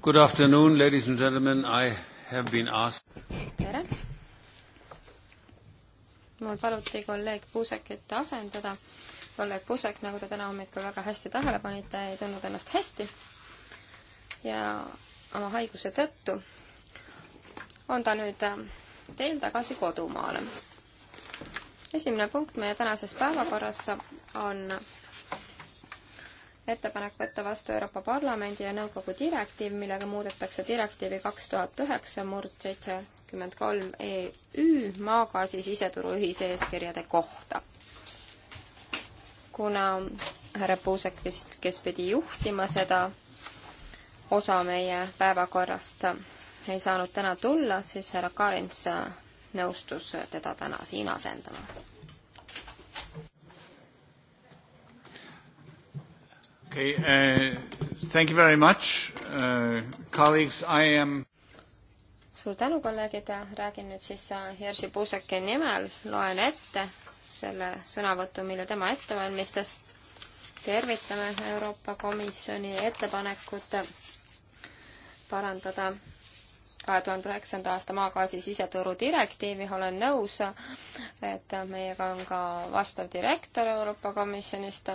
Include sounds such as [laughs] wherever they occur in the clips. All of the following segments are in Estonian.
Good afternoon, ladies and gentlemen. I have been asked. tere! mul paluti kolleeg Puusekit asendada. kolleeg Puusek, nagu te täna hommikul väga hästi tähele panite, ei tundnud ennast hästi ja oma haiguse tõttu on ta nüüd ähm, teel tagasi kodumaale. esimene punkt meie tänases päevakorras on ettepanek võtta vastu Euroopa Parlamendi ja Nõukogu direktiiv, millega muudetakse direktiivi kaks tuhat üheksa murd seitsekümmend kolm EÜ maagaasi siseturu ühiseeskirjade kohta. kuna härra Puusek, kes, kes pidi juhtima seda osa meie päevakorrast, ei saanud täna tulla, siis härra Karins nõustus teda täna siin asendama Okay, uh, thank you very much uh,, colleagues, I am suur tänu, kolleegid, räägin nüüd siis äh, Jerzy Puusaki nimel, loen ette selle sõnavõtu, mille tema ette valmistas. tervitame Euroopa Komisjoni ettepanekut parandada kahe tuhande üheksanda aasta maagaasi siseturu direktiivi, olen nõus, et meiega on ka vastav direktor Euroopa Komisjonist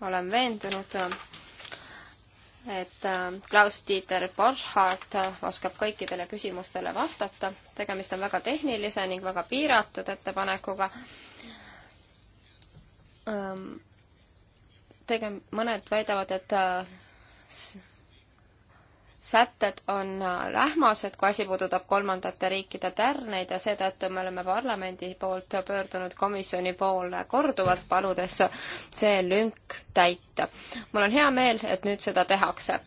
olen veendunud, et äh, Klaus-Dieter Borchardt oskab kõikidele küsimustele vastata. tegemist on väga tehnilise ning väga piiratud ettepanekuga. tegem-, mõned väidavad, et äh, sätted on äh, lähmased, kui asi puudutab kolmandate riikide tärneid ja seetõttu me oleme parlamendi poolt pöördunud komisjoni poole korduvalt, paludes see lünk täita. mul on hea meel, et nüüd seda tehakse.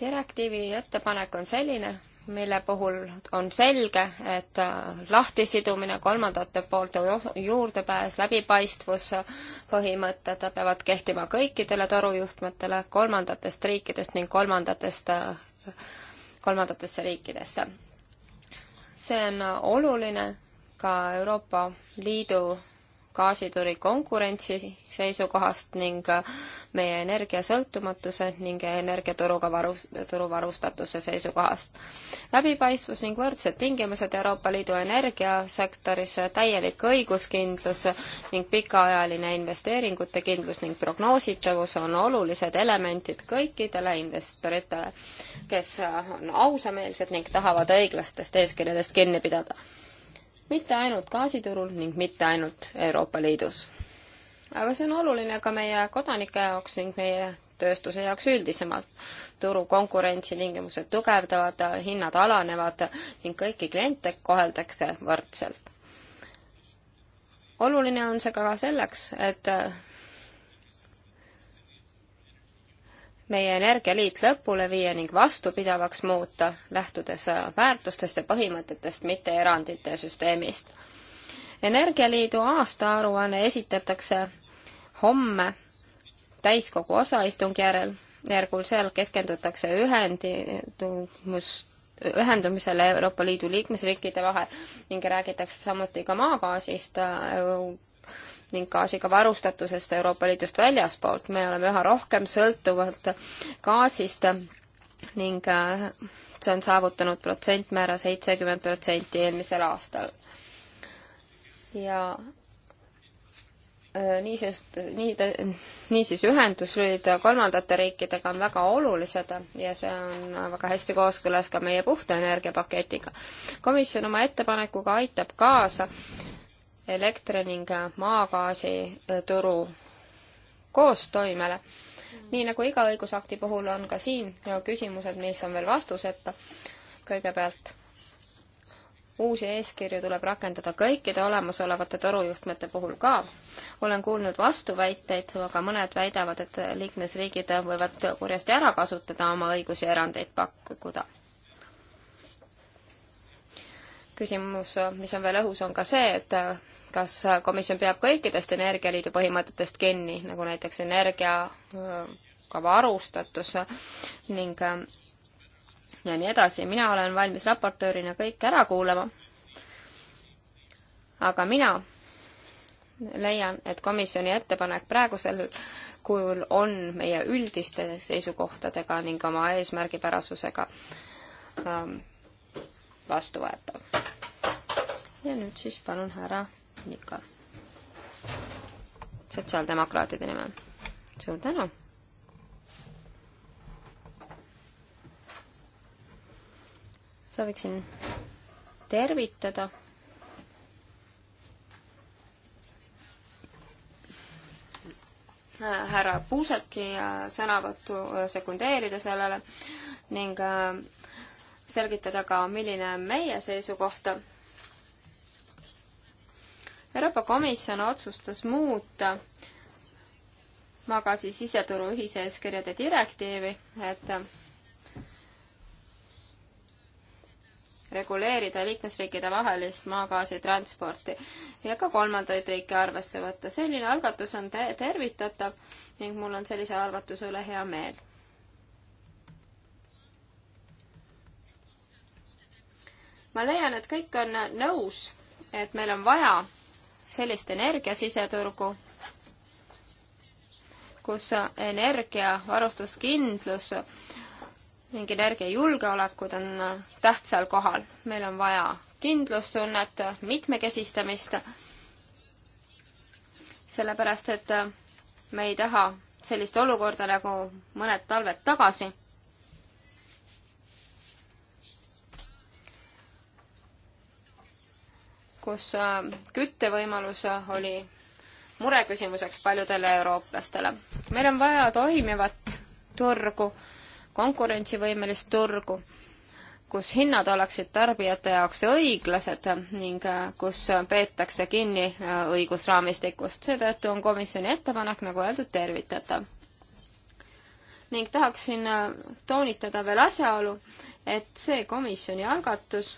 direktiivi ettepanek on selline, mille puhul on selge, et äh, lahtisidumine kolmandate poolt juurdepääs, läbipaistvus, äh, põhimõtted peavad kehtima kõikidele torujuhtmetele kolmandatest riikidest ning kolmandatest kolmandatesse riikidesse. see on oluline ka Euroopa Liidu gaasituri konkurentsi seisukohast ning äh, meie energiasõltumatuse ning energiaturuga varus, turuvarustatuse seisukohast. läbipaistvus ning võrdsed tingimused Euroopa Liidu energiasektoris, täielik õiguskindlus ning pikaajaline investeeringute kindlus ning prognoositavus on olulised elementid kõikidele investoritele, kes äh, on ausameelsed ning tahavad õiglastest eeskirjadest kinni pidada mitte ainult gaasiturul ning mitte ainult Euroopa Liidus. aga see on oluline ka meie kodanike jaoks ning meie tööstuse jaoks üldisemalt. turu konkurentsitingimused tugevdavad, hinnad alanevad ning kõiki kliente koheldakse võrdselt. oluline on see ka selleks, et meie energialiik lõpule viia ning vastupidavaks muuta, lähtudes väärtustest ja põhimõtetest, mitte erandite süsteemist. energialiidu aastaaruanne esitatakse homme täiskogu osaistungi järel, järgul seal keskendutakse ühendumus, ühendumisele Euroopa Liidu liikmesriikide vahel ning räägitakse samuti ka maagaasist ning gaasiga varustatusest Euroopa Liidust väljaspoolt. me oleme üha rohkem sõltuvalt gaasist ning äh, see on saavutanud protsentmäära seitsekümmend protsenti eelmisel aastal. ja niisiis, äh, nii, niisiis ühenduslülid kolmandate riikidega on väga olulised ja see on väga hästi kooskõlas ka meie puhta energiapaketiga. komisjon oma ettepanekuga aitab kaasa äh, elektri ning maagaasituru koostoimele. nii nagu iga õigusakti puhul on ka siin küsimused, mis on veel vastuseta. kõigepealt uusi eeskirju tuleb rakendada kõikide olemasolevate torujuhtmete puhul ka. olen kuulnud vastuväiteid, aga mõned väidavad, et liikmesriigid võivad kurjasti ära kasutada oma õigusi erandeid pakkuda küsimus, mis on veel õhus, on ka see, et kas komisjon peab kõikidest Energialiidu põhimõtetest kinni, nagu näiteks energiaga varustatus ning ja nii edasi, mina olen valmis raportöörina kõik ära kuulama. aga mina leian, et komisjoni ettepanek praegusel kujul on meie üldiste seisukohtadega ning oma eesmärgipärasusega ähm, vastuvõetav. ja nüüd siis palun härra Mikal. sotsiaaldemokraatide nimel. suur tänu. sooviksin tervitada härra Puuseki sõnavõttu sekundeerida sellele ning äh, selgitada ka, milline on meie seisukoht. Euroopa Komisjon otsustas muuta magasi siseturu ühiseeskirjade direktiivi, et reguleerida liikmesriikide vahelist maagaasi transporti ja ka kolmandaid riike arvesse võtta. selline algatus on te tervitatav ning mul on sellise algatuse üle hea meel ma leian, et kõik on nõus, et meil on vaja sellist energiasiseturgu, kus energiavarustuskindlus ning energiajulgeolekud on tähtsal kohal. meil on vaja kindlustunnet, mitmekesistamist, sellepärast et me ei taha sellist olukorda nagu mõned talved tagasi kus äh, küttevõimalus äh, oli mureküsimuseks paljudele eurooplastele. meil on vaja toimivat turgu, konkurentsivõimelist turgu, kus hinnad oleksid tarbijate jaoks õiglased ning äh, kus peetakse kinni õigusraamistikust. seetõttu on komisjoni ettepanek, nagu öeldud, tervitatav. ning tahaksin toonitada veel asjaolu, et see komisjoni algatus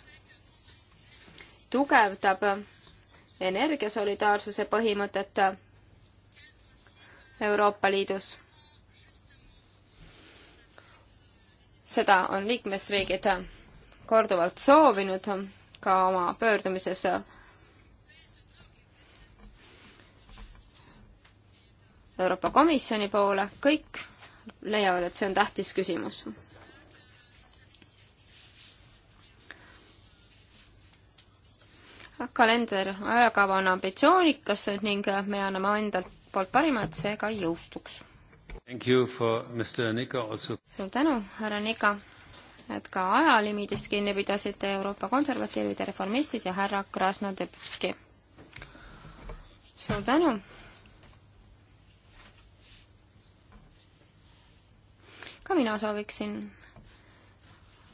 tugevdab energiasolidaarsuse põhimõtet Euroopa Liidus. seda on liikmesriigid korduvalt soovinud ka oma pöördumises Euroopa Komisjoni poole, kõik leiavad, et see on tähtis küsimus kalender, ajakava on ambitsioonikas ning me anname endalt poolt parima, et see ka jõustuks. suur tänu, härra Nika, et ka ajalimiidist kinni pidasite Euroopa konservatiivid ja reformistid ja härra Krasnodebski. suur tänu. ka mina sooviksin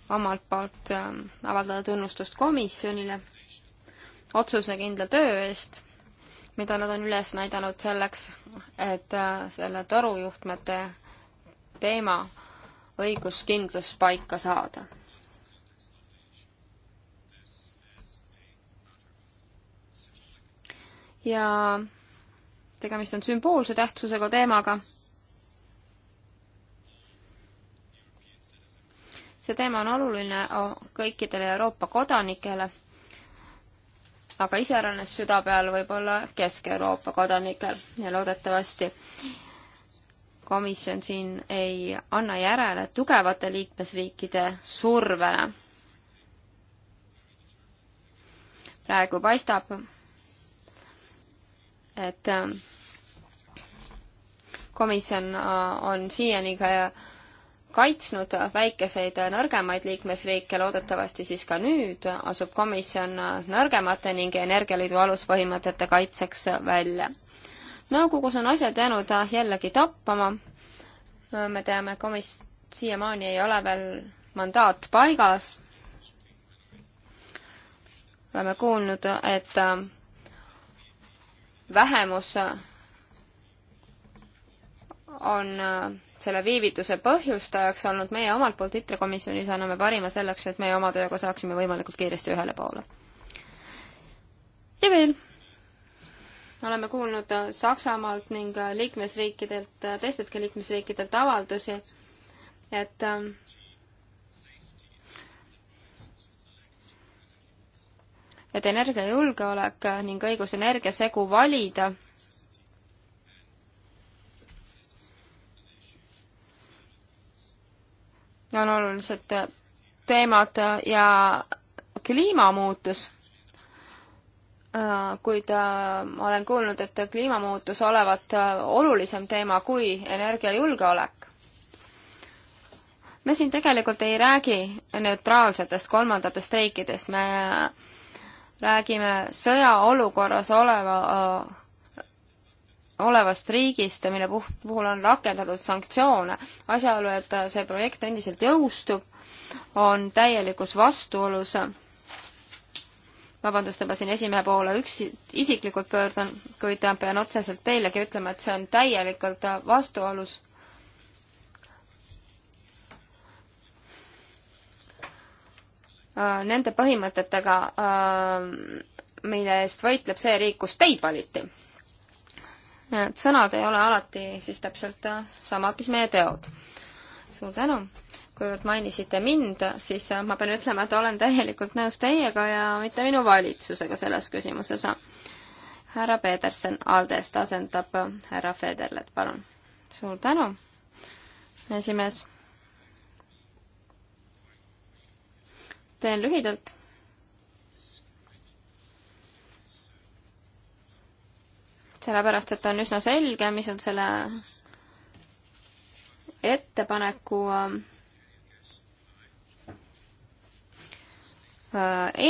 omalt poolt ähm, avaldada tunnustust komisjonile otsusekindla töö eest, mida nad on üles näidanud selleks, et äh, selle torujuhtmete teema õiguskindlus paika saada. ja tegemist on sümboolse tähtsusega teemaga. see teema on oluline kõikidele Euroopa kodanikele aga iseäranis süda peal võib-olla Kesk-Euroopa kodanikel ja loodetavasti komisjon siin ei anna järele tugevate liikmesriikide survele. praegu paistab, et komisjon äh, on siiani ka kaitsnud väikeseid nõrgemaid liikmesriike, loodetavasti siis ka nüüd asub komisjon nõrgemate ning Energialiidu aluspõhimõtete kaitseks välja. nõukogus on asjad jäänud jällegi tappama. me teame, komis-, siiamaani ei ole veel mandaat paigas. oleme kuulnud, et vähemus on äh, selle viivituse põhjustajaks olnud meie omalt poolt ITRE komisjonis, anname parima selleks, et meie oma tööga saaksime võimalikult kiiresti ühele poole. ja veel oleme kuulnud äh, Saksamaalt ning äh, liikmesriikidelt, teisteltki liikmesriikidelt avaldusi, et ähm, et energiajulgeolek ning õigus energiasegu valida on olulised teemad ja kliimamuutus, äh, kuid ma äh, olen kuulnud, et kliimamuutus olevat äh, olulisem teema kui energiajulgeolek. me siin tegelikult ei räägi neutraalsetest kolmandatest riikidest, me räägime sõjaolukorras oleva olevast riigist, mille puht, puhul on rakendatud sanktsioone. asjaolu, et see projekt endiselt jõustub, on täielikus vastuolus vabandust, et ma siin esimehe poole üksi, isiklikult pöördun, kuid pean otseselt teilegi ütlema, et see on täielikult vastuolus nende põhimõtetega, äh, mille eest võitleb see riik, kus teid valiti et sõnad ei ole alati siis täpselt äh, samad, mis meie teod. suur tänu! kuivõrd mainisite mind, siis äh, ma pean ütlema, et olen täielikult nõus teiega ja mitte minu valitsusega selles küsimuses. härra Peterson Aldest asendab äh, härra Federlet, palun. suur tänu, esimees. teen lühidalt sellepärast et on üsna selge, mis on selle ettepaneku äh,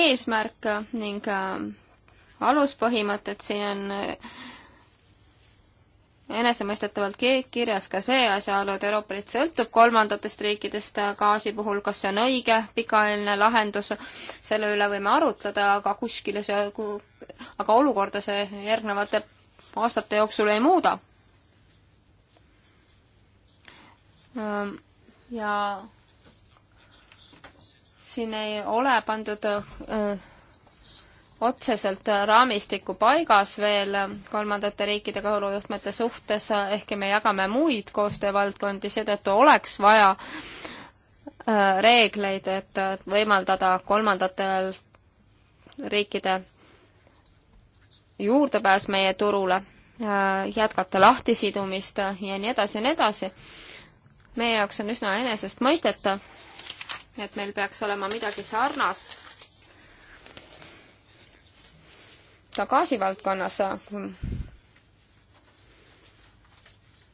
eesmärk ning äh, aluspõhimõtted, siin on äh, enesemõistetavalt kirjas ka see asjaolu, et Euroopa Liit sõltub kolmandatest riikidest gaasi puhul, kas see on õige pikaajaline lahendus, selle üle võime arutleda, aga kuskile see, aga olukorda see järgnevate aastate jooksul ei muuda. ja siin ei ole pandud otseselt raamistiku paigas veel kolmandate riikide kõhurujuhtmete suhtes, ehkki me jagame muid koostöövaldkondi, seetõttu oleks vaja reegleid, et võimaldada kolmandatel riikide juurdepääs meie turule, äh, jätkata lahtisidumist ja nii edasi ja nii edasi. meie jaoks on üsna enesestmõistetav, et meil peaks olema midagi sarnast ka gaasivaldkonnas.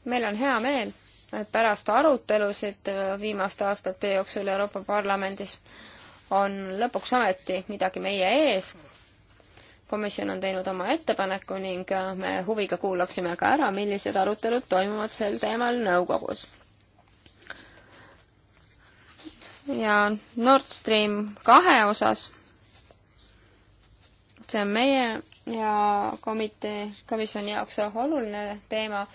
meil on hea meel, et pärast arutelusid viimaste aastate jooksul Euroopa Parlamendis on lõpuks ometi midagi meie ees, komisjon on teinud oma ettepaneku ning äh, me huviga kuulaksime ka ära, millised arutelud toimuvad sel teemal nõukogus. ja Nord Stream kahe osas, see on meie ja komitee, komisjoni jaoks oluline teema,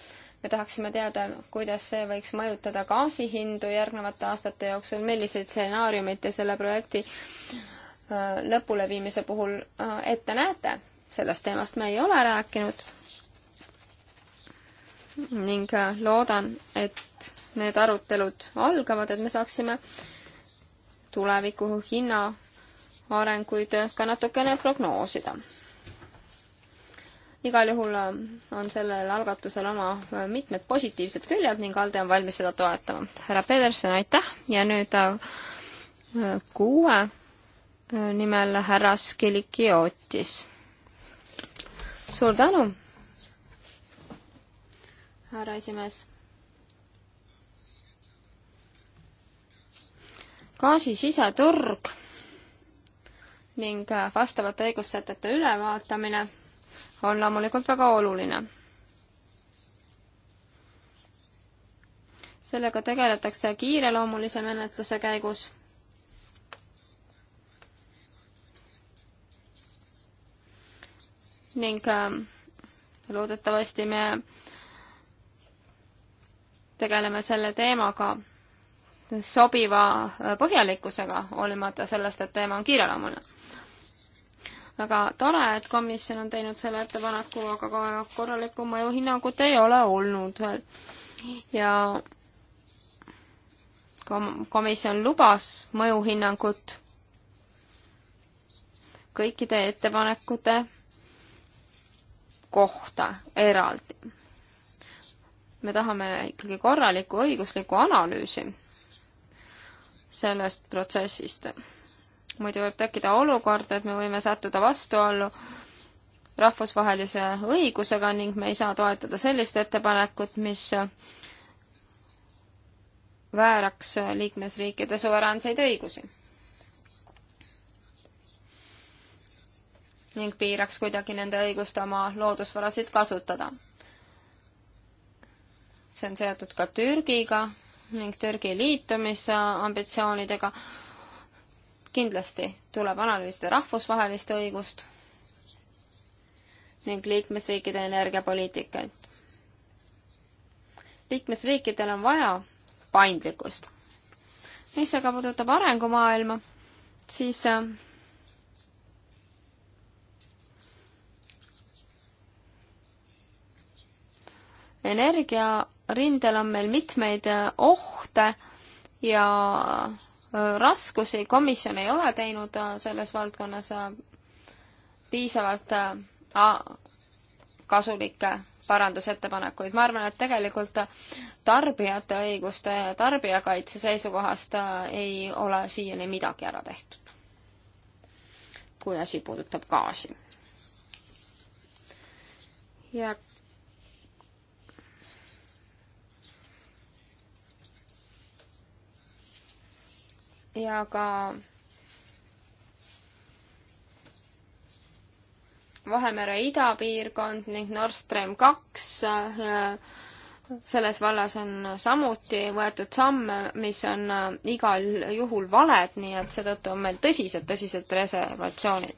me tahaksime teada, kuidas see võiks mõjutada gaasi hindu järgnevate aastate jooksul, milliseid stsenaariumeid te selle projekti äh, Äh, lõpuleviimise puhul äh, ette näete. sellest teemast me ei ole rääkinud. ning äh, loodan, et need arutelud algavad, et me saaksime tuleviku hinna arenguid ka natukene prognoosida. igal juhul on sellel algatusel oma mitmed positiivsed küljed ning Alde on valmis seda toetama. härra Pedersen, aitäh ja nüüd kuue nimel härra Skilikiotis. suur tänu, härra esimees. gaasi siseturg ning vastavate õigussätete ülevaatamine on loomulikult väga oluline. sellega tegeletakse kiireloomulise menetluse käigus ning ähm, loodetavasti me tegeleme selle teemaga sobiva äh, põhjalikkusega, hoolimata sellest, et teema on kiireloomuline. väga tore, et komisjon on teinud selle ettepaneku, aga ka korralikku mõjuhinnangut ei ole olnud veel. ja kom-, komisjon lubas mõjuhinnangut kõikide ettepanekute kohta eraldi. me tahame ikkagi korralikku õiguslikku analüüsi sellest protsessist. muidu võib tekkida olukord, et me võime sattuda vastuollu rahvusvahelise õigusega ning me ei saa toetada sellist ettepanekut, mis vääraks liikmesriikide suveräänseid õigusi ning piiraks kuidagi nende õigust oma loodusvarasid kasutada. see on seotud ka Türgiga ning Türgi liitumisambitsioonidega. kindlasti tuleb analüüsida rahvusvahelist õigust ning liikmesriikide energiapoliitikaid. liikmesriikidel on vaja paindlikkust. mis aga puudutab arengumaailma, siis äh, energiarindel on meil mitmeid äh, ohte ja äh, raskusi, komisjon ei ole teinud äh, selles valdkonnas piisavalt kasulikke parandusettepanekuid. ma arvan, et tegelikult tarbijate õiguste ja tarbijakaitse seisukohast ei ole siiani midagi ära tehtud. kui asi puudutab gaasi. ja ja ka Vahemere idapiirkond ning Nord Stream kaks. Äh, selles vallas on samuti võetud samme, mis on äh, igal juhul valed, nii et seetõttu on meil tõsised, tõsised reservatsioonid.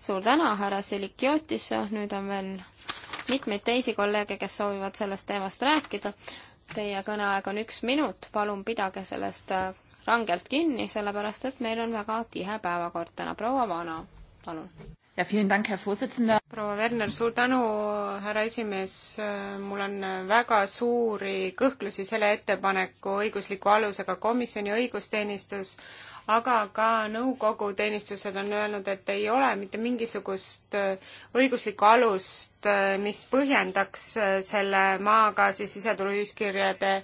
suur tänu, härra Silikiotis, nüüd on veel mitmeid teisi kolleege, kes soovivad sellest teemast rääkida. Teie kõneaeg on üks minut, palun pidage sellest äh, rangelt kinni, sellepärast et meil on väga tihe päevakord täna. proua Vana, palun. proua Werner, suur tänu, härra esimees. mul on väga suuri kõhklusi selle ettepaneku õigusliku alusega. komisjoni õigusteenistus aga ka nõukogu teenistused on öelnud, et ei ole mitte mingisugust õiguslikku alust, mis põhjendaks selle maagaasi siseturuühiskirjade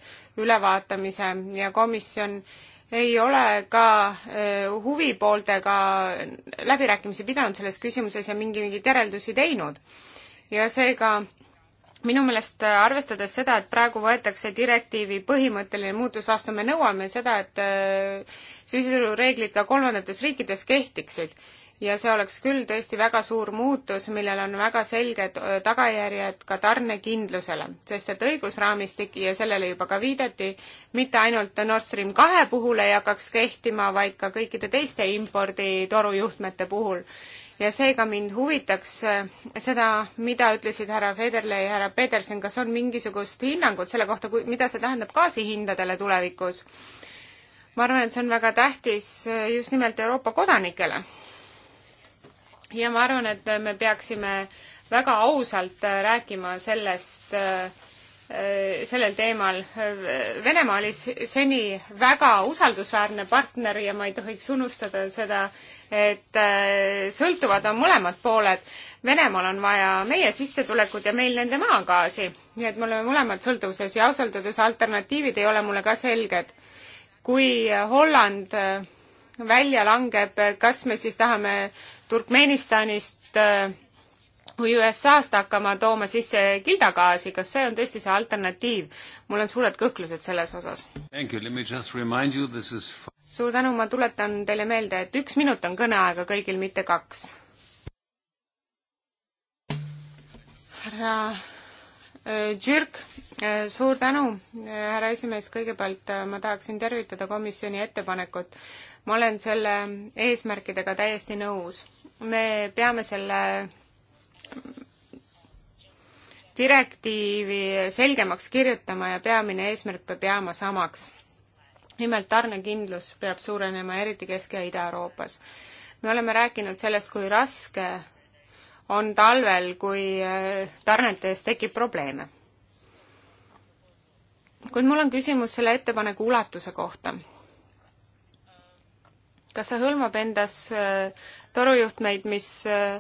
ülevaatamise ja komisjon ei ole ka eh, huvipooltega läbirääkimisi pidanud selles küsimuses ja mingi, mingeid järeldusi teinud. ja seega minu meelest eh, arvestades seda, et praegu võetakse direktiivi põhimõtteline muutus vastu, me nõuame seda, et eh, siseturureeglid ka kolmandates riikides kehtiksid ja see oleks küll tõesti väga suur muutus, millel on väga selged tagajärjed ka tarnekindlusele, sest et õigusraamistik ja sellele juba ka viidati, mitte ainult Nord Stream kahe puhul ei hakkaks kehtima, vaid ka kõikide teiste imporditorujuhtmete puhul. ja seega mind huvitaks seda, mida ütlesid härra Federle ja härra Peterson, kas on mingisugust hinnangut selle kohta, mida see tähendab gaasihindadele tulevikus? ma arvan, et see on väga tähtis just nimelt Euroopa kodanikele ja ma arvan, et me peaksime väga ausalt äh, rääkima sellest, äh, äh, sellel teemal. Venemaa oli seni väga usaldusväärne partner ja ma ei tohiks unustada seda, et sõltuvad on mõlemad pooled. Venemaal on vaja meie sissetulekut ja meil nende maagaasi. nii et me oleme mõlemad sõltuvuses ja ausalt öeldes alternatiivid ei ole mulle ka selged. kui Holland välja langeb, kas me siis tahame Turkmenistanist äh, või USA-st hakkama tooma sisse kildagaasi, kas see on tõesti see alternatiiv? mul on suured kõhklused selles osas. Is... suur tänu, ma tuletan teile meelde, et üks minut on kõneaega kõigil, mitte kaks. härra äh, Jürk Äh, suur tänu, äh, härra esimees, kõigepealt äh, ma tahaksin tervitada komisjoni ettepanekut. ma olen selle eesmärkidega täiesti nõus. me peame selle direktiivi selgemaks kirjutama ja peamine eesmärk peab jääma samaks. nimelt tarnekindlus peab suurenema, eriti Kesk- ja Ida-Euroopas. me oleme rääkinud sellest, kui raske on talvel, kui tarnete ees tekib probleeme kuid mul on küsimus selle ettepaneku ulatuse kohta. kas see hõlmab endas äh, torujuhtmeid, mis äh,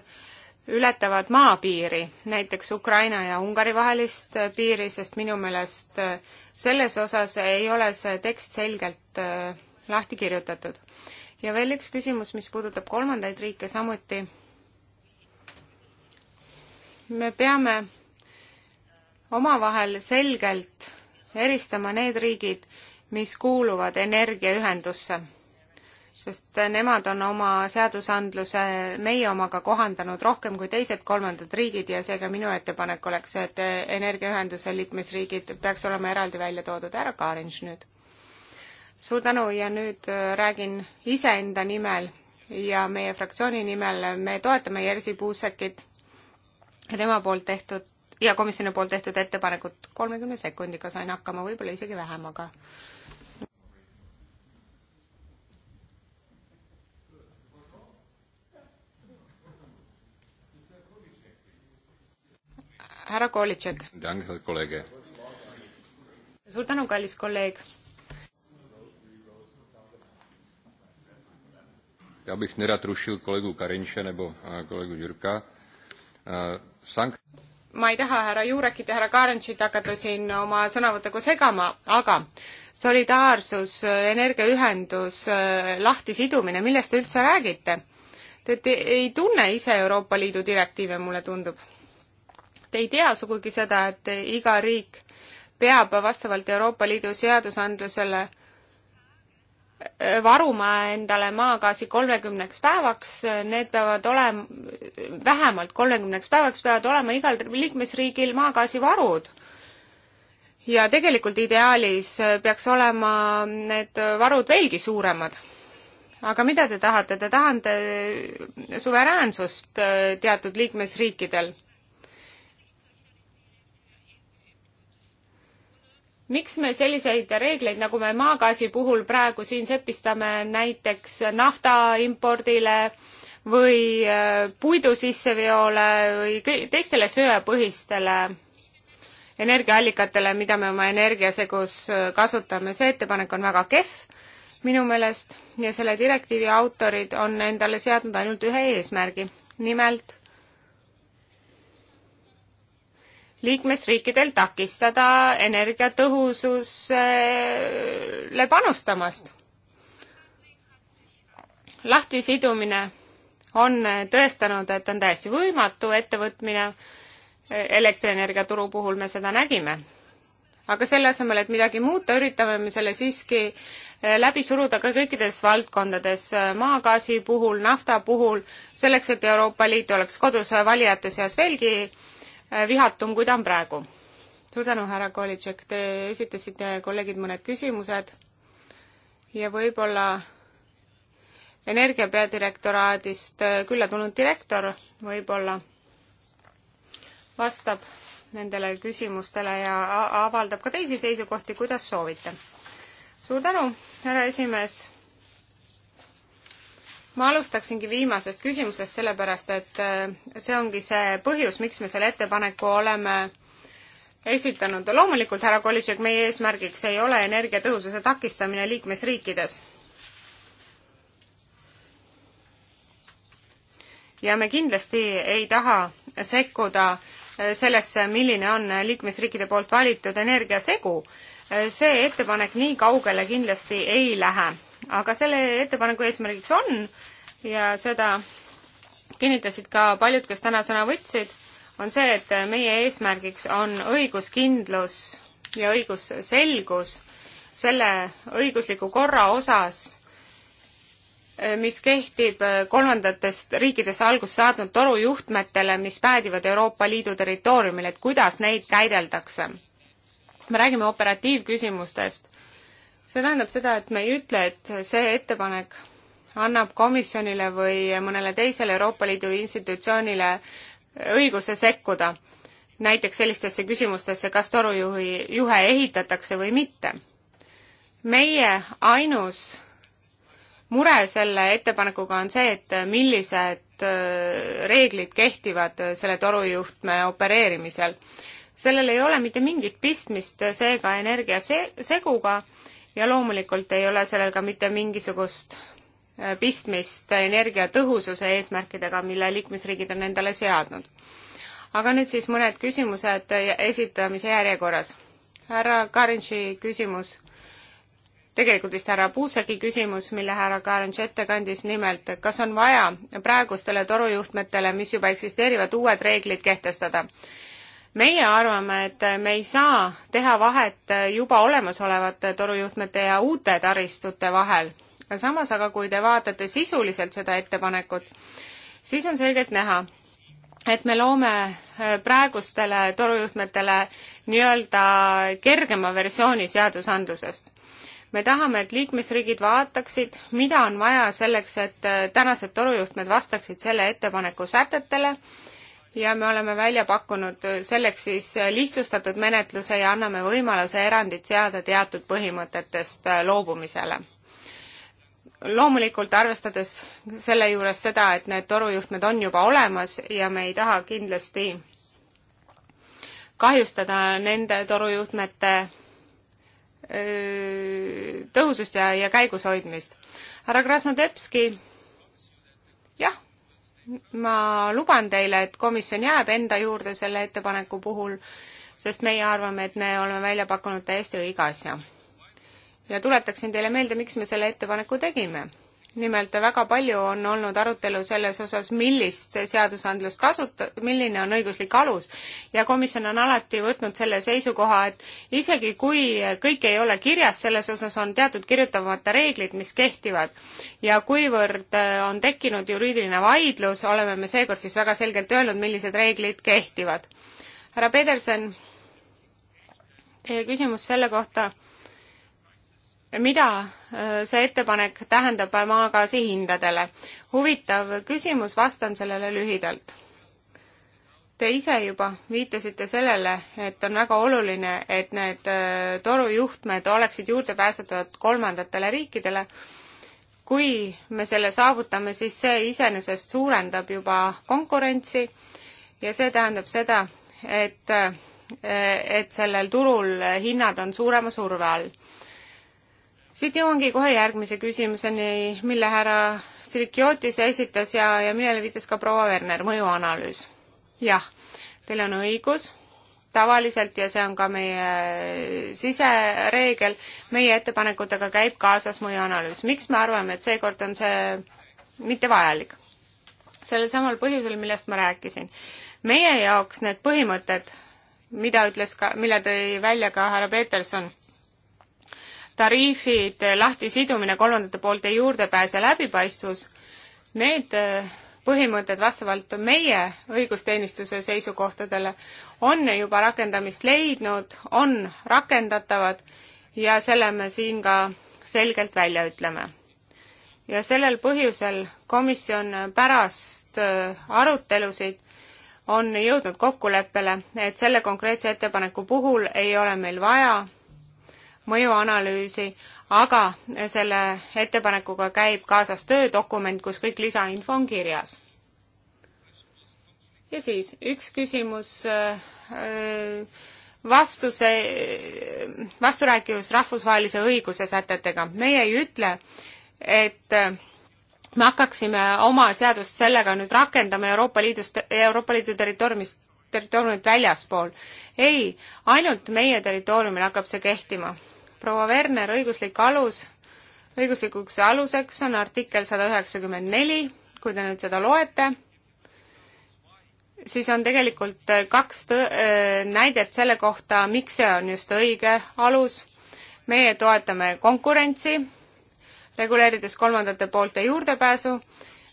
ületavad maapiiri, näiteks Ukraina ja Ungari vahelist äh, piiri, sest minu meelest selles osas ei ole see tekst selgelt lahti kirjutatud. ja veel üks küsimus, mis puudutab kolmandaid riike samuti. me peame omavahel selgelt eristama need riigid, mis kuuluvad energiaühendusse, sest nemad on oma seadusandluse meie omaga kohandanud rohkem kui teised kolmandad riigid ja seega minu ettepanek oleks, et energiaühenduse liikmesriigid peaks olema eraldi välja toodud. härra Karinš nüüd. suur tänu ja nüüd äh, räägin iseenda nimel ja meie fraktsiooni nimel. me toetame Jerzy Buzekit ja tema poolt tehtud ja komisjoni poolt tehtud ettepanekut kolmekümne sekundiga sain hakkama, võib-olla isegi vähem, aga härra Kolitšek. suur tänu, kallis kolleeg. Já bych nerad rušil kolegu Karinše nebo eh, kolegu Jurka. Eh, sank- ma ei taha härra Juurekit ja härra Karenšit hakata siin oma sõnavõtuga segama, aga solidaarsus, energiaühendus, lahtisidumine, millest te üldse räägite? Te, te ei tunne ise Euroopa Liidu direktiive, mulle tundub. Te ei tea sugugi seda, et iga riik peab vastavalt Euroopa Liidu seadusandlusele varuma endale maagaasi kolmekümneks päevaks, need peavad olema, vähemalt kolmekümneks päevaks peavad olema igal liikmesriigil maagaasivarud. ja tegelikult ideaalis peaks olema need varud veelgi suuremad. aga mida te tahate, te tahate suveräänsust teatud liikmesriikidel miks me selliseid reegleid, nagu me maagaasi puhul praegu siin sepistame näiteks nafta impordile või äh, puidu sisseveole või teistele söepõhistele energiaallikatele, mida me oma energiasegus äh, kasutame, see ettepanek on väga kehv minu meelest ja selle direktiivi autorid on endale seadnud ainult ühe eesmärgi, nimelt liikmesriikidel takistada energiatõhususele panustamast. lahtisidumine on tõestanud, et on täiesti võimatu ettevõtmine, elektrienergia turu puhul me seda nägime. aga selle asemel, et midagi muuta, üritame me selle siiski eh, läbi suruda ka kõikides valdkondades, eh, maagaasi puhul, nafta puhul, selleks, et Euroopa Liit oleks kodus valijate seas veelgi Äh, vihatum, kui ta on praegu. suur tänu, härra Kolitšek, te esitasite, kolleegid, mõned küsimused ja võib-olla energia peadirektoraadist äh, külla tulnud direktor võib-olla vastab nendele küsimustele ja avaldab ka teisi seisukohti, kuidas soovite. suur tänu, härra esimees ma alustaksingi viimasest küsimusest, sellepärast et äh, see ongi see põhjus, miks me selle ettepaneku oleme esitanud. loomulikult, härra Kolitšek, meie eesmärgiks ei ole energiatõhususe takistamine liikmesriikides. ja me kindlasti ei taha sekkuda äh, sellesse, milline on liikmesriikide poolt valitud energiasegu. Äh, see ettepanek nii kaugele kindlasti ei lähe aga selle ettepaneku eesmärgiks on ja seda kinnitasid ka paljud, kes täna sõna võtsid, on see, et meie eesmärgiks on õiguskindlus ja õigusselgus selle õigusliku korra osas, mis kehtib kolmandatest riikidest algust saadnud torujuhtmetele, mis päädivad Euroopa Liidu territooriumil, et kuidas neid käideldakse. me räägime operatiivküsimustest see tähendab seda, et me ei ütle, et see ettepanek annab komisjonile või mõnele teisele Euroopa Liidu institutsioonile õiguse sekkuda näiteks sellistesse küsimustesse, kas torujuhi, juhe ehitatakse või mitte. meie ainus mure selle ettepanekuga on see, et millised äh, reeglid kehtivad selle torujuhtme opereerimisel. sellel ei ole mitte mingit pistmist seega energiaseguga ja loomulikult ei ole sellel ka mitte mingisugust äh, pistmist energiatõhususe eesmärkidega, mille liikmesriigid on endale seadnud. aga nüüd siis mõned küsimused äh, esitamise järjekorras. härra Karinši küsimus, tegelikult vist härra Puuseki küsimus, mille härra Karinš ette kandis, nimelt kas on vaja praegustele torujuhtmetele, mis juba eksisteerivad, uued reeglid kehtestada? meie arvame, et me ei saa teha vahet juba olemasolevate torujuhtmete ja uute taristute vahel. samas aga, kui te vaatate sisuliselt seda ettepanekut, siis on selgelt näha, et me loome praegustele torujuhtmetele nii-öelda kergema versiooni seadusandlusest. me tahame, et liikmesriigid vaataksid, mida on vaja selleks, et tänased torujuhtmed vastaksid selle ettepaneku sätetele ja me oleme välja pakkunud selleks siis lihtsustatud menetluse ja anname võimaluse erandit seada teatud põhimõtetest loobumisele. loomulikult arvestades selle juures seda, et need torujuhtmed on juba olemas ja me ei taha kindlasti kahjustada nende torujuhtmete tõhusust ja, ja käigushoidmist. härra Krasnodebski, jah ma luban teile, et komisjon jääb enda juurde selle ettepaneku puhul, sest meie arvame, et me oleme välja pakkunud täiesti õige asja. ja tuletaksin teile meelde, miks me selle ettepaneku tegime nimelt väga palju on olnud arutelu selles osas, millist seadusandlust kasuta-, milline on õiguslik alus. ja komisjon on alati võtnud selle seisukoha, et isegi kui kõik ei ole kirjas, selles osas on teatud kirjutamata reeglid, mis kehtivad. ja kuivõrd äh, on tekkinud juriidiline vaidlus, oleme me seekord siis väga selgelt öelnud, millised reeglid kehtivad. härra Pedersen, teie küsimus selle kohta mida äh, see ettepanek tähendab maagaasi hindadele? huvitav küsimus, vastan sellele lühidalt. Te ise juba viitasite sellele, et on väga oluline, et need äh, torujuhtmed oleksid juurdepääsetavad kolmandatele riikidele. kui me selle saavutame, siis see iseenesest suurendab juba konkurentsi ja see tähendab seda, et, äh, et sellel turul hinnad on suurema surve all siit jõuangi kohe järgmise küsimuseni, mille härra Strikiotis esitas ja, ja millele viitas ka proua Werner, mõjuanalüüs. jah, teil on õigus, tavaliselt ja see on ka meie sisereegel, meie ettepanekutega käib kaasas mõjuanalüüs. miks me arvame, et seekord on see mitte vajalik? sellel samal põhjusel, millest ma rääkisin. meie jaoks need põhimõtted, mida ütles ka, mille tõi välja ka härra Peterson tariifid, eh, lahtisidumine, kolmandate poolte juurdepääs ja läbipaistvus, need eh, põhimõtted vastavalt meie õigusteenistuse seisukohtadele on juba rakendamist leidnud, on rakendatavad ja selle me siin ka selgelt välja ütleme. ja sellel põhjusel komisjon pärast eh, arutelusid on jõudnud kokkuleppele, et selle konkreetse ettepaneku puhul ei ole meil vaja mõjuanalüüsi, aga selle ettepanekuga käib kaasas töödokument, kus kõik lisainfo on kirjas. ja siis üks küsimus äh, vastuse, vasturääkivus rahvusvahelise õiguse sätetega. meie ei ütle, et äh, me hakkaksime oma seadust sellega nüüd rakendama Euroopa Liidust, Euroopa Liidu territooriumist, territooriumit väljaspool. ei, ainult meie territooriumil hakkab see kehtima proua Werner, õiguslik alus, õiguslikuks aluseks on artikkel sada üheksakümmend neli, kui te nüüd seda loete, siis on tegelikult äh, kaks tõ-, äh, näidet selle kohta, miks see on just õige alus. meie toetame konkurentsi, reguleerides kolmandate poolte juurdepääsu,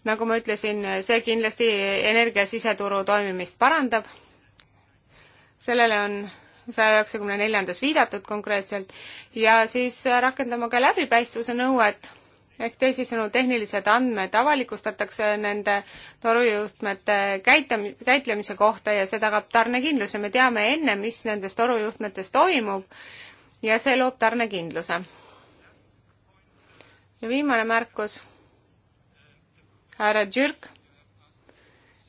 nagu ma ütlesin, see kindlasti energia siseturu toimimist parandab, sellele on saja üheksakümne neljandas viidatud konkreetselt, ja siis rakendama ka läbipaistvuse nõuet, ehk teisisõnu, tehnilised andmed avalikustatakse nende torujuhtmete käitam-, käitlemise kohta ja see tagab tarnekindluse, me teame enne, mis nendes torujuhtmetes toimub ja see loob tarnekindluse. ja viimane märkus, härra Džürk,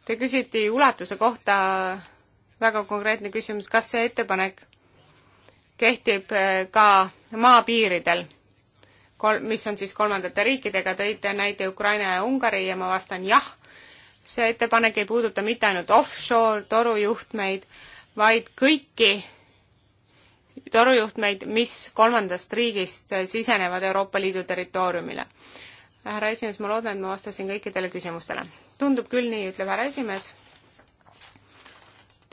te küsiti ulatuse kohta väga konkreetne küsimus, kas see ettepanek kehtib äh, ka maapiiridel, kol-, mis on siis kolmandate riikidega, tõite näite Ukraina ja Ungari ja ma vastan jah. see ettepanek ei puuduta mitte ainult offshore torujuhtmeid, vaid kõiki torujuhtmeid, mis kolmandast riigist äh, sisenevad Euroopa Liidu territooriumile. härra esimees, ma loodan, et ma vastasin kõikidele küsimustele. tundub küll nii, ütleb härra esimees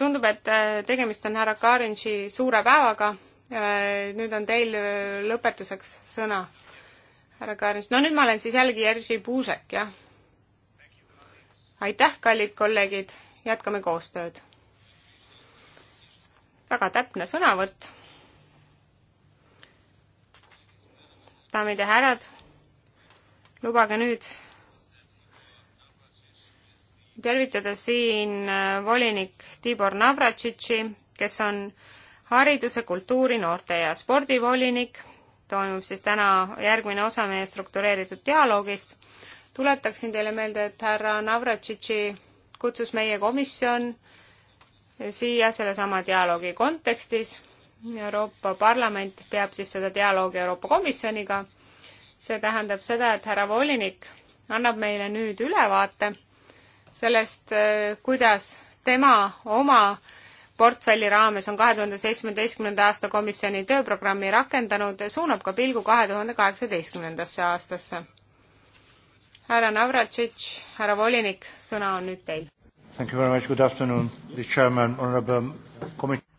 tundub, et äh, tegemist on härra Karinši suure päevaga. Äh, nüüd on teil äh, lõpetuseks sõna, härra Karinš. no nüüd ma olen siis jällegi Jerzy Puusek, jah. aitäh, kallid kolleegid, jätkame koostööd. väga täpne sõnavõtt. daamid ja härrad, lubage nüüd tervitada siin äh, volinik Tibor Navratšitši, kes on hariduse, kultuuri, noorte ja spordivolinik. toimub siis täna järgmine osa meie struktureeritud dialoogist. tuletaksin teile meelde, et härra Navratšitši kutsus meie komisjon siia sellesama dialoogi kontekstis. Euroopa Parlament peab siis seda dialoogi Euroopa Komisjoniga. see tähendab seda, et härra volinik annab meile nüüd ülevaate sellest, eh, kuidas tema oma portfelli raames on kahe tuhande seitsmeteistkümnenda aasta komisjoni tööprogrammi rakendanud, suunab ka pilgu kahe tuhande kaheksateistkümnendasse aastasse. härra Navratšitš, härra volinik, sõna on nüüd teil.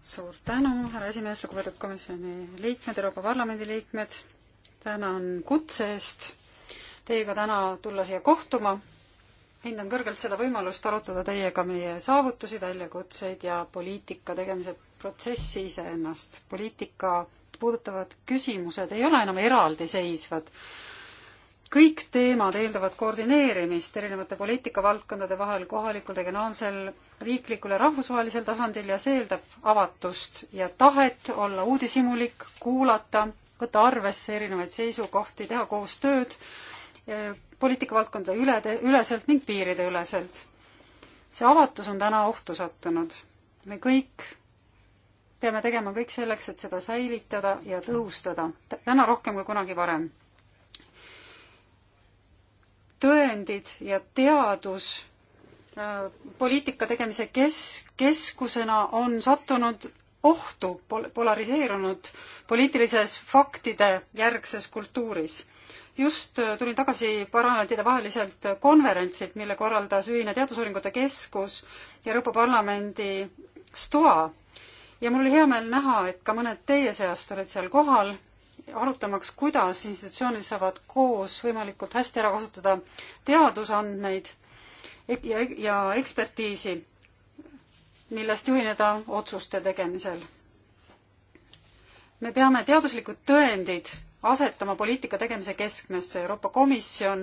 suur tänu, härra esimees, lugupeetud komisjoni liikmed, Euroopa Parlamendi liikmed, tänan kutse eest teiega täna tulla siia kohtuma hindan kõrgelt seda võimalust arutada teiega meie saavutusi, väljakutseid ja poliitika tegemise protsessi iseennast. poliitika puudutavad küsimused ei ole enam eraldiseisvad. kõik teemad eeldavad koordineerimist erinevate poliitikavaldkondade vahel kohalikul, regionaalsel, riiklikul ja rahvusvahelisel tasandil ja see eeldab avatust ja tahet olla uudishimulik, kuulata, võtta arvesse erinevaid seisukohti, teha koostööd poliitikavaldkondade ülede, üleselt ning piirideüleselt. see avatus on täna ohtu sattunud. me kõik peame tegema kõik selleks, et seda säilitada ja tõhustada, täna rohkem kui kunagi varem. tõendid ja teadus äh, poliitika tegemise kes-, keskusena on sattunud ohtu pol-, polariseerunud poliitilises faktide järgses kultuuris just äh, tulin tagasi parlamentide vaheliselt konverentsilt, mille korraldas Ühine Teadusuuringute Keskus ja Euroopa Parlamendi STOA. ja mul oli hea meel näha, et ka mõned teie seast olid seal kohal, arutamaks, kuidas institutsioonid saavad koos võimalikult hästi ära kasutada teadusandmeid ja, ja ekspertiisi, millest juhineda otsuste tegemisel me peame teaduslikud tõendid asetama poliitika tegemise keskmesse. Euroopa Komisjon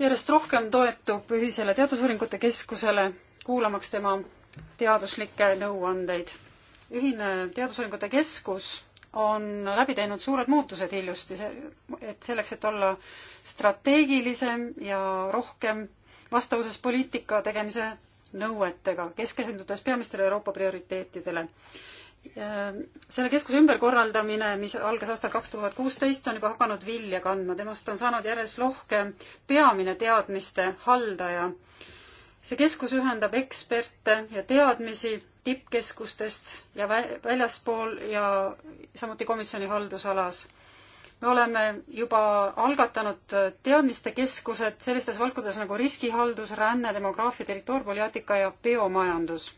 järjest rohkem toetub ühisele teadusuuringute keskusele, kuulamaks tema teaduslikke nõuandeid. ühine teadusuuringute keskus on läbi teinud suured muutused hiljuti, et selleks, et olla strateegilisem ja rohkem vastavuses poliitika tegemise nõuetega, keskendudes peamistele Euroopa prioriteetidele selle keskuse ümberkorraldamine, mis algas aastal kaks tuhat kuusteist, on juba hakanud vilja kandma, temast on saanud järjest rohkem peamine teadmiste haldaja. see keskus ühendab eksperte ja teadmisi tippkeskustest ja väljaspool ja samuti komisjoni haldusalas. me oleme juba algatanud teadmistekeskused sellistes valdkondades nagu riskihaldus, ränne, demograafia, territoorpoliitika ja biomajandus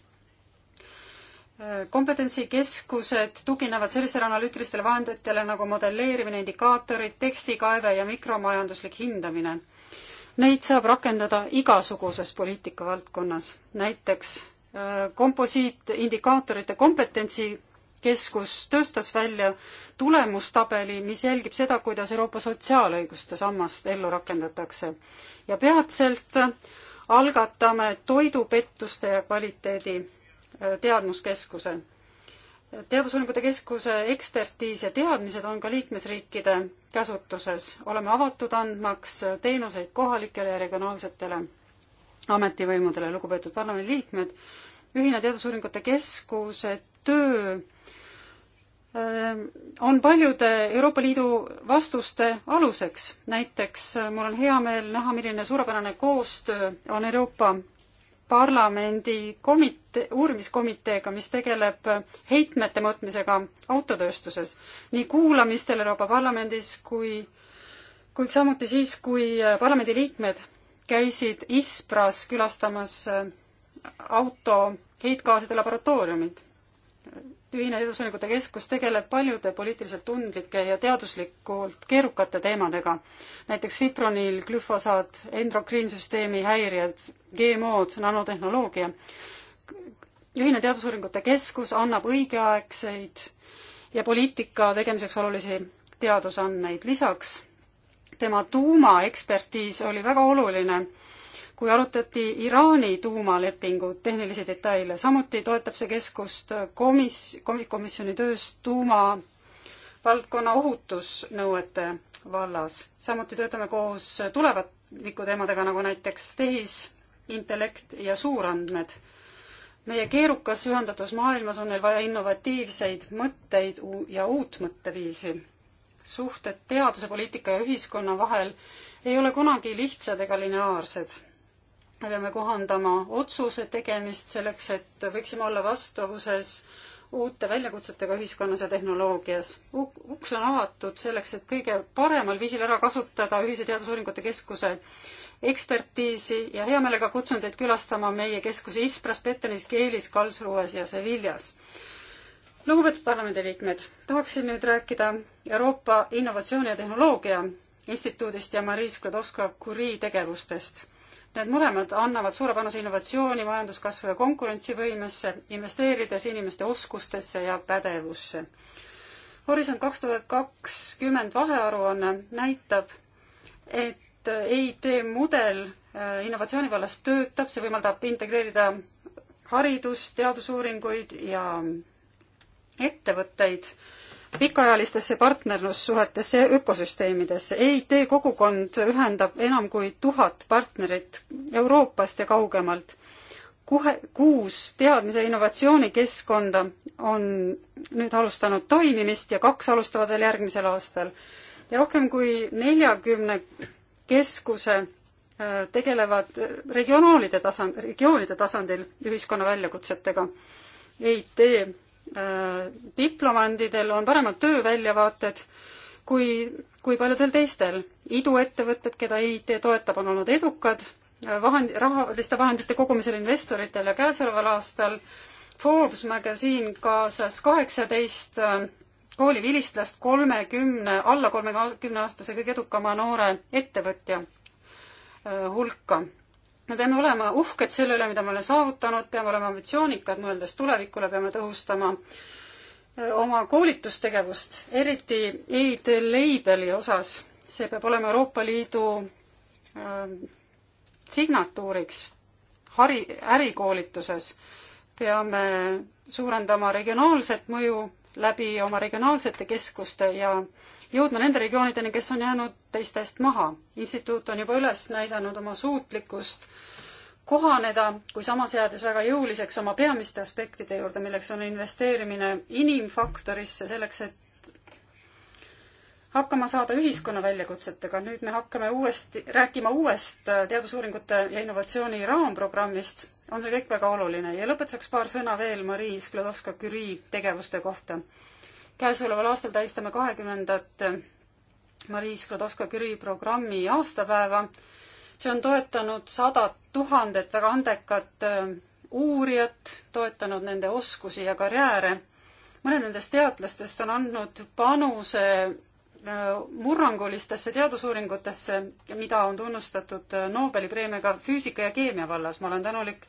kompetentsikeskused tuginevad sellistele analüütilistele vahenditele nagu modelleerimine, indikaatorid, tekstikaeve ja mikromajanduslik hindamine. Neid saab rakendada igasuguses poliitikavaldkonnas, näiteks äh, komposiitindikaatorite kompetentsikeskus tööstas välja tulemustabeli, mis jälgib seda, kuidas Euroopa sotsiaalõiguste sammast ellu rakendatakse. ja peatselt algatame toidupettuste ja kvaliteedi teadmuskeskuse. teadusuuringute keskuse ekspertiis ja teadmised on ka liikmesriikide käsutuses. oleme avatud andmaks teenuseid kohalikele ja regionaalsetele ametivõimudele, lugupeetud parlamendiliikmed. ühine Teadusuuringute Keskuse töö äh, on paljude Euroopa Liidu vastuste aluseks. näiteks äh, mul on hea meel näha, milline suurepärane koostöö on Euroopa parlamendi komitee, uurimiskomiteega, mis tegeleb heitmete mõõtmisega autotööstuses. nii kuulamistel Euroopa Parlamendis kui, kui samuti siis, kui parlamendiliikmed käisid ISPRAS külastamas auto heitgaaside laboratooriumit ühine teadusuuringute keskus tegeleb paljude poliitiliselt tundlike ja teaduslikult keerukate teemadega, näiteks fipronil, glüfosaat, endokriinsüsteemi häirijad, GMO-d, nanotehnoloogia. ühine teadusuuringute keskus annab õigeaegseid ja poliitika tegemiseks olulisi teadusandmeid, lisaks tema tuumaekspertiis oli väga oluline kui arutati Iraani tuumalepingu tehnilisi detaile. samuti toetab see keskust komis-, komisjoni töös tuuma valdkonna ohutusnõuete vallas. samuti töötame koos tuleviku teemadega, nagu näiteks tehisintellekt ja suurandmed. meie keerukas ühendatud maailmas on neil vaja innovatiivseid mõtteid ja uut mõtteviisi. suhted teaduse, poliitika ja ühiskonna vahel ei ole kunagi lihtsad ega lineaarsed me peame kohandama otsuse tegemist selleks, et võiksime olla vastavuses uute väljakutsetega ühiskonnas ja tehnoloogias. uks on avatud selleks, et kõige paremal viisil ära kasutada ühise teadusuuringute keskuse ekspertiisi ja hea meelega kutsun teid külastama meie keskusi Ispras, Petenis, Keelis, Karlsruhes ja Seviljas. lugupeetud parlamendiliikmed, tahaksin nüüd rääkida Euroopa Innovatsiooni ja Tehnoloogia Instituudist ja Marie Sklodowska-Curie tegevustest Need mõlemad annavad suure panuse innovatsiooni, majanduskasvu ja konkurentsivõimesse, investeerides inimeste oskustesse ja pädevusse. Horisont kaks tuhat kakskümmend vahearuanne näitab, et EIT mudel äh, innovatsiooni vallas töötab, see võimaldab integreerida haridust, teadusuuringuid ja ettevõtteid pikaajalistesse partnerlussuhetesse ja ökosüsteemidesse. EIT kogukond ühendab enam kui tuhat partnerit Euroopast ja kaugemalt. kuhe, kuus teadmise ja innovatsioonikeskkonda on nüüd alustanud toimimist ja kaks alustavad veel järgmisel aastal. ja rohkem kui neljakümne keskuse äh, tegelevad regionaalide tasand, regioonide tasandil ühiskonna väljakutsetega. EIT diplomandidel on paremad tööväljavaated kui, kui paljudel teistel. iduettevõtted, keda EIT toetab, on olnud edukad, vahend, rahaliste vahendite kogumisel investoritele käesoleval aastal Forbes Magazine kaasas kaheksateist äh, koolivilistlast kolmekümne, alla kolmekümne aastase kõige edukama noore ettevõtja äh, hulka me peame olema uhked selle üle, mida me oleme saavutanud, peame olema ambitsioonikad, mõeldes tulevikule, peame tõhustama äh, oma koolitustegevust, eriti aid label'i osas. see peab olema Euroopa Liidu äh, signatuuriks hari, ärikoolituses. peame suurendama regionaalset mõju läbi oma regionaalsete keskuste ja äh, jõudma nende regioonideni, kes on jäänud teistest maha. instituut on juba üles näidanud oma suutlikkust kohaneda, kui samas jäädes väga jõuliseks oma peamiste aspektide juurde, milleks on investeerimine inimfaktorisse, selleks et hakkama saada ühiskonna väljakutsetega. nüüd me hakkame uuesti, rääkima uuest teadusuuringute ja innovatsiooni raamprogrammist. on see kõik väga oluline ja lõpetuseks paar sõna veel Marie Sklodovska-Curie tegevuste kohta käesoleval aastal tähistame kahekümnendat Marii Skłodowska-Curie programmi aastapäeva. see on toetanud sadat tuhandet väga andekat äh, uurijat, toetanud nende oskusi ja karjääre. mõned nendest teadlastest on andnud panuse äh, murrangulistesse teadusuuringutesse, mida on tunnustatud äh, Nobeli preemiaga füüsika ja keemia vallas. ma olen tänulik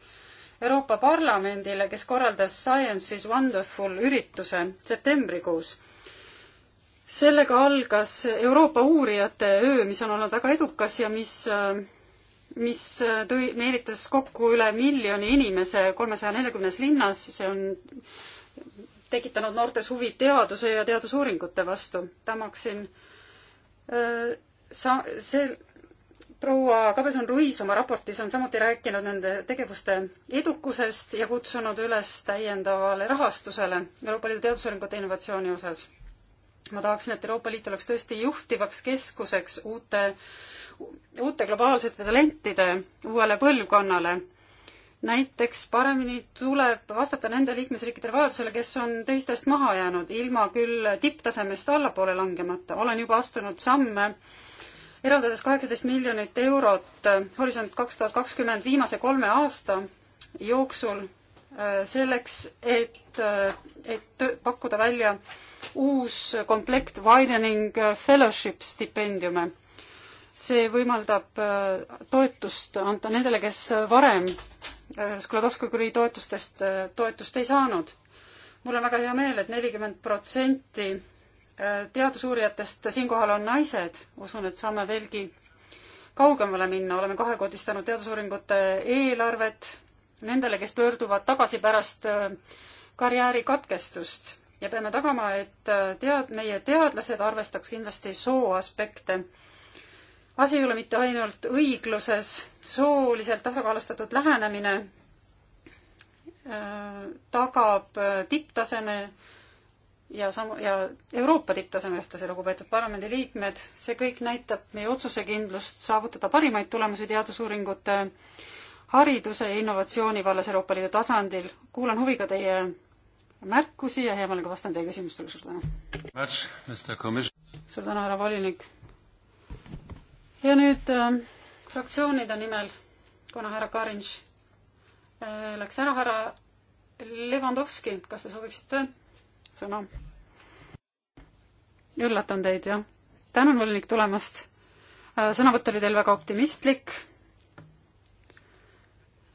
Euroopa Parlamendile, kes korraldas Science is Wonderful ürituse septembrikuus. sellega algas Euroopa uurijate öö, mis on olnud väga edukas ja mis, mis tõi, meelitas kokku üle miljoni inimese kolmesaja neljakümnes linnas, see on tekitanud noortes huvi teaduse ja teadusuuringute vastu. tamaksin äh, sa-, sel-, proua Kabeson-Ruiis oma raportis on samuti rääkinud nende tegevuste edukusest ja kutsunud üles täiendavale rahastusele Euroopa Liidu teadusuuringute innovatsiooni osas. ma tahaksin, et Euroopa Liit oleks tõesti juhtivaks keskuseks uute, uute globaalsete talentide uuele põlvkonnale. näiteks paremini tuleb vastata nende liikmesriikide vajadusele, kes on teistest maha jäänud, ilma küll tipptasemest allapoole langemata. olen juba astunud samme eraldades kaheksateist miljonit eurot äh, Horisont kaks tuhat kakskümmend viimase kolme aasta jooksul äh, selleks, et, äh, et pakkuda välja uus komplekt Widening Fellowship stipendiume. see võimaldab toetust anda nendele, kes varem Sklodovskõi toetustest toetust ei saanud. mul on väga hea meel et, et nelikümmend protsenti teadusuurijatest siinkohal on naised, usun, et saame veelgi kaugemale minna, oleme kahekordistanud teadusuuringute eelarvet nendele, kes pöörduvad tagasi pärast äh, karjääri katkestust ja peame tagama, et äh, tead-, meie teadlased arvestaks kindlasti soo aspekte. asi ei ole mitte ainult õigluses, sooliselt tasakaalustatud lähenemine äh, tagab tipptaseme ja samu- ja Euroopa tipptasemel ühtlasi, lugupeetud parlamendiliikmed, see kõik näitab meie otsusekindlust saavutada parimaid tulemusi teadusuuringute hariduse ja innovatsiooni vallas Euroopa Liidu tasandil. kuulan huviga teie märkusi ja hea meelega vastan teie küsimustele, suur tänu. suur tänu, härra volinik. ja nüüd äh, fraktsioonide nimel, kuna härra Karinš äh, läks ära, härra Levandovski, kas te sooviksite sõna. üllatan teid, jah. tänan, volinik, tulemast. Äh, sõnavõtt oli teil väga optimistlik.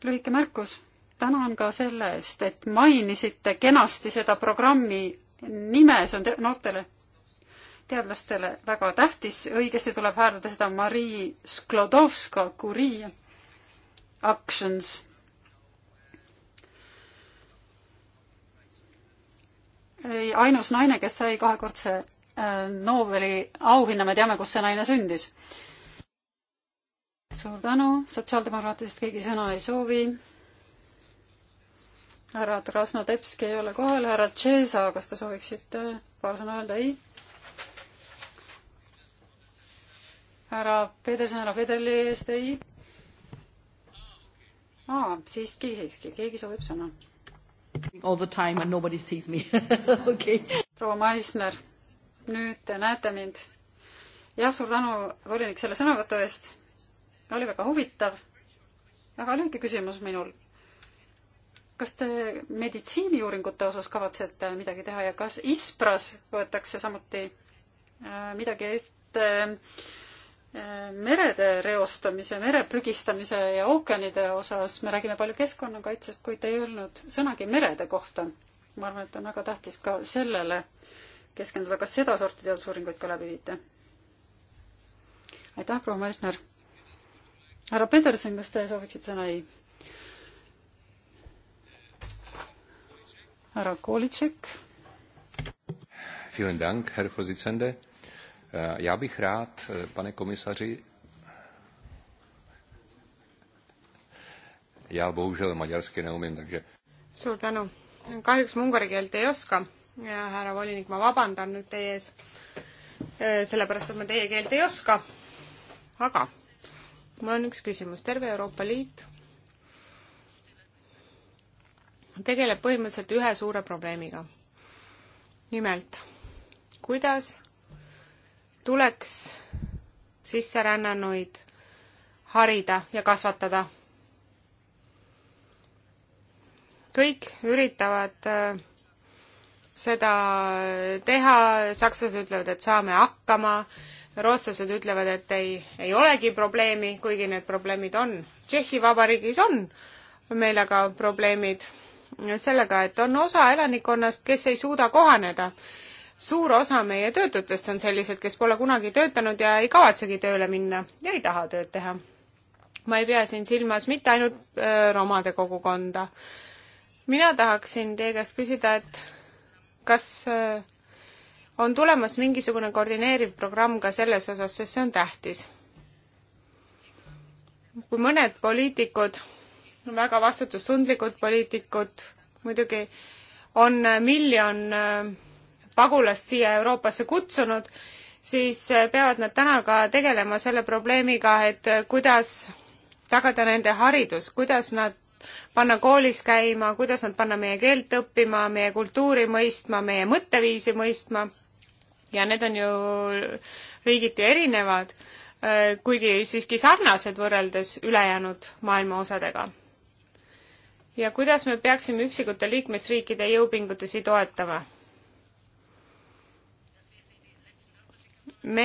lühike märkus. tänan ka selle eest, et mainisite kenasti seda programmi nime, see on te noortele teadlastele väga tähtis, õigesti tuleb hääldada seda Marie Sklodovska-Curie Actions ainus naine, kes sai kahekordse äh, Nobeli auhinna, me teame, kus see naine sündis. suur tänu, sotsiaaldemokraatidest keegi sõna ei soovi. härra Trasnodebski ei ole kohal, härra Tšesa, kas te sooviksite paar sõna öelda? ei? härra Pedersen, härra Federli eest ei? aa, siiski, siiski, keegi soovib sõna All the time and nobody sees me okei [laughs] okay.. proua Maisner, nüüd te näete mind. jah, suur tänu, volinik, selle sõnavõtu eest. oli väga huvitav. väga lühike küsimus minul kas te meditsiiniuuringute osas kavatsete midagi teha ja kas ISPRAS võetakse samuti äh, midagi ette merede reostamise, mere prügistamise ja ookeanide osas me räägime palju keskkonnakaitsest, kuid ei öelnud sõnagi merede kohta. ma arvan, et on väga tähtis ka sellele keskenduda, kas sedasorti teadusuuringuid ka läbi viite? aitäh, proua Maisner. härra Peterson, kas te sooviksite sõna? ei. härra Kolitšek. Vielen Dank, härra Vorsitzende Eh, já bych rád, eh, pane komisaři, ja bohužel maďarski neumím, takže. suur tänu. kahjuks ma ungari keelt ei oska, härra volinik, ma vabandan nüüd teie ees, eh, sellepärast et ma teie keelt ei oska. aga mul on üks küsimus, terve Euroopa Liit tegeleb põhimõtteliselt ühe suure probleemiga. nimelt, kuidas tuleks sisserännanuid harida ja kasvatada. kõik üritavad äh, seda teha, sakslased ütlevad, et saame hakkama, rootslased ütlevad, et ei, ei olegi probleemi, kuigi need probleemid on. Tšehhi Vabariigis on meil aga probleemid sellega, et on osa elanikkonnast, kes ei suuda kohaneda suur osa meie töötutest on sellised, kes pole kunagi töötanud ja ei kavatsegi tööle minna ja ei taha tööd teha. ma ei pea siin silmas mitte ainult öö, äh, romade kogukonda. mina tahaksin teie käest küsida, et kas öö, äh, on tulemas mingisugune koordineeriv programm ka selles osas, sest see on tähtis. kui mõned poliitikud, väga vastutustundlikud poliitikud muidugi, on äh, miljon äh, pagulast siia Euroopasse kutsunud, siis eh, peavad nad täna ka tegelema selle probleemiga, et eh, kuidas tagada nende haridus, kuidas nad panna koolis käima, kuidas nad panna meie keelt õppima, meie kultuuri mõistma, meie mõtteviisi mõistma. ja need on ju riigiti erinevad, eh, kuigi siiski sarnased võrreldes ülejäänud maailma osadega. ja kuidas me peaksime üksikute liikmesriikide jõupingutusi toetama? me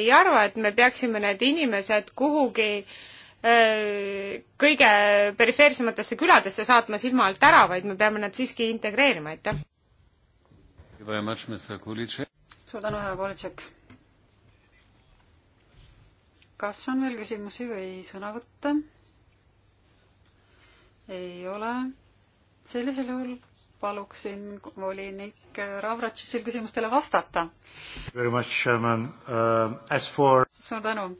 ei arva, et me peaksime need inimesed kuhugi öö, äh, kõige perifeersematesse küladesse saatma silma alt ära, vaid me peame nad siiski integreerima, aitäh. suur tänu, härra Kolitšek. kas on veel küsimusi või sõnavõtte? ei ole. sellisel juhul paluksin volinik Ravratšisil küsimustele vastata. Uh, suur tänu.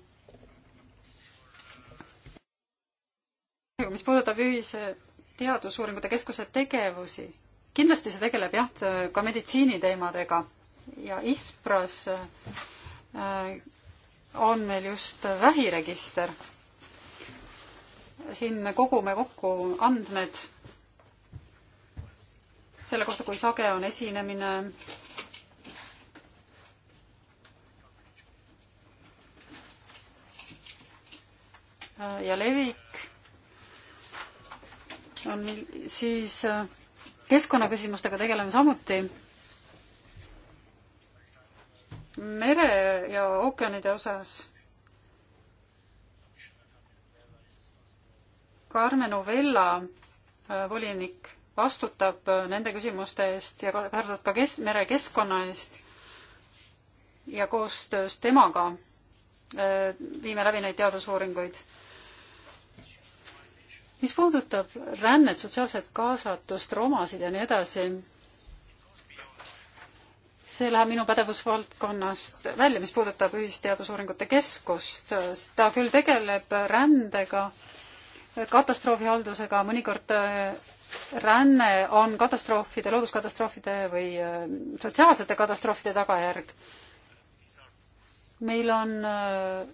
mis puudutab ühise teadusuuringute keskuse tegevusi, kindlasti see tegeleb jah, ka meditsiiniteemadega ja ISPRAS äh, on meil just vähiregister. siin me kogume kokku andmed selle kohta, kui sage on esinemine. ja levik on siis äh, keskkonnaküsimustega tegeleme samuti. mere ja ookeanide osas. Carmen Ovella äh, volinik vastutab äh, nende küsimuste eest ja kardab ka kes-, merekeskkonna eest ja koostöös temaga äh, viime läbi neid teadusuuringuid. mis puudutab rännet, sotsiaalset kaasatust, romasid ja nii edasi, see läheb minu pädevusvaldkonnast välja, mis puudutab Ühisteadusuuringute Keskust. ta küll tegeleb rändega, katastroofihaldusega, mõnikord äh, ränne on katastroofide, looduskatastroofide või äh, sotsiaalsete katastroofide tagajärg. meil on äh,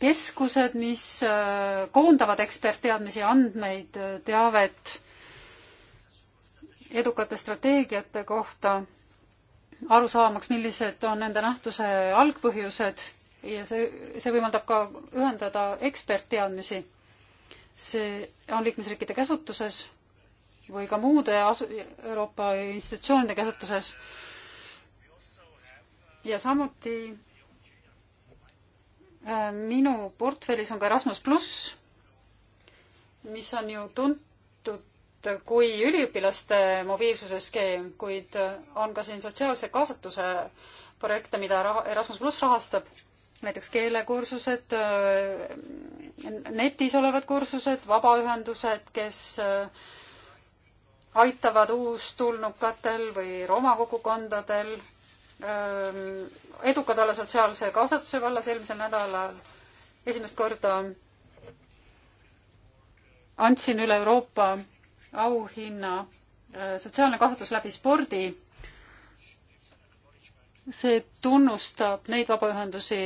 keskused, mis äh, koondavad ekspertteadmisi, andmeid, teavet edukate strateegiate kohta, aru saamaks, millised on nende nähtuse algpõhjused ja see, see võimaldab ka ühendada ekspertteadmisi. see on liikmesriikide käsutuses või ka muude asu-, Euroopa institutsioonide käsutuses. ja samuti äh, minu portfellis on ka Erasmus pluss, mis on ju tuntud kui üliõpilaste mobiilsuse skeem, kuid äh, on ka siin sotsiaalse kaasatuse projekte, mida raha, Erasmus pluss rahastab, näiteks keelekursused, äh, netis olevad kursused, vabaühendused, kes äh, aitavad uustulnukatel või roma kogukondadel ähm, edukad olla sotsiaalse kaasatuse vallas eelmisel nädalal esimest korda andsin üle Euroopa auhinna äh, sotsiaalne kaasatus läbi spordi. see tunnustab neid vabaühendusi,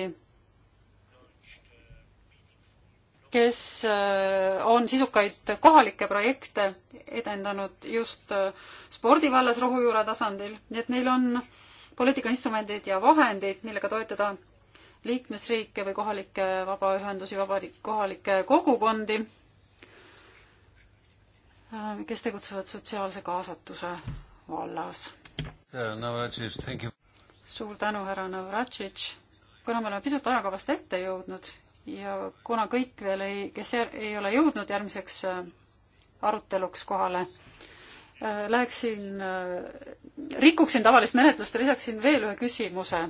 kes äh, on sisukaid kohalikke projekte edendanud just äh, spordivallas rohujuure tasandil, nii et meil on poliitikainstrumendid ja vahendid, millega toetada liikmesriike või kohalikke vabaühendusi, vaba, kohalikke kogukondi, äh, kes tegutsevad sotsiaalse kaasatuse vallas. suur tänu, härra Navratšitš. kuna me oleme pisut ajakavast ette jõudnud ja kuna kõik veel ei, kes ei ole jõudnud järgmiseks äh, aruteluks kohale, äh, läheksin, äh, rikuksin tavalist menetlust ja lisaksin veel ühe küsimuse.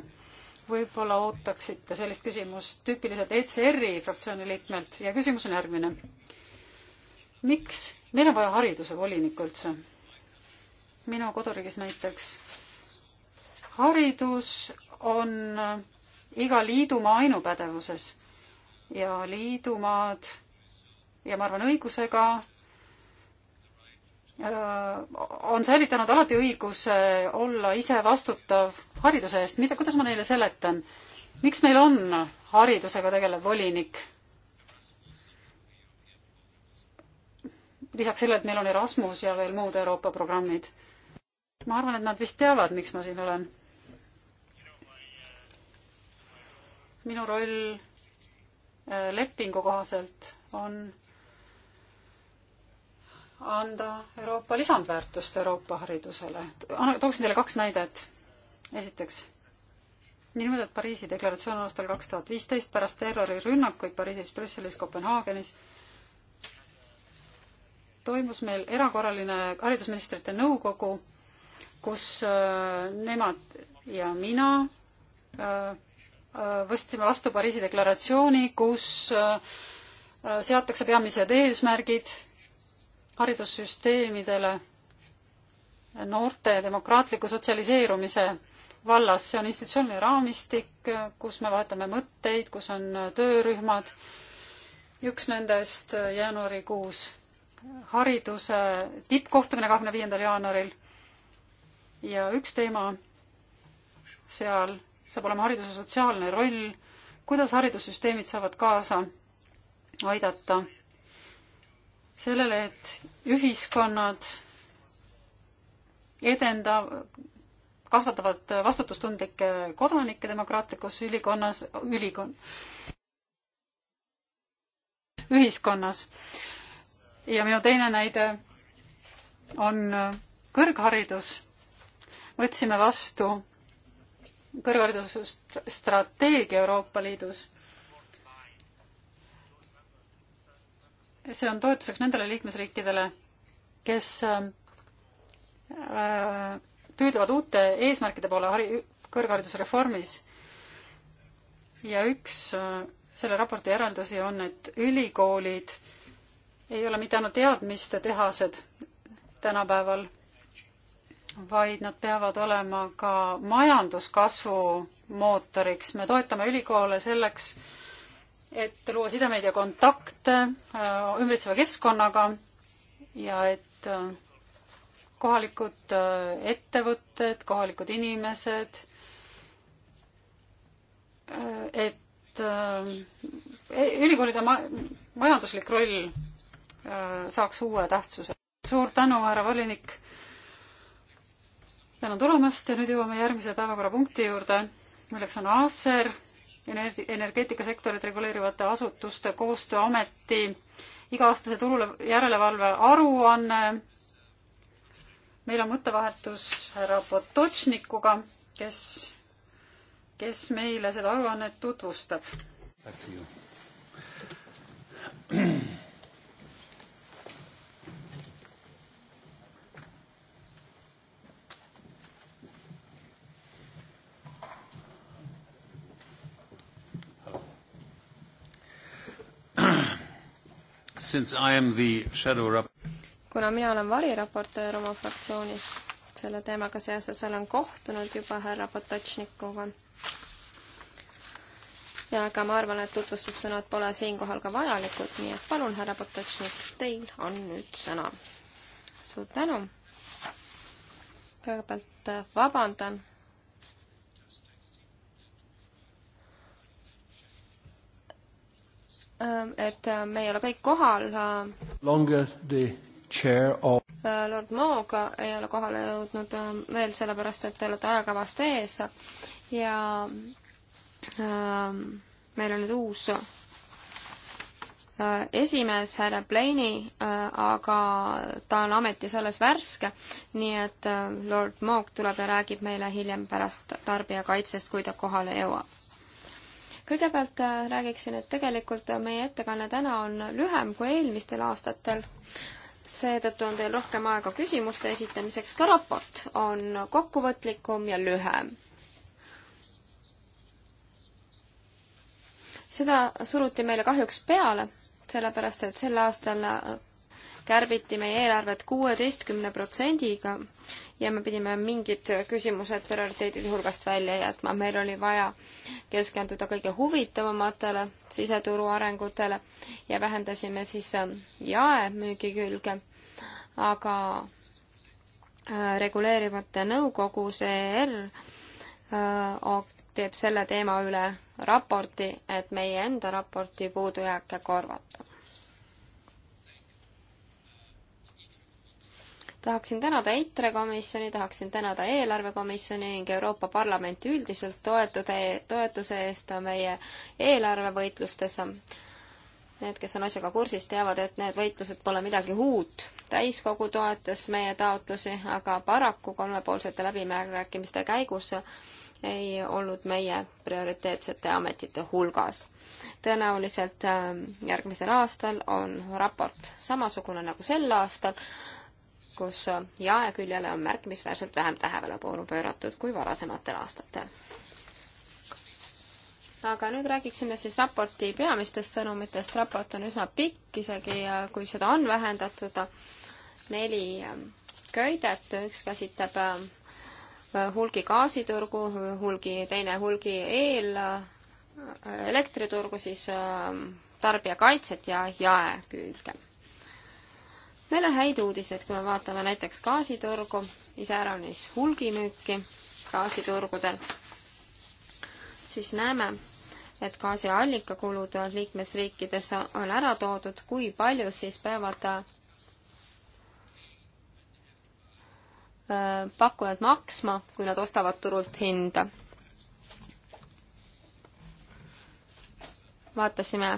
võib-olla ootaksite sellist küsimust tüüpiliselt ECR-i fraktsiooni liikmelt ja küsimus on järgmine. miks meil on vaja hariduse volinikku üldse? minu koduriigis näiteks haridus on iga liidumaa ainupädevuses ja liidumaad ja ma arvan õigusega äh, on säilitanud alati õiguse olla ise vastutav hariduse eest, mida, kuidas ma neile seletan, miks meil on haridusega tegelev volinik? lisaks sellele, et meil on Erasmus ja veel muud Euroopa programmid. ma arvan, et nad vist teavad, miks ma siin olen. minu roll lepingu kohaselt on anda Euroopa lisandväärtust Euroopa haridusele. tooksin teile kaks näidet. esiteks, niinimetatud Pariisi deklaratsioon aastal kaks tuhat viisteist pärast terrorirünnakuid Pariisis, Brüsselis, Kopenhaagenis toimus meil erakorraline haridusministrite nõukogu, kus äh, nemad ja mina äh, Äh, võtsime vastu Pariisi deklaratsiooni, kus äh, seatakse peamised eesmärgid haridussüsteemidele noorte demokraatliku sotsialiseerumise vallas, see on institutsiooniline raamistik, äh, kus me vahetame mõtteid, kus on töörühmad, üks nendest jaanuarikuus hariduse tippkohtumine kahekümne viiendal jaanuaril ja üks teema seal saab olema hariduse sotsiaalne roll, kuidas haridussüsteemid saavad kaasa aidata sellele, et ühiskonnad edendav, kasvatavad vastutustundlikke kodanikke demokraatlikus ülikonnas, ülikon-, ühiskonnas. ja minu teine näide on kõrgharidus. võtsime vastu kõrgharidusstrateegia Euroopa Liidus. see on toetuseks nendele liikmesriikidele, kes äh, püüdlevad uute eesmärkide poole hari-, kõrgharidusreformis. ja üks äh, selle raporti järeldusi on, et ülikoolid ei ole mitte ainult teadmiste tehased tänapäeval vaid nad peavad olema ka majanduskasvu mootoriks. me toetame ülikoole selleks, et luua sidemeid ja kontakte äh, ümbritseva keskkonnaga ja et äh, kohalikud äh, ettevõtted, kohalikud inimesed, et e-, ülikoolide ma-, majanduslik roll saaks uue tähtsuse. suur tänu, härra volinik tänan tulemast ja nüüd jõuame järgmise päevakorrapunkti juurde, milleks on ACER, energeetikasektorit reguleerivate asutuste koostööameti iga-aastase turule järelevalve aruanne. meil on mõttevahetus härra Potočnikuga, kes, kes meile seda aruannet tutvustab. kuna mina olen variraportöör oma fraktsioonis, selle teemaga seoses olen kohtunud juba härra Potočnikuga. ja ega ma arvan, et tutvustussõnad pole siinkohal ka vajalikud, nii et palun, härra Potočnik, teil on nüüd sõna. suur tänu. kõigepealt äh, vabandan Äh, et äh, me ei ole kõik kohal. Of... Äh, Lord Mooga ei ole kohale jõudnud veel sellepärast, et te olete ajakavast ees ja ähm, meil on nüüd uus äh, esimees, härra Blaini äh,, aga ta on ametis alles värske, nii et äh, Lord Moog tuleb ja räägib meile hiljem pärast tarbijakaitsest, kui ta kohale jõuab kõigepealt äh, räägiksin, et tegelikult meie ettekanne täna on lühem kui eelmistel aastatel, seetõttu on teil rohkem aega küsimuste esitamiseks, ka raport on kokkuvõtlikum ja lühem. seda suruti meile kahjuks peale, sellepärast et sel aastal kärbiti meie eelarvet kuueteistkümne protsendiga ja me pidime mingid küsimused prioriteetide hulgast välja jätma. meil oli vaja keskenduda kõige huvitavamatele siseturu arengutele ja vähendasime siis ähm, jaemüügi külge, aga äh, reguleerivate nõukogus ER äh, teeb selle teema üle raporti, et meie enda raporti puudujääke korvata tahaksin tänada EITRE komisjoni, tahaksin tänada eelarvekomisjoni ning Euroopa Parlamenti üldiselt toetude, toetuse eest meie eelarvevõitlustes. Need, kes on asjaga kursis, teavad, et need võitlused pole midagi uut. täiskogu toetas meie taotlusi, aga paraku kolmepoolsete läbimärkimiste käigus ei olnud meie prioriteetsete ametite hulgas. tõenäoliselt ähm, järgmisel aastal on raport samasugune nagu sel aastal kus jaeküljele on märkimisväärselt vähem tähelepanu pööratud kui varasematel aastatel. aga nüüd räägiksime siis raporti peamistest sõnumitest, raport on üsna pikk, isegi kui seda on vähendatud, neli ähm, köidet, üks käsitleb ähm, hulgi gaasiturgu, hulgi, teine hulgi eel, äh, elektriturgu, siis ähm, tarbijakaitset ja jaekülge meil on häid uudiseid, kui me vaatame näiteks gaasiturgu, iseäranis hulgimüüki gaasiturgudel, siis näeme, et gaasiallikakulud liikmesriikides on ära toodud, kui palju siis peavad äh, pakkujad maksma, kui nad ostavad turult hinda. vaatasime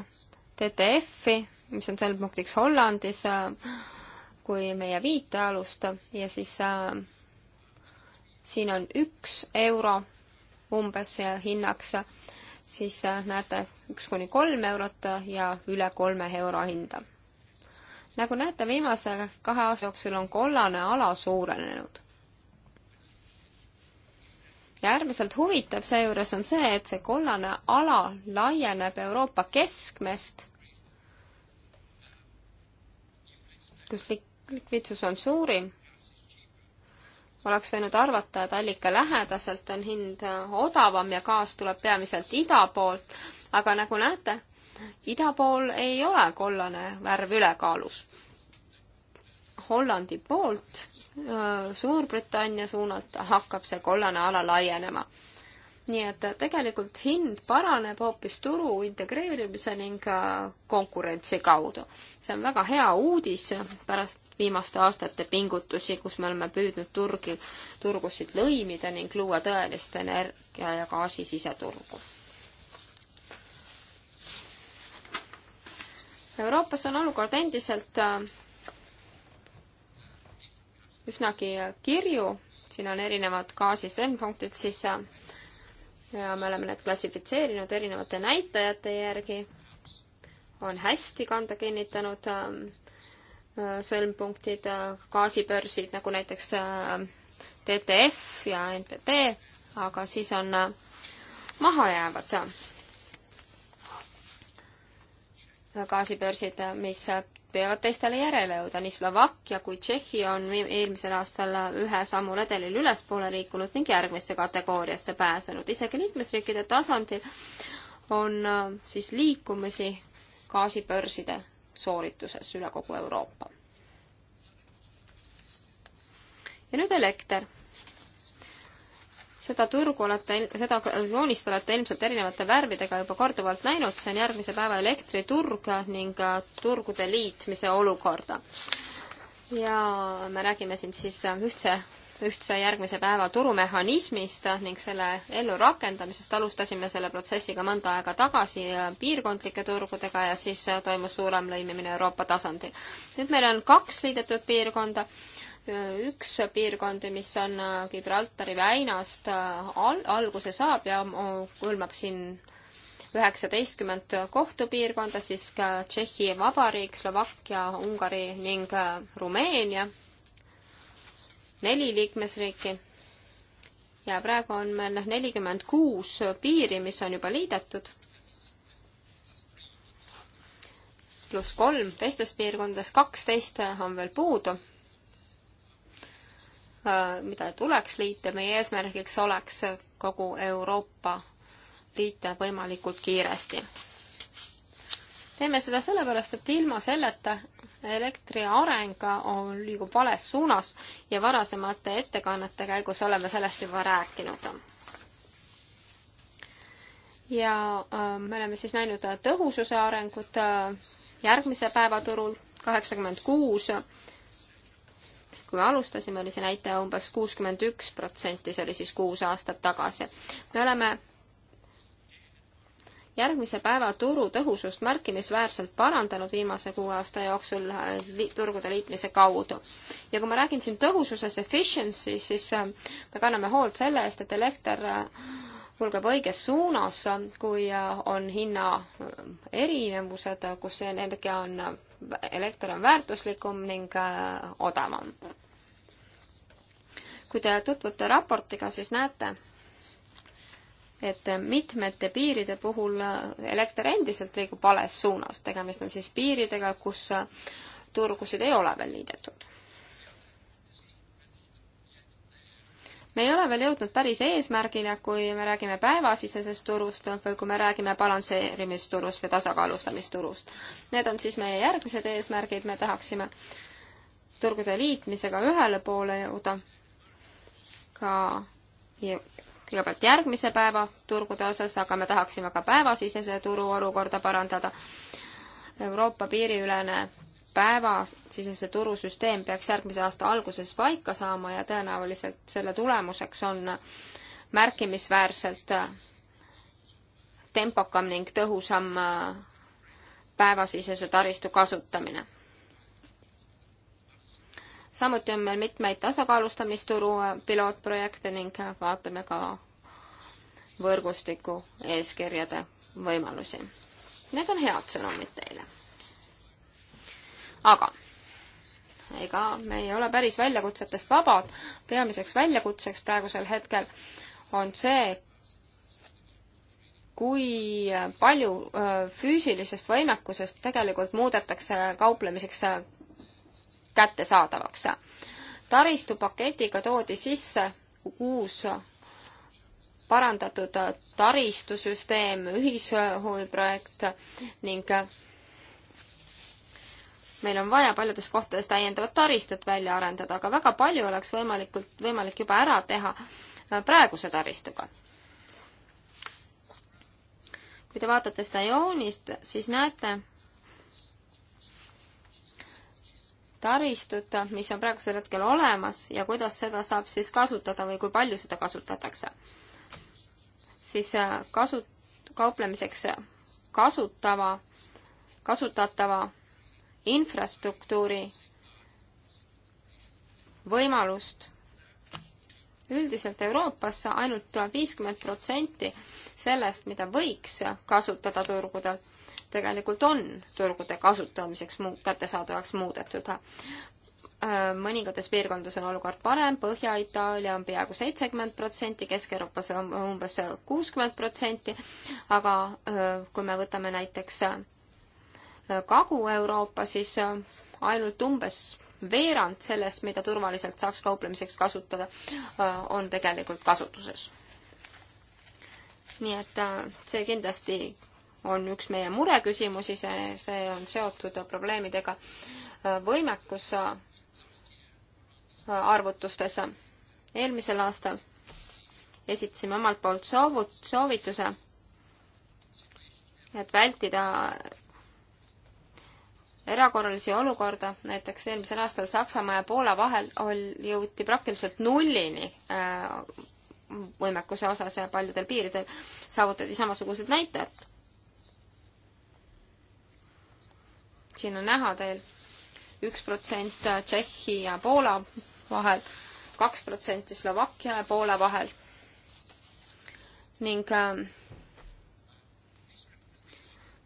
TTF-i, mis on sel punktiks Hollandis, äh, kui meie viitealust ja siis äh, siin on üks euro umbes hinnaks, siis äh, näete üks kuni kolm eurot ja üle kolme euro hinda. nagu näete, viimase kahe aasta jooksul on kollane ala suurenenud ja äärmiselt huvitav seejuures on see, et see kollane ala laieneb Euroopa keskmest, kus li-, likviidsus on suurim. oleks võinud arvata, et allika lähedaselt on hind odavam ja gaas tuleb peamiselt ida poolt, aga nagu näete, ida pool ei ole kollane värv ülekaalus. Hollandi poolt Suurbritannia suunalt hakkab see kollane ala laienema nii et äh, tegelikult hind paraneb hoopis turu integreerimise ning äh, konkurentsi kaudu. see on väga hea uudis pärast viimaste aastate pingutusi, kus me oleme püüdnud turgi, turgusid lõimida ning luua tõelist energia ja gaasi siseturgu. Euroopas on olukord endiselt äh, üsnagi kirju, siin on erinevad gaasi sõlmpunktid, siis ja me oleme need klassifitseerinud erinevate näitajate järgi, on hästi kanda kinnitanud ähm, äh, sõlmpunktid, äh, gaasibörsid nagu näiteks äh, TTF ja NTT, aga siis on mahajäävad gaasibörsid, mis püüavad teistele järele jõuda. nii Slovakkia kui Tšehhi on eelmisel aastal ühe sammu redelil ülespoole liikunud ning järgmisse kategooriasse pääsenud. isegi liikmesriikide tasandil on äh, siis liikumisi gaasibörside soorituses üle kogu Euroopa. ja nüüd elekter seda turgu olete, seda joonist olete ilmselt erinevate värvidega juba korduvalt näinud, see on järgmise päeva elektriturg ning äh, turgude liitmise olukorda. ja me räägime siin siis äh, ühtse, ühtse järgmise päeva turumehhanismist ning selle ellurakendamisest alustasime selle protsessiga mõnda aega tagasi äh, piirkondlike turgudega ja siis toimus suurem lõimimine Euroopa tasandil. nüüd meil on kaks liidetud piirkonda üks piirkondi, mis on äh, Gibraltari väinast äh, al-, alguse saab ja hõlmab siin üheksateistkümmend kohtupiirkonda, siis ka Tšehhi Vabariik, Slovakkia, Ungari ning äh, Rumeenia, neli liikmesriiki ja praegu on meil noh, nelikümmend kuus piiri, mis on juba liidetud, pluss kolm teistes piirkondades, kaksteist on veel puudu Äh, mida tuleks liita, meie eesmärgiks oleks kogu Euroopa liita võimalikult kiiresti. teeme seda sellepärast, et ilma selleta elektri areng on, liigub vales suunas ja varasemate ettekannete käigus oleme sellest juba rääkinud. ja äh, me oleme siis näinud tõhususe arengut äh, järgmise päeva turul kaheksakümmend kuus kui me alustasime, oli see näitaja umbes kuuskümmend üks protsenti, see oli siis kuus aastat tagasi. me oleme järgmise päeva turu tõhusust märkimisväärselt parandanud viimase kuue aasta jooksul li turgude liitmise kaudu. ja kui ma räägin siin tõhususest, efficiency, siis äh, me kanname hoolt selle eest, et elekter äh, kulgeb õiges suunas, kui on hinna erinevused, kus energia on, elekter on väärtuslikum ning äh, odavam. kui te tutvute raportiga, siis näete, et mitmete piiride puhul elekter endiselt liigub vales suunas, tegemist on siis piiridega, kus turgusid ei ole veel liidetud me ei ole veel jõudnud päris eesmärgile, kui me räägime päevasisesest turust või kui me räägime balansseerimisturust või tasakaalustamisturust. Need on siis meie järgmised eesmärgid, me tahaksime turgude liitmisega ühele poole jõuda ka kõigepealt järgmise päeva turgude osas, aga me tahaksime ka päevasisese turu olukorda parandada. Euroopa piiriülene päevasisese turusüsteem peaks järgmise aasta alguses paika saama ja tõenäoliselt selle tulemuseks on märkimisväärselt tempokam ning tõhusam päevasisese taristu kasutamine. samuti on meil mitmeid tasakaalustamisturu pilootprojekte ning vaatame ka võrgustiku eeskirjade võimalusi. Need on head sõnumid teile aga ega me ei ole päris väljakutsetest vabad. peamiseks väljakutseks praegusel hetkel on see, kui palju äh, füüsilisest võimekusest tegelikult muudetakse kauplemiseks äh, kättesaadavaks. taristupaketiga toodi sisse uus parandatud äh, taristusüsteem, ühishoiuprojekt ning meil on vaja paljudes kohtades täiendavat taristut välja arendada, aga väga palju oleks võimalikult, võimalik juba ära teha äh, praeguse taristuga. kui te vaatate seda joonist, siis näete taristut, mis on praegusel hetkel olemas ja kuidas seda saab siis kasutada või kui palju seda kasutatakse. siis äh, kasu, kauplemiseks kasutava, kasutatava infrastruktuuri võimalust. üldiselt Euroopas ainult viiskümmend protsenti sellest, mida võiks kasutada turgudel, tegelikult on turgude kasutamiseks muu, kättesaadavaks muudetud. mõningates piirkondades on olukord parem, Põhja-Itaalia on peaaegu seitsekümmend protsenti, Kesk-Euroopas on umbes kuuskümmend protsenti, aga kui me võtame näiteks Kagu-Euroopa, siis äh, ainult umbes veerand sellest, mida turvaliselt saaks kauplemiseks kasutada, äh, on tegelikult kasutuses. nii et äh, see kindlasti on üks meie mureküsimusi, see, see on seotud probleemidega võimekus arvutustes. eelmisel aastal esitasime omalt poolt soovut-, soovituse, et vältida erakorralisi olukorda, näiteks eelmisel aastal Saksamaa ja Poola vahel ol-, jõuti praktiliselt nullini äh, võimekuse osas ja paljudel piiridel saavutati samasugused näitajad. siin on näha teil üks protsent Tšehhi ja Poola vahel, kaks protsenti Slovakkia ja Poola vahel ning äh,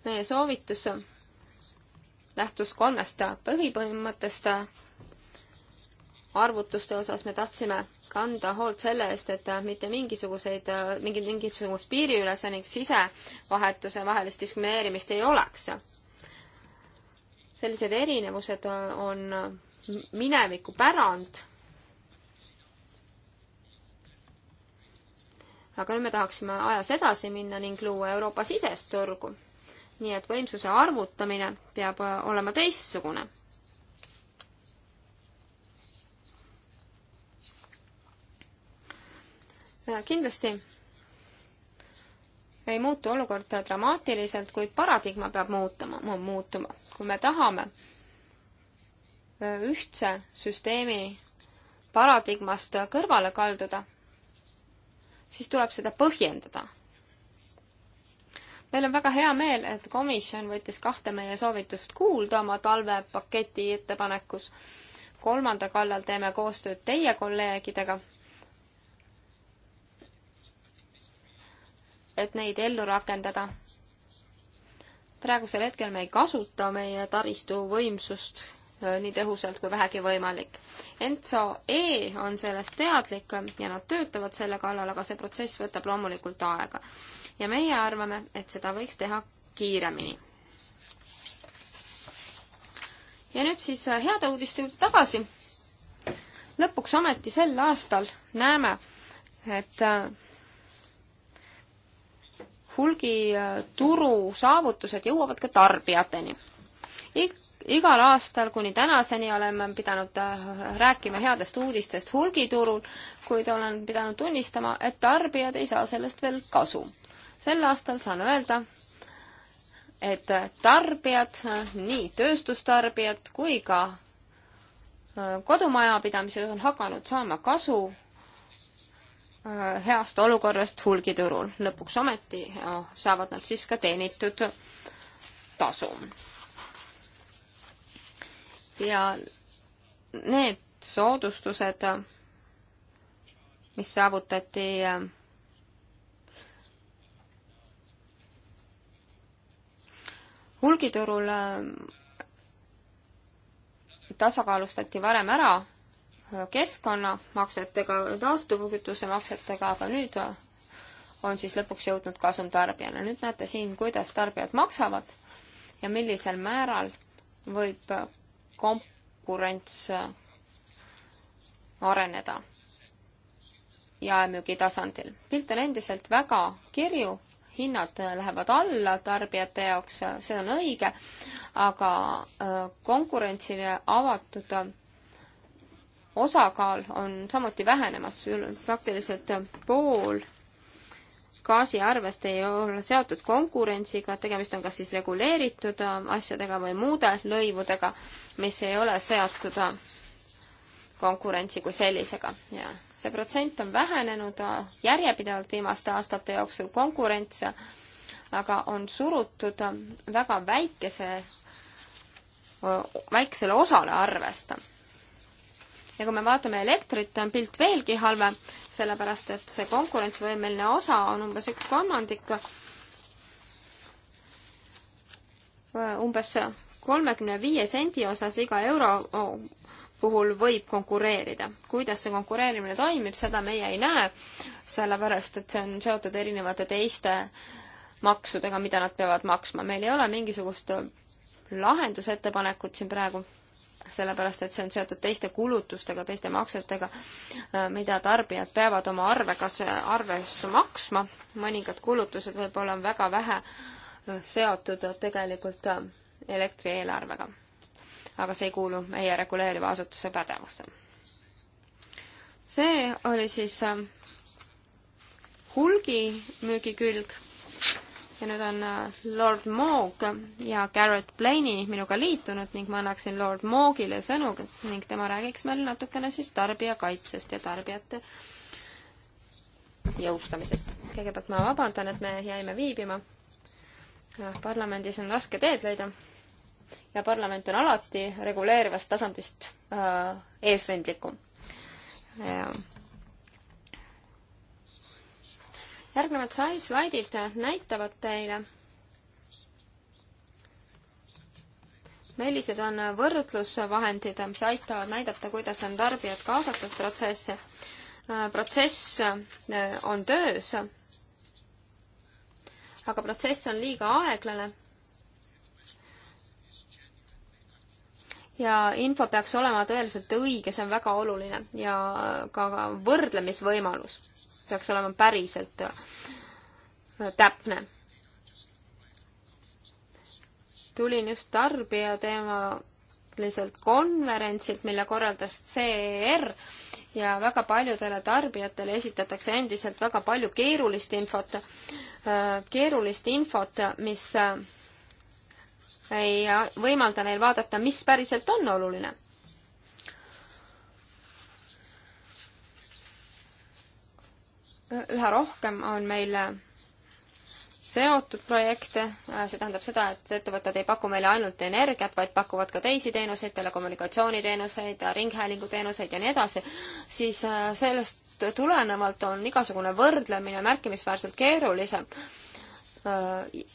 meie soovitus on lähtus kolmest põhipõhimõttest. arvutuste osas me tahtsime kanda hoolt selle eest, et mitte mingisuguseid, mingit, mingisugust piiriülese ning sisevahetuse vahelist diskrimineerimist ei oleks. sellised erinevused on mineviku pärand. aga nüüd me tahaksime ajas edasi minna ning luua Euroopa sisest turgu nii et võimsuse arvutamine peab äh, olema teistsugune. Äh, kindlasti ei muutu olukord dramaatiliselt, kuid paradigma peab muutuma, muutuma. kui me tahame äh, ühtse süsteemi paradigmast kõrvale kalduda, siis tuleb seda põhjendada meil on väga hea meel, et komisjon võttis kahte meie soovitust kuulda oma talvepaketi ettepanekus. kolmanda kallal teeme koostööd teie kolleegidega. et neid ellu rakendada. praegusel hetkel me ei kasuta meie taristu võimsust äh, nii tõhusalt kui vähegi võimalik. Enso E on sellest teadlik ja nad töötavad selle kallal, aga see protsess võtab loomulikult aega ja meie arvame, et seda võiks teha kiiremini. ja nüüd siis äh, heade uudiste juurde tagasi. lõpuks ometi sel aastal näeme, et äh, hulgituru äh, saavutused jõuavad ka tarbijateni Ig. igal aastal kuni tänaseni oleme pidanud rääkima headest uudistest hulgiturul, kuid olen pidanud tunnistama, et tarbijad ei saa sellest veel kasu sel aastal saan öelda, et tarbijad, nii tööstustarbijad kui ka äh, kodumajapidamised on hakanud saama kasu äh, heast olukorrast hulgiturul. lõpuks ometi äh, saavad nad siis ka teenitud tasu. ja need soodustused, mis saavutati hulgiturul äh, tasakaalustati varem ära äh, keskkonnamaksetega, taastuvkütuse maksetega, aga nüüd äh, on siis lõpuks jõudnud kasum tarbijana. nüüd näete siin, kuidas tarbijad maksavad ja millisel määral võib konkurents areneda jaemüügi tasandil. pilt on endiselt väga kirju hinnad lähevad alla tarbijate jaoks, see on õige, aga äh, konkurentsile avatud osakaal on samuti vähenemas, praktiliselt pool gaasiarvest ei ole seotud konkurentsiga, tegemist on kas siis reguleeritud äh, asjadega või muude lõivudega, mis ei ole seotud äh, konkurentsi kui sellisega ja see protsent on vähenenud äh, järjepidevalt viimaste aastate jooksul, konkurents äh, aga on surutud äh, väga väikese, väiksele osale arvest. ja kui me vaatame elektrit, on pilt veelgi halvem, sellepärast et see konkurentsivõimeline osa on umbes üks kolmandik, umbes kolmekümne viie sendi osas iga euro oh, puhul võib konkureerida. kuidas see konkureerimine toimib, seda meie ei näe, sellepärast et see on seotud erinevate teiste maksudega, mida nad peavad maksma. meil ei ole mingisugust lahendusettepanekut siin praegu, sellepärast et see on seotud teiste kulutustega, teiste maksetega, mida tarbijad peavad oma arvega, arves maksma. mõningad kulutused võib-olla on väga vähe seotud tegelikult elektrieelarvega aga see ei kuulu meie reguleeriva asutuse pädevusse. see oli siis ähm, hulgimüügi külg ja nüüd on äh, Lord Moog ja Garrett Blaney minuga liitunud ning ma annaksin Lord Moogile sõnu ning tema räägiks meil natukene siis tarbijakaitsest ja tarbijate jõustamisest. kõigepealt ma vabandan, et me jäime viibima. Ah, parlamendis on raske teed leida ja parlament on alati reguleerivast tasandist äh, eesrindlikum. järgnevad sai slaidid näitavad teile, millised on võrdlusvahendid, mis aitavad näidata, kuidas on tarbijad kaasatud protsessi. Äh, protsess äh, on töös, aga protsess on liiga aeglane ja info peaks olema tõeliselt õige, see on väga oluline ja ka võrdlemisvõimalus peaks olema päriselt äh, täpne. tulin just tarbijateemaliselt konverentsilt, mille korraldas CER ja väga paljudele tarbijatele esitatakse endiselt väga palju keerulist infot, äh, keerulist infot, mis äh, ei võimalda neil vaadata, mis päriselt on oluline. üha rohkem on meil seotud projekte, see tähendab seda, et ettevõtted ei paku meile ainult energiat, vaid pakuvad ka teisi teenuseid, telekommunikatsiooniteenuseid, ringhäälinguteenuseid ja nii edasi, siis äh, sellest tulenevalt on igasugune võrdlemine märkimisväärselt keerulisem äh,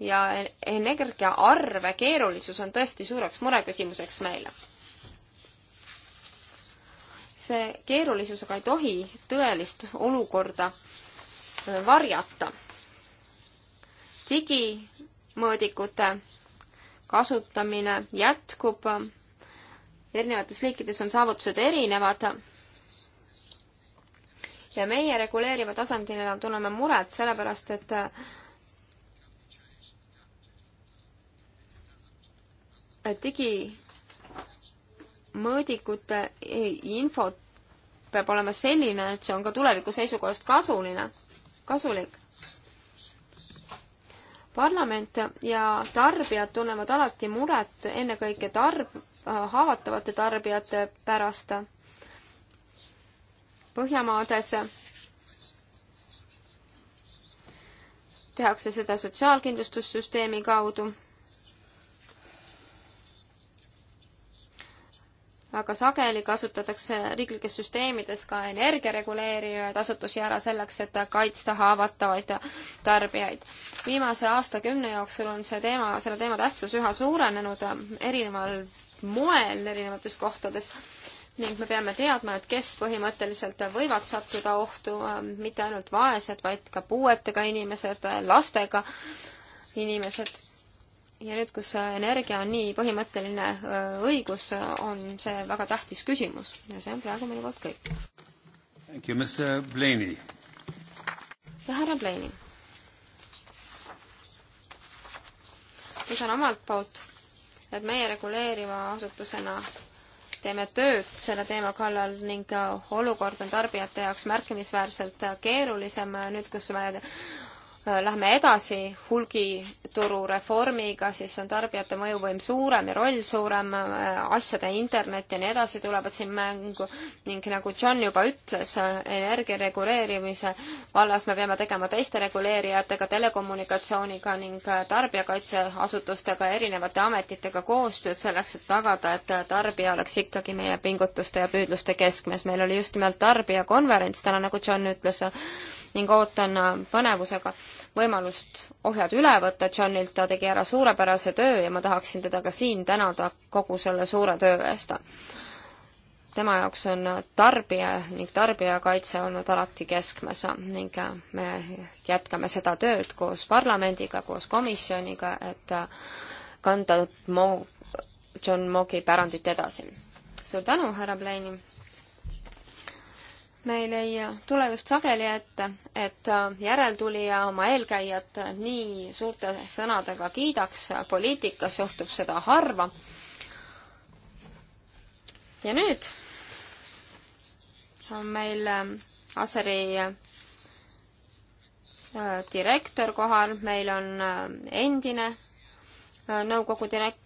ja energiaarve keerulisus on tõesti suureks mureküsimuseks meile. see keerulisus aga ei tohi tõelist olukorda äh, varjata. digimõõdikute kasutamine jätkub, erinevates liikides on saavutused erinevad ja meie reguleeriva tasandina tunneme muret sellepärast, et äh, digimõõdikute info peab olema selline, et see on ka tuleviku seisukohast kasuline, kasulik. parlament ja tarbijad tunnevad alati muret ennekõike tarb-, haavatavate tarbijate pärast. Põhjamaades tehakse seda sotsiaalkindlustussüsteemi kaudu aga sageli kasutatakse riiklikes süsteemides ka energiareguleerijaid asutusi ära selleks, et kaitsta haavatavaid tarbijaid. viimase aastakümne jooksul on see teema, selle teema tähtsus üha suurenenud erineval moel erinevates kohtades ning me peame teadma, et kes põhimõtteliselt võivad sattuda ohtu, mitte ainult vaesed, vaid ka puuetega inimesed, lastega inimesed ja nüüd, kus energia on nii põhimõtteline õigus, on see väga tähtis küsimus ja see on praegu minu poolt kõik. Thank you, Mr Blaney. ja härra Blaney. lisan omalt poolt, et meie reguleeriva asutusena teeme tööd selle teema kallal ning äh, olukord on tarbijate jaoks märkimisväärselt äh, keerulisem äh, nüüd, kus me Lähme edasi hulgituru reformiga, siis on tarbijate mõjuvõim suurem ja roll suurem, asjade internet ja nii edasi tulevad siin mängu ning nagu John juba ütles, energia reguleerimise vallas me peame tegema teiste reguleerijatega, telekommunikatsiooniga ning tarbijakaitseasutustega, erinevate ametitega koostööd selleks, et tagada, et tarbija oleks ikkagi meie pingutuste ja püüdluste keskmes. meil oli just nimelt tarbijakonverents täna, nagu John ütles, ning ootan äh, põnevusega võimalust ohjad üle võtta Johnilt, ta tegi ära suurepärase töö ja ma tahaksin teda ka siin tänada kogu selle suure töö eest. tema jaoks on tarbija ning tarbijakaitse olnud alati keskmes ning äh, me jätkame seda tööd koos parlamendiga, koos komisjoniga, et äh, kanda Mo-, John Mogi pärandit edasi. suur tänu, härra Pleini! meil ei tule just sageli ette, et järeltulija oma eelkäijat nii suurte sõnadega kiidaks, poliitikas juhtub seda harva. ja nüüd on meil ähm, Aseri äh, direktor kohal, meil on äh, endine äh, nõukogu direkt-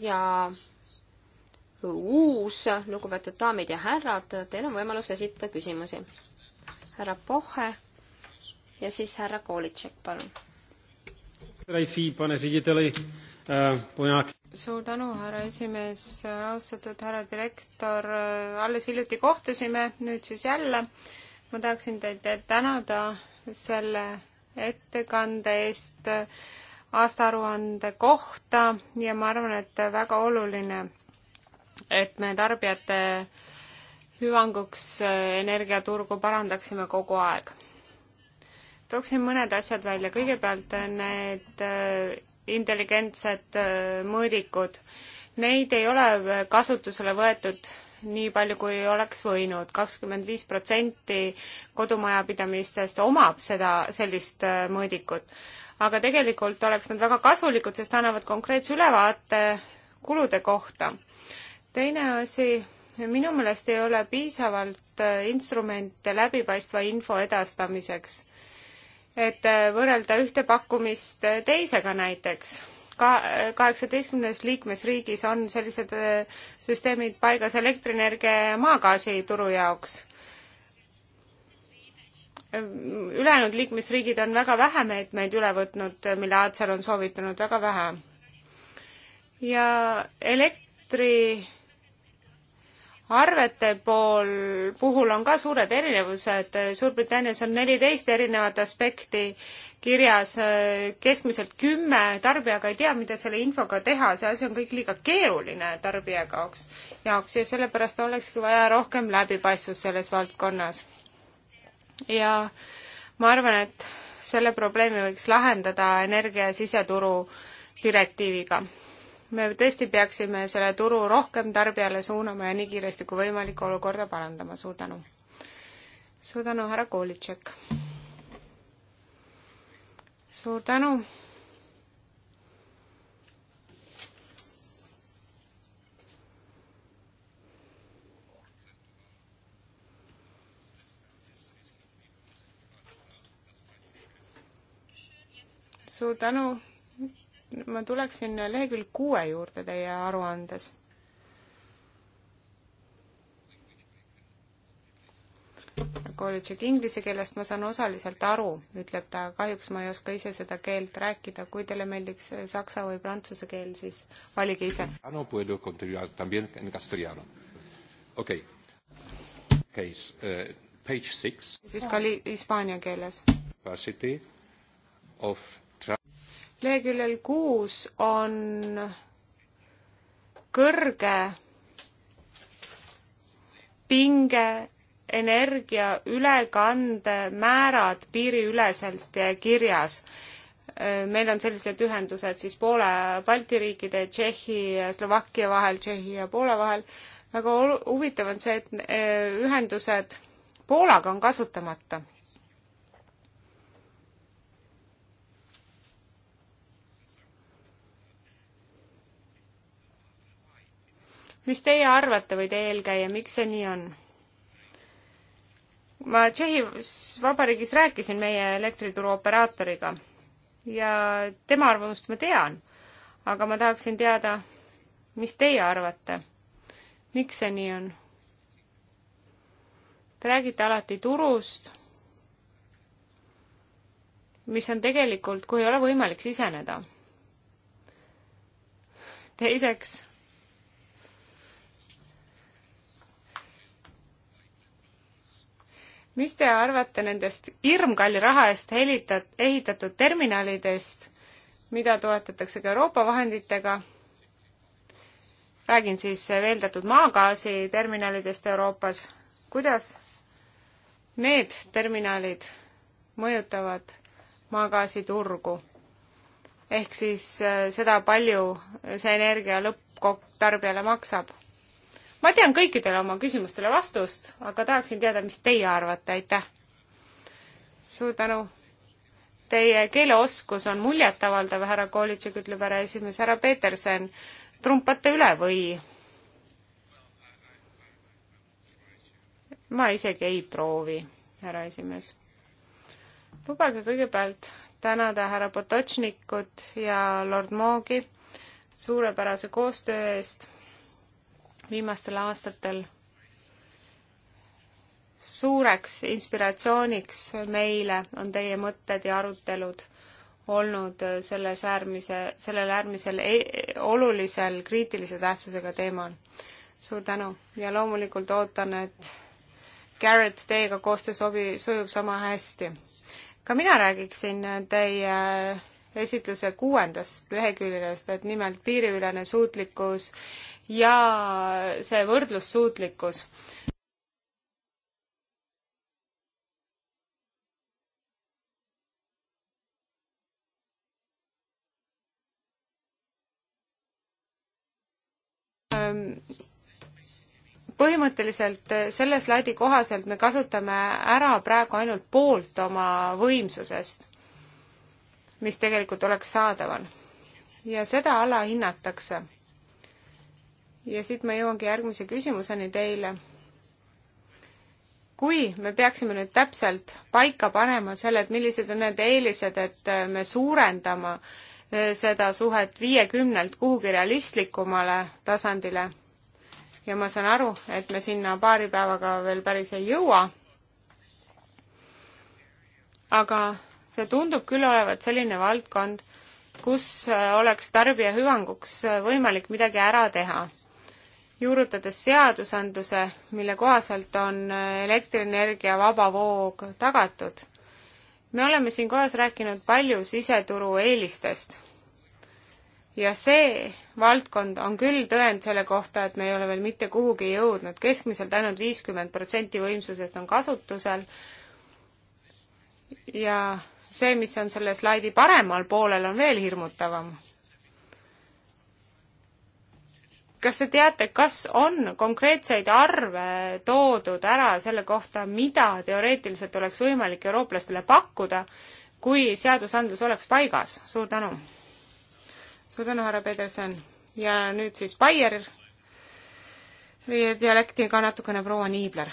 ja uus, lugupeetud daamid ja härrad, teil on võimalus esitada küsimusi. härra Pohe ja siis härra Kolitšek, palun. Eh, suur tänu, härra esimees, austatud härra direktor, eh, alles hiljuti kohtusime, nüüd siis jälle. ma tahaksin teid tänada selle ettekande eest eh, aastaaruande kohta ja ma arvan, et väga oluline et me tarbijate hüvanguks äh, energiaturgu parandaksime kogu aeg. tooksin mõned asjad välja, kõigepealt äh, need äh, intelligentsed mõõdikud. Neid ei ole kasutusele võetud nii palju, kui oleks võinud. kakskümmend viis protsenti kodumajapidamistest omab seda, sellist mõõdikut. aga tegelikult oleks nad väga kasulikud, sest annavad konkreetse ülevaate kulude kohta teine asi, minu meelest ei ole piisavalt äh, instrumente läbipaistva info edastamiseks. et äh, võrrelda ühte pakkumist äh, teisega näiteks ka-, kaheksateistkümnes liikmesriigis on sellised süsteemid paigas elektrienergia ja maagaasituru jaoks. ülejäänud liikmesriigid on väga vähe meetmeid üle võtnud, mille Acer on soovitanud, väga vähe. ja elektri arvete pool, puhul on ka suured erinevused, Suurbritannias on neliteist erinevat aspekti kirjas, keskmiselt kümme, tarbija aga ei tea, mida selle infoga teha, see asi on kõik liiga keeruline tarbija jaoks, jaoks ja sellepärast olekski vaja rohkem läbipaistvust selles valdkonnas. ja ma arvan, et selle probleemi võiks lahendada energia ja siseturu direktiiviga me tõesti peaksime selle turu rohkem tarbijale suunama ja nii kiiresti kui võimalik olukorda parandama, suur tänu. suur tänu, härra Kolitšek. suur tänu. suur tänu ma tuleksin lehekülg kuue juurde teie aruandes. kolledžik nagu inglise keelest ma saan osaliselt aru, ütleb ta, kahjuks ma ei oska ise seda keelt rääkida, kui teile meeldiks saksa või prantsuse keel, siis valige ise. okei, eh, siis ka hispaania keeles. Capacity of leheküljel kuus on kõrge pinge energia ülekandemäärad piiriüleselt kirjas. meil on sellised ühendused siis Poola, Balti riikide, Tšehhi ja Slovakkia vahel, Tšehhi ja Poola vahel. väga huvitav on see, et eh, ühendused Poolaga on kasutamata mis teie arvate või teie eelkäija, miks see nii on? ma Tšehhi Vabariigis rääkisin meie elektrituru operaatoriga ja tema arvamust ma tean, aga ma tahaksin teada, mis teie arvate, miks see nii on? Te räägite alati turust, mis on tegelikult, kuhu ei ole võimalik siseneda. teiseks mis te arvate nendest hirmkalli raha eest helitat-, ehitatud terminalidest, mida toetatakse ka Euroopa vahenditega? räägin siis veeldatud maagaasi terminalidest Euroopas. kuidas need terminalid mõjutavad maagaasiturgu? ehk siis eh, seda, palju see energia lõpptarbijale maksab ma tean kõikidele oma küsimustele vastust, aga tahaksin teada, mis teie arvate, aitäh! suur tänu! Teie keeleoskus on muljetavaldav, härra Kolitšik ütleb härra esimees, härra Peterson, trumpate üle või? ma isegi ei proovi, härra esimees. lubage kõigepealt tänada härra Potočnikut ja lord Moogi suurepärase koostöö eest viimastel aastatel suureks inspiratsiooniks meile on teie mõtted ja arutelud olnud selles äärmise, sellel äärmisel e olulisel kriitilise tähtsusega teemal. suur tänu ja loomulikult ootan, et Garrett teiega koostöö sobi-, sujub sama hästi. ka mina räägiksin teie esitluse kuuendast leheküljest, et nimelt piiriülene suutlikkus ja see võrdlussuutlikkus. põhimõtteliselt selle slaidi kohaselt me kasutame ära praegu ainult poolt oma võimsusest, mis tegelikult oleks saadaval. ja seda alahinnatakse ja siit ma jõuangi järgmise küsimuseni teile. kui me peaksime nüüd täpselt paika panema selle, et millised on need eelised, et me suurendama eh, seda suhet viiekümnelt kuhugi realistlikumale tasandile, ja ma saan aru, et me sinna paari päevaga veel päris ei jõua, aga see tundub küll olevat selline valdkond, kus eh, oleks tarbija hüvanguks eh, võimalik midagi ära teha juurutades seadusandluse, mille kohaselt on elektrienergia vaba voog tagatud. me oleme siin kohas rääkinud palju siseturu eelistest. ja see valdkond on küll tõend selle kohta, et me ei ole veel mitte kuhugi jõudnud, keskmiselt ainult viiskümmend protsenti võimsusest on kasutusel ja see, mis on selle slaidi paremal poolel, on veel hirmutavam kas te teate, kas on konkreetseid arve toodud ära selle kohta, mida teoreetiliselt oleks võimalik eurooplastele pakkuda, kui seadusandlus oleks paigas? suur tänu! suur tänu, härra Peterson! ja nüüd siis Baier dialektiga natukene proua Niibler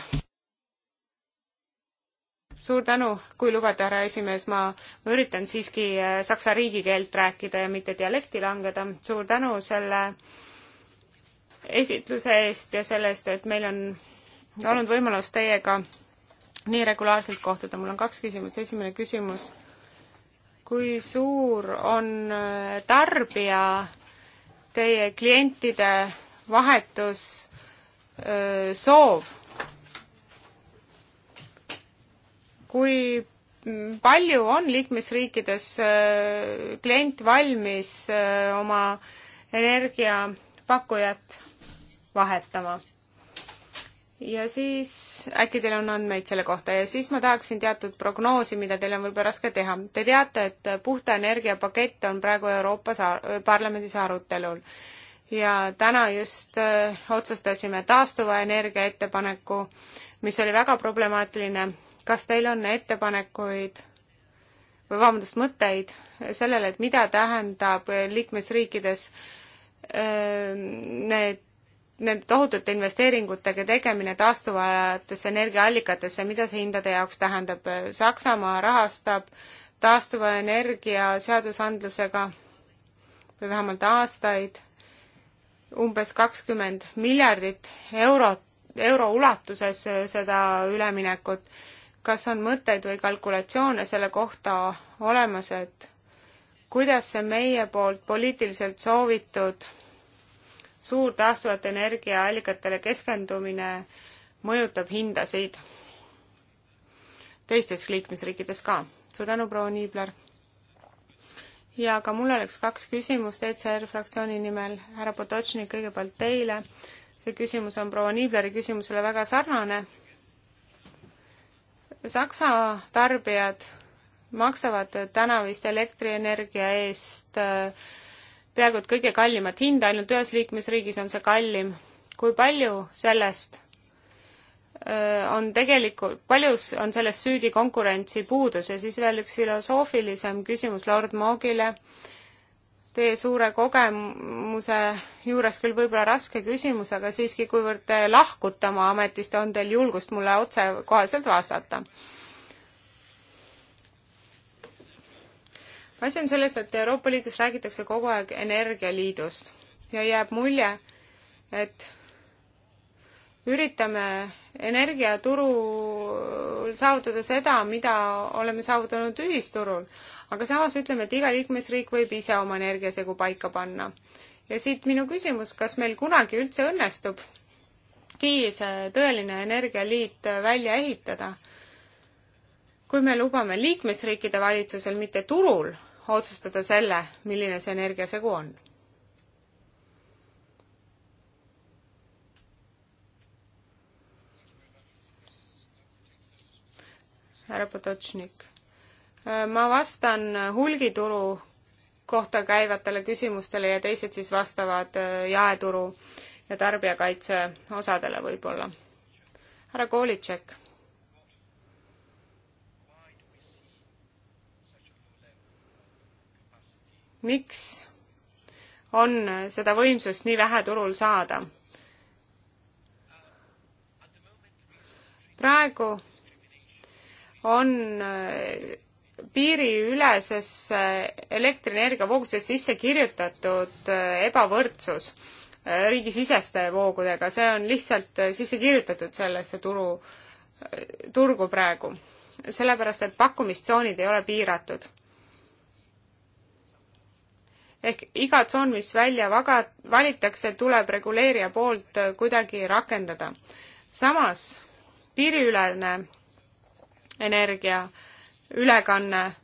suur tänu, kui lubate, härra esimees, ma, ma üritan siiski saksa riigikeelt rääkida ja mitte dialekti langeda. suur tänu selle äh, esitluse eest ja selle eest, et meil on olnud võimalus teiega nii regulaarselt kohtuda. mul on kaks küsimust. esimene küsimus, kui suur on äh, tarbija teie klientide vahetus öö, äh, soov? kui palju on liikmesriikides äh, klient valmis oma energiapakkujat vahetama. ja siis äkki teil on andmeid selle kohta ja siis ma tahaksin teatud prognoosi, mida teil on võib-olla raske teha. Te teate, et puhta energia pakett on praegu Euroopas parlamendis arutelul ja täna just äh, otsustasime taastuva energia ettepaneku, mis oli väga problemaatiline. kas teil on ettepanekuid või vabandust, mõtteid sellele, et mida tähendab liikmesriikides äh, need nende tohutute investeeringutega tegemine taastuvatesse energiaallikatesse, mida see hindade jaoks tähendab? Saksamaa rahastab taastuva energia seadusandlusega või vähemalt aastaid umbes kakskümmend miljardit eurot, euro ulatuses seda üleminekut. kas on mõtteid või kalkulatsioone selle kohta olemas, et kuidas see meie poolt poliitiliselt soovitud suur taastuvate energiaallikatele keskendumine mõjutab hindasid teistes liikmesriikides ka. suur tänu, proua Niibler! ja ka mul oleks kaks küsimust ECR fraktsiooni nimel, härra Potočnik, kõigepealt teile. see küsimus on proua Niibleri küsimusele väga sarnane. Saksa tarbijad maksavad täna vist elektrienergia eest äh, peaaegu et kõige kallimat hinda, ainult ühes liikmesriigis on see kallim. kui palju sellest äh, on tegelikult, paljus on selles süüdi konkurentsi puudus ja siis veel üks filosoofilisem küsimus Lord Moogile. Teie suure kogemuse juures küll võib-olla raske küsimus, aga siiski, kuivõrd te lahkute oma ametist, on teil julgust mulle otsekoheselt vastata asi on selles, et Euroopa Liidus räägitakse kogu aeg energialiidust ja jääb mulje, et üritame energiaturul saavutada seda, mida oleme saavutanud ühisturul, aga samas ütleme, et iga liikmesriik võib ise oma energiasegu paika panna. ja siit minu küsimus, kas meil kunagi üldse õnnestub see tõeline energialiit välja ehitada, kui me lubame liikmesriikide valitsusel, mitte turul otsustada selle, milline see energiasegu on. härra Potočnik, ma vastan hulgituru kohta käivatele küsimustele ja teised siis vastavad äh, jaeturu ja tarbijakaitse osadele võib-olla. härra Kolitšek miks on seda võimsust nii vähe turul saada? praegu on äh, piiriülesesse äh, elektrienergia voogudesse sisse kirjutatud äh, ebavõrdsus riigisiseste voogudega, see on lihtsalt sisse kirjutatud sellesse turu, turgu praegu. sellepärast, et pakkumistsoonid ei ole piiratud ehk iga tsoon, mis välja vaga-, valitakse, tuleb reguleerija poolt äh, kuidagi rakendada. samas piiriülene energia ülekanne, äh,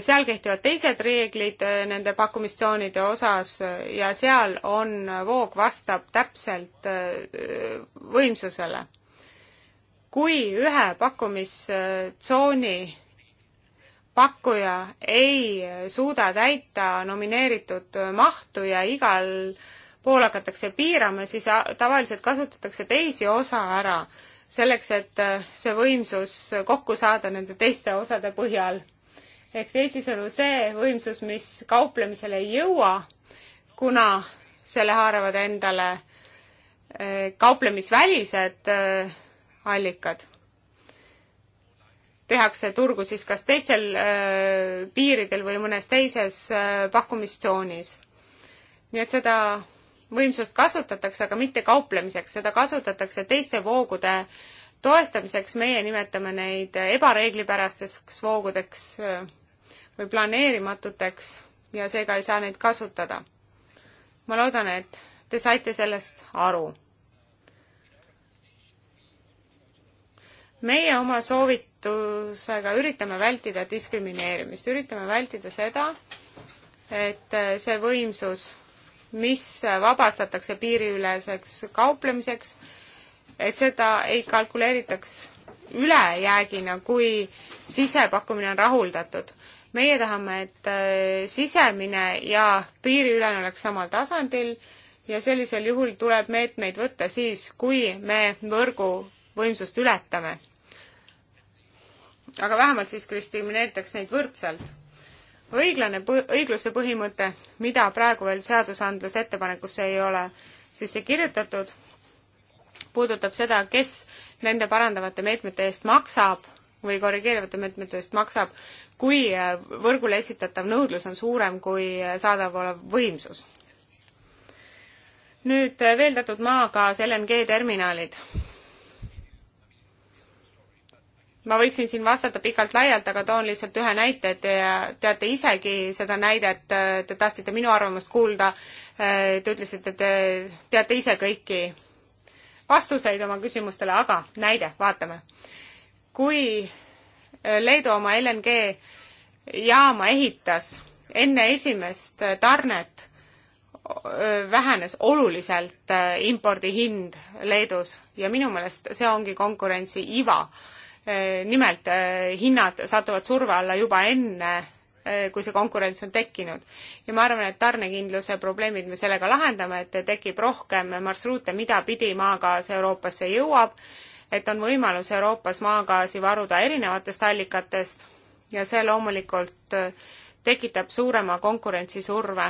seal kehtivad teised reeglid äh, nende pakkumistsoonide osas ja seal on, voog vastab täpselt võimsusele. kui ühe pakkumistsooni pakkuja ei suuda täita nomineeritud mahtu ja igal pool hakatakse piirama, siis tavaliselt kasutatakse teisi osa ära, selleks et äh, see võimsus kokku saada nende teiste osade põhjal. ehk teisisõnu, see võimsus, mis kauplemisele ei jõua, kuna selle haaravad endale äh, kauplemisvälised äh, allikad tehakse turgu siis kas teistel öö, äh, piiridel või mõnes teises öö, äh, pakkumistsoonis. nii et seda võimsust kasutatakse, aga mitte kauplemiseks, seda kasutatakse teiste voogude toestamiseks, meie nimetame neid ebareeglipärasteks voogudeks öö, äh, või planeerimatuteks ja seega ei saa neid kasutada. ma loodan, et te saite sellest aru meie oma soovitusega üritame vältida diskrimineerimist, üritame vältida seda, et see võimsus, mis vabastatakse piiriüleseks kauplemiseks, et seda ei kalkuleeritaks ülejäägina, kui sisepakkumine on rahuldatud. meie tahame, et äh, sisemine ja piiriülene oleks samal tasandil ja sellisel juhul tuleb meetmeid võtta siis, kui me võrgu võimsust ületame aga vähemalt siis diskrimineeritaks neid võrdselt. õiglane, õigluse põhimõte, mida praegu veel seadusandluse ettepanekusse ei ole sisse kirjutatud, puudutab seda, kes nende parandavate meetmete eest maksab või korrigeerivate meetmete eest maksab, kui äh, võrgule esitatav nõudlus on suurem kui äh, saadaval võimsus. nüüd äh, veeldatud maagaas LNG terminalid ma võiksin siin vastata pikalt-laialt, aga toon lihtsalt ühe näite, et te teate isegi seda näidet, te tahtsite minu arvamust kuulda, te ütlesite, et te teate ise kõiki vastuseid oma küsimustele, aga näide, vaatame. kui Leedu oma LNG jaama ehitas enne esimest tarnet, vähenes oluliselt äh, impordi hind Leedus ja minu meelest see ongi konkurentsi iva Eh, nimelt eh, hinnad satuvad surve alla juba enne, eh, kui see konkurents on tekkinud. ja ma arvan, et tarnekindluse probleemid me sellega lahendame, et tekib rohkem marsruute, mida pidi maagaas Euroopasse jõuab, et on võimalus Euroopas maagaasi varuda erinevatest allikatest ja see loomulikult tekitab suurema konkurentsisurve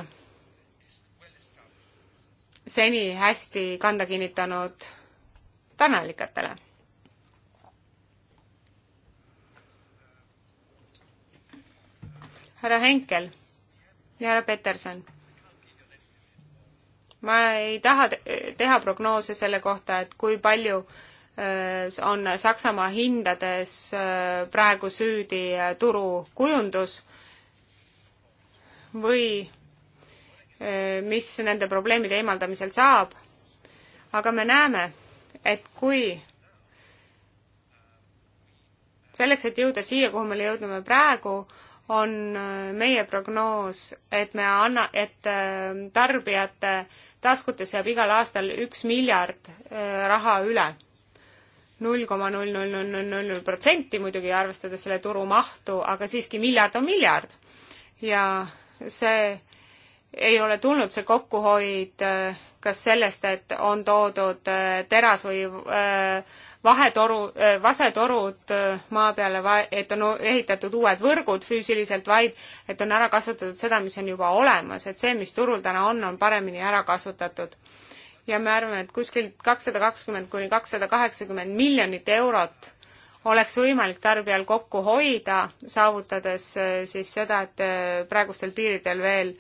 seni hästi kanda kinnitanud tarneallikatele härra Henkel ja härra Peterson. ma ei taha teha prognoose selle kohta, et kui palju äh, on Saksamaa hindades äh, praegu süüdi äh, turukujundus või mis nende probleemide eemaldamisel saab. aga me näeme, et kui selleks, et jõuda siia, kuhu me jõudnud praegu, on äh, meie prognoos, et me anna, et äh, tarbijate taskutes jääb igal aastal üks miljard äh, raha üle. null koma null null null null null null protsenti muidugi, arvestades selle turu mahtu, aga siiski miljard on miljard. ja see ei ole tulnud see kokkuhoid kas sellest, et on toodud äh, teras või äh, vahetoru, äh, vasetorud maa peale, et on ehitatud uued võrgud füüsiliselt, vaid et on ära kasutatud seda, mis on juba olemas, et see, mis turul täna on, on paremini ära kasutatud ja me arvame, et kuskil kakssada kakskümmend kuni kakssada kaheksakümmend miljonit eurot oleks võimalik tarbijal kokku hoida, saavutades siis seda, et praegustel piiridel veel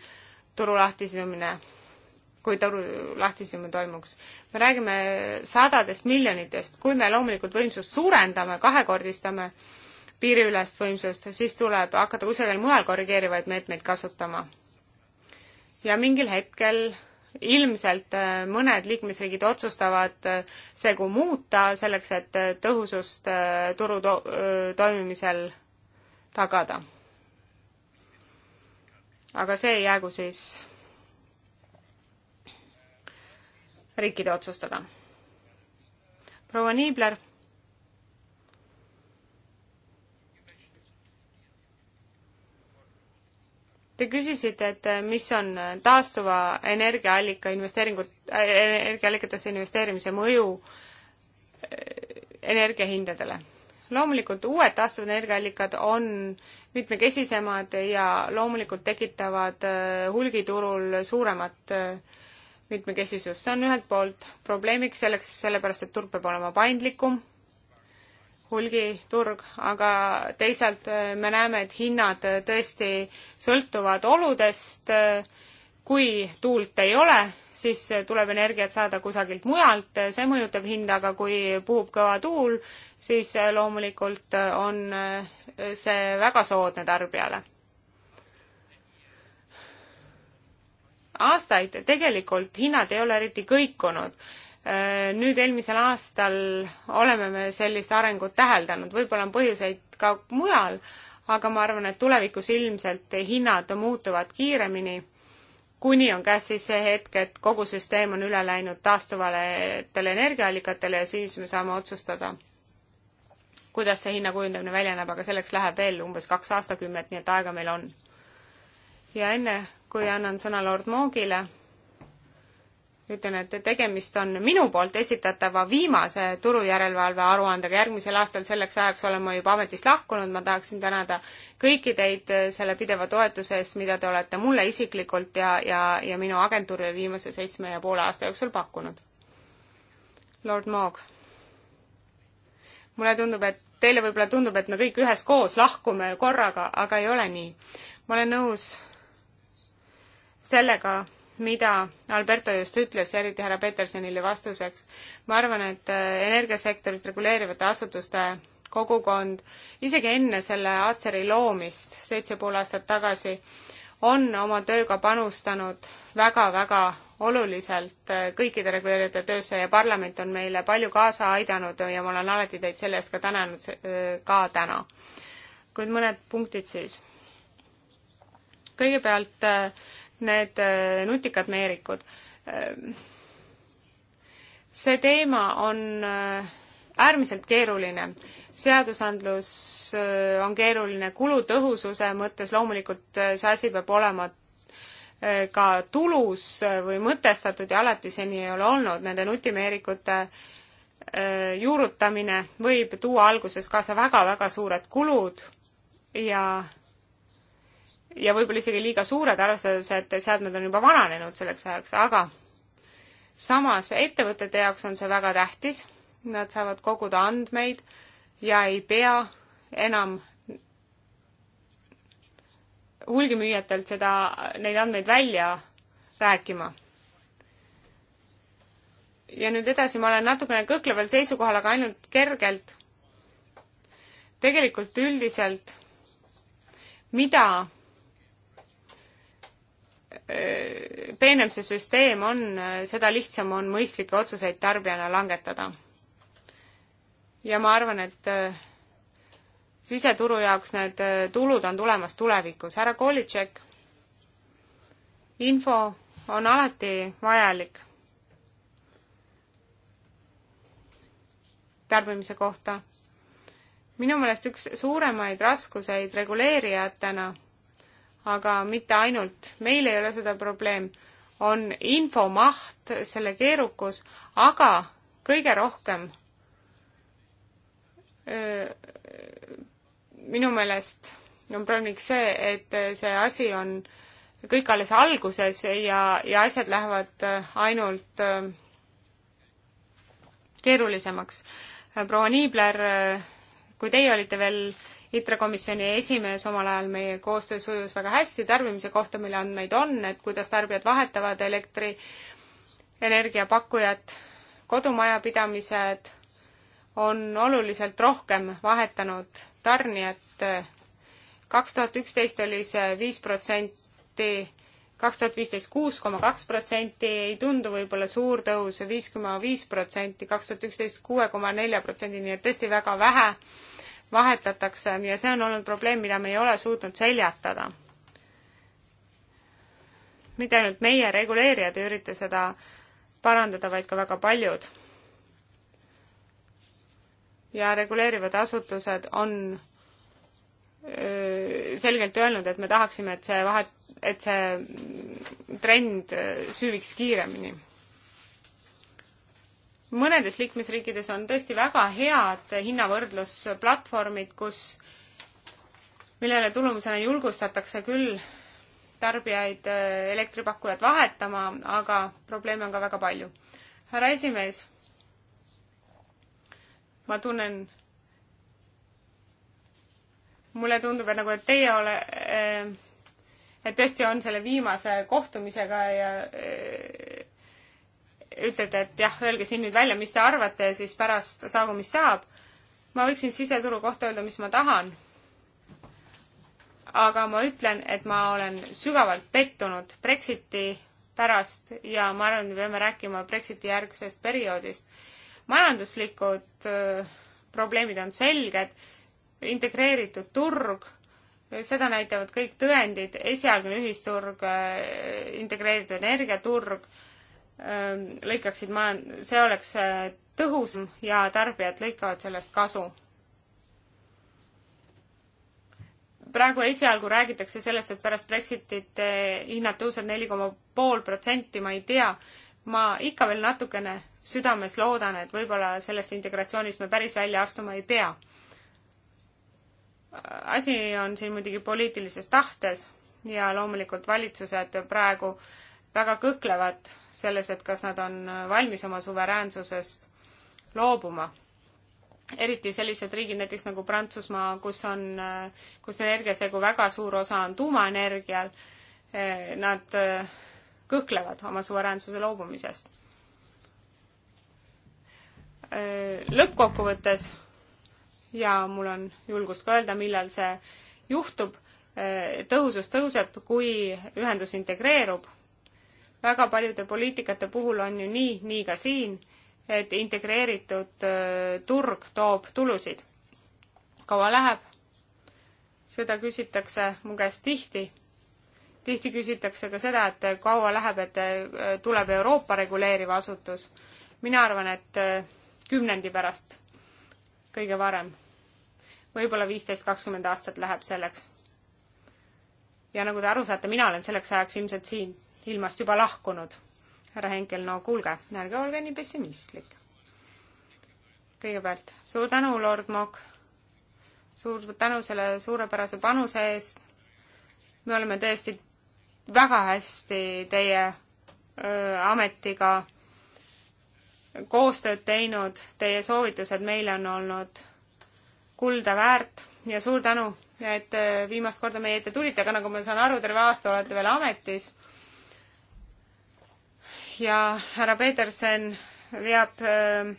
turu lahtisidumine kui toru lahtisime toimuks. me räägime sadadest miljonitest, kui me loomulikult võimsust suurendame, kahekordistame piiriülest võimsust, siis tuleb hakata kusagil mujal korrigeerivaid meetmeid kasutama. ja mingil hetkel ilmselt äh, mõned liikmesriigid otsustavad äh, segu muuta selleks, et äh, tõhusust turu to toimimisel tagada. aga see jäägu siis riikide otsustada. proua Niibler. Te küsisite, et mis on taastuva energiaallika investeeringut äh,, energiaallikatesse investeerimise mõju eh, energiahindadele loomulikult uued taastuvad energiaallikad on mitmekesisemad ja loomulikult tekitavad eh, hulgiturul suuremat eh, mitmekesisus, see on ühelt poolt probleemiks selleks, sellepärast et turg peab olema paindlikum, hulgiturg, aga teisalt äh, me näeme, et hinnad äh, tõesti sõltuvad oludest. Äh, kui tuult ei ole, siis tuleb energiat saada kusagilt mujalt, see mõjutab hinda, aga kui puhub kõva tuul, siis loomulikult on see väga soodne tarbijale aastaid tegelikult hinnad ei ole eriti kõikunud. Äh, nüüd eelmisel aastal oleme me sellist arengut täheldanud, võib-olla on põhjuseid ka mujal, aga ma arvan, et tulevikus ilmselt hinnad muutuvad kiiremini, kuni on käes siis see hetk, et kogu süsteem on üle läinud taastuvatele energiaallikatele ja siis me saame otsustada, kuidas see hinnakujundamine välja näeb, aga selleks läheb veel umbes kaks aastakümmet, nii et aega meil on. ja enne, kui annan sõna Lord Moogile, ütlen, et tegemist on minu poolt esitatava viimase turujärelevalve aruandega, järgmisel aastal selleks ajaks olen ma juba ametist lahkunud, ma tahaksin tänada kõiki teid selle pideva toetuse eest, mida te olete mulle isiklikult ja, ja, ja minu agentuurile viimase seitsme ja poole aasta jooksul pakkunud. Lord Moog mulle tundub, et teile võib-olla tundub, et me kõik üheskoos lahkume korraga, aga ei ole nii. ma olen nõus sellega, mida Alberto just ütles, eriti härra Petersonile vastuseks. ma arvan, et äh, energiasektorit reguleerivate asutuste kogukond isegi enne selle Atseri loomist seitse pool aastat tagasi on oma tööga panustanud väga-väga oluliselt äh, kõikide reguleerijate töösse ja parlament on meile palju kaasa aidanud ja ma olen alati teid selle eest ka tänanud, äh, ka täna. kuid mõned punktid siis. kõigepealt äh, need äh, nutikad meerikud. see teema on äh, äärmiselt keeruline. seadusandlus äh, on keeruline kulutõhususe mõttes, loomulikult see asi peab olema ka tulus või mõtestatud ja alati see nii ei ole olnud, nende nutimeerikute juurutamine võib tuua alguses kaasa väga-väga suured kulud ja ja võib-olla isegi liiga suured, arvestades, et seadmed on juba vananenud selleks ajaks, aga samas ettevõtete jaoks on see väga tähtis, nad saavad koguda andmeid ja ei pea enam hulgimüüjatelt seda, neid andmeid välja rääkima. ja nüüd edasi, ma olen natukene kõhkleval seisukohal, aga ainult kergelt. tegelikult üldiselt, mida Äh, peenem see süsteem on, äh, seda lihtsam on mõistlikke otsuseid tarbijana langetada. ja ma arvan, et äh, siseturu jaoks need tulud on tulemas tulevikus. härra Kolitšek, info on alati vajalik tarbimise kohta. minu meelest üks suuremaid raskuseid reguleerijatena aga mitte ainult meil ei ole seda probleem, on infomaht, selle keerukus, aga kõige rohkem minu meelest on probleemiks see, et see asi on kõik alles alguses ja, ja asjad lähevad ainult keerulisemaks. proua Niibler, kui teie olite veel ITRA komisjoni esimees omal ajal meie koostöö sujus väga hästi, tarbimise kohta meil andmeid on, et kuidas tarbijad vahetavad elektri energiapakkujat, kodumajapidamised on oluliselt rohkem vahetanud tarnijat. kaks tuhat üksteist oli see viis protsenti, kaks tuhat viisteist kuus koma kaks protsenti, ei tundu võib-olla suur tõus, viis koma viis protsenti, kaks tuhat üksteist kuue koma nelja protsendini, et tõesti väga vähe vahetatakse ja see on olnud probleem, mida me ei ole suutnud seljatada. mitte ainult meie, reguleerijad, ei ürita seda parandada, vaid ka väga paljud. ja reguleerivad asutused on selgelt öelnud, et me tahaksime, et see vahet, et see trend süüviks kiiremini mõnedes liikmesriikides on tõesti väga head hinnavõrdlusplatvormid, kus, millele tulemusena julgustatakse küll tarbijaid, äh, elektripakkujad vahetama, aga probleeme on ka väga palju. härra esimees, ma tunnen, mulle tundub, et nagu, et teie ole, äh, et tõesti on selle viimase kohtumisega ja äh, ütlete, et jah, öelge siin nüüd välja, mis te arvate ja siis pärast saagu, mis saab. ma võiksin siseturu kohta öelda, mis ma tahan. aga ma ütlen, et ma olen sügavalt pettunud Brexiti pärast ja ma arvan, me peame rääkima Brexiti järgsest perioodist. majanduslikud öö, äh, probleemid on selged, integreeritud turg, seda näitavad kõik tõendid, esialgne ühisturg, äh, integreeritud energiaturg Ähm, lõikaksid maja-, see oleks äh, tõhusam ja tarbijad lõikavad sellest kasu. praegu esialgu räägitakse sellest, et pärast Brexitit äh, hinnad tõusevad neli koma pool protsenti, ma ei tea, ma ikka veel natukene südames loodan, et võib-olla sellest integratsioonist me päris välja astuma ei pea. Äh, asi on siin muidugi poliitilises tahtes ja loomulikult valitsused praegu äh, väga kõhklevad selles, et kas nad on valmis oma suveräänsusest loobuma. eriti sellised riigid näiteks nagu Prantsusmaa, kus on, kus energiasegu väga suur osa on tuumaenergial, eh, nad eh, kõhklevad oma suveräänsuse loobumisest. Eh, lõppkokkuvõttes ja mul on julgust ka öelda, millal see juhtub, tõhusus tõuseb, kui ühendus integreerub väga paljude poliitikate puhul on ju nii, nii ka siin, et integreeritud turg toob tulusid. kaua läheb? seda küsitakse mu käest tihti. tihti küsitakse ka seda, et kaua läheb, et tuleb Euroopa reguleeriv asutus. mina arvan, et kümnendi pärast kõige varem. võib-olla viisteist, kakskümmend aastat läheb selleks. ja nagu te aru saate, mina olen selleks ajaks ilmselt siin ilmast juba lahkunud. härra Henkel, no kuulge, ärge olge nii pessimistlik. kõigepealt suur tänu, Lord Mock. suur tänu selle suurepärase panuse eest. me oleme tõesti väga hästi teie öö, ametiga koostööd teinud, teie soovitused meile on olnud kulda väärt ja suur tänu, et viimast korda meie ette tulite, aga nagu ma saan aru, terve aasta olete veel ametis ja härra Peterson veab äh,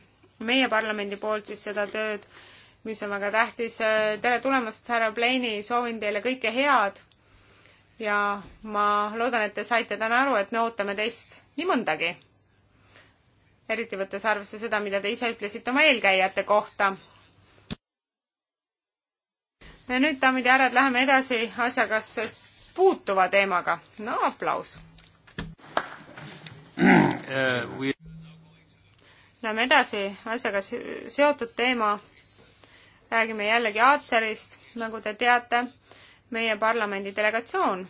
meie parlamendi poolt siis seda tööd, mis on väga tähtis. Äh, tere tulemast, härra Blaini, soovin teile kõike head. ja ma loodan, et te saite täna aru, et me ootame teist nii mõndagi. eriti võttes arvesse seda, mida te ise ütlesite oma eelkäijate kohta. ja nüüd, daamid ja härrad, läheme edasi asjaga, kes puutuva teemaga. no aplaus Uh, we... Lähme edasi, asjaga seotud teema. räägime jällegi Aatserist, nagu te teate, meie parlamendi delegatsioon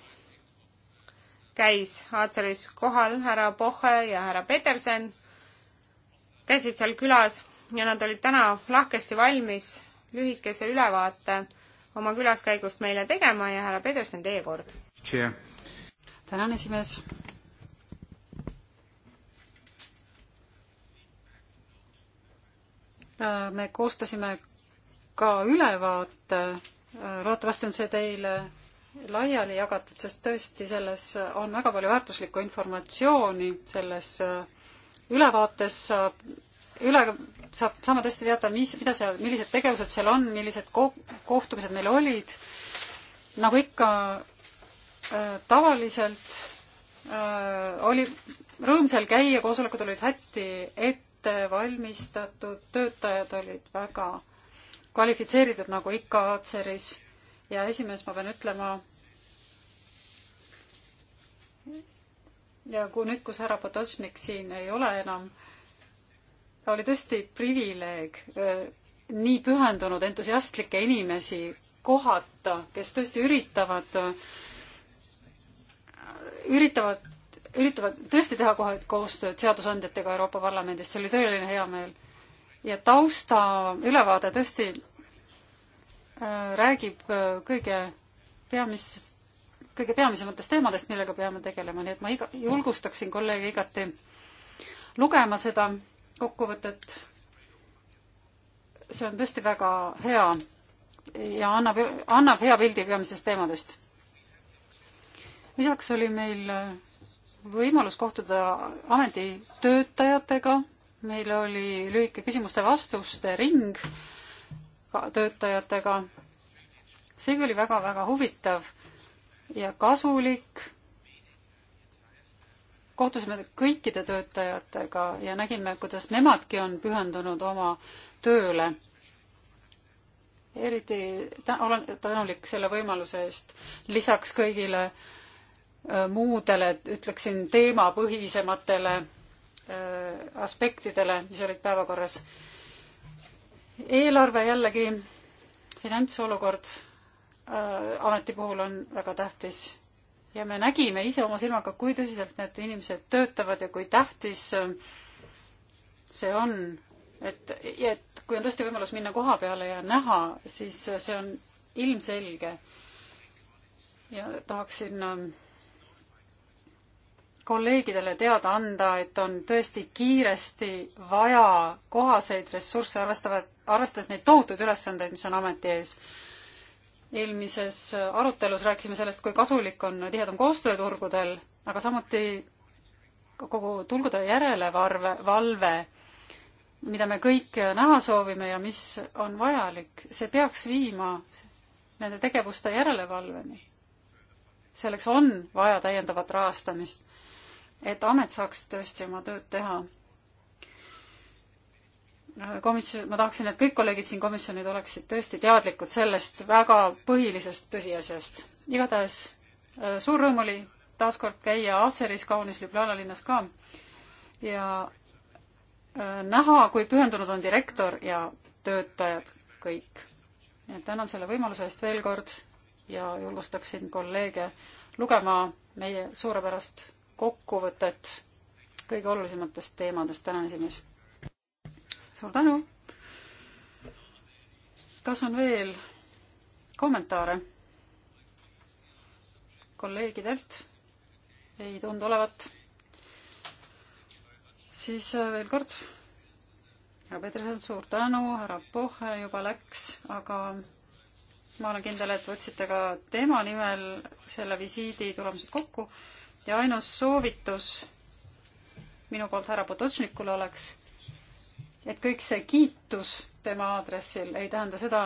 käis Aatseris kohal, härra Pohe ja härra Peterson käisid seal külas ja nad olid täna lahkesti valmis lühikese ülevaate oma külaskäigust meile tegema ja härra Peterson, teie kord. tänan, esimees Äh, me koostasime ka ülevaate, äh, loodetavasti on see teile laiali jagatud, sest tõesti, selles on väga palju väärtuslikku informatsiooni, selles äh, ülevaates saab üle, saab, saame tõesti teada, mis, mida seal, millised tegevused seal on, millised ko-, kohtumised meil olid, nagu ikka äh, tavaliselt äh, oli rõõmsal käia, koosolekud olid hästi ette ette valmistatud, töötajad olid väga kvalifitseeritud nagu ikka Atseris ja esimees, ma pean ütlema, ja kui nüüd, kus härra Potočnik siin ei ole enam, oli tõesti privileeg äh, nii pühendunud entusiastlikke inimesi kohata, kes tõesti üritavad, üritavad üritavad tõesti teha kohe koostööd seadusandjatega Euroopa Parlamendis, see oli tõeline heameel. ja tausta ülevaade tõesti äh, räägib äh, kõige peamis, kõige peamisematest teemadest, millega peame tegelema, nii et ma iga, julgustaksin kolleege igati lugema seda kokkuvõtet. see on tõesti väga hea ja annab, annab hea pildi peamisest teemadest lisaks oli meil äh, võimalus kohtuda ametitöötajatega, meil oli lühike küsimuste-vastuste ring töötajatega. see oli väga-väga huvitav ja kasulik. kohtusime kõikide töötajatega ja nägime, kuidas nemadki on pühendunud oma tööle. eriti olen tänulik selle võimaluse eest. lisaks kõigile äh, Äh, muudele, ütleksin, teemapõhisematele äh, aspektidele, mis olid päevakorras. eelarve jällegi, finantsolukord äh, ameti puhul on väga tähtis ja me nägime ise oma silmaga, kui tõsiselt need inimesed töötavad ja kui tähtis see on, et, et kui on tõesti võimalus minna koha peale ja näha, siis see on ilmselge. ja tahaksin kolleegidele teada anda, et on tõesti kiiresti vaja kohaseid ressursse, arvestavad, arvestades neid tohutuid ülesandeid, mis on ameti ees. eelmises arutelus rääkisime sellest, kui kasulik on tihedam koostöö turgudel, aga samuti kogu turgude järelevalve, valve, mida me kõik näha soovime ja mis on vajalik, see peaks viima nende tegevuste järelevalveni. selleks on vaja täiendavat rahastamist et amet saaks tõesti oma tööd teha. komisjon, ma tahaksin, et kõik kolleegid siin komisjonid oleksid tõesti teadlikud sellest väga põhilisest tõsiasjast. igatahes äh, suur rõõm oli taaskord käia Atseris, kaunis Ljubljana linnas ka ja äh, näha, kui pühendunud on direktor ja töötajad kõik. nii et tänan selle võimaluse eest veel kord ja julgustaksin kolleege lugema meie suurepärast kokkuvõtet kõige olulisematest teemadest, tänan esimees. suur tänu. kas on veel kommentaare kolleegidelt? ei tundu olevat. siis äh, veel kord härra Peterson, suur tänu, härra Pohhe juba läks, aga ma olen kindel, et võtsite ka tema nimel selle visiidi tulemused kokku ja ainus soovitus minu poolt härra Potočnikule oleks, et kõik see kiitus tema aadressil ei tähenda seda,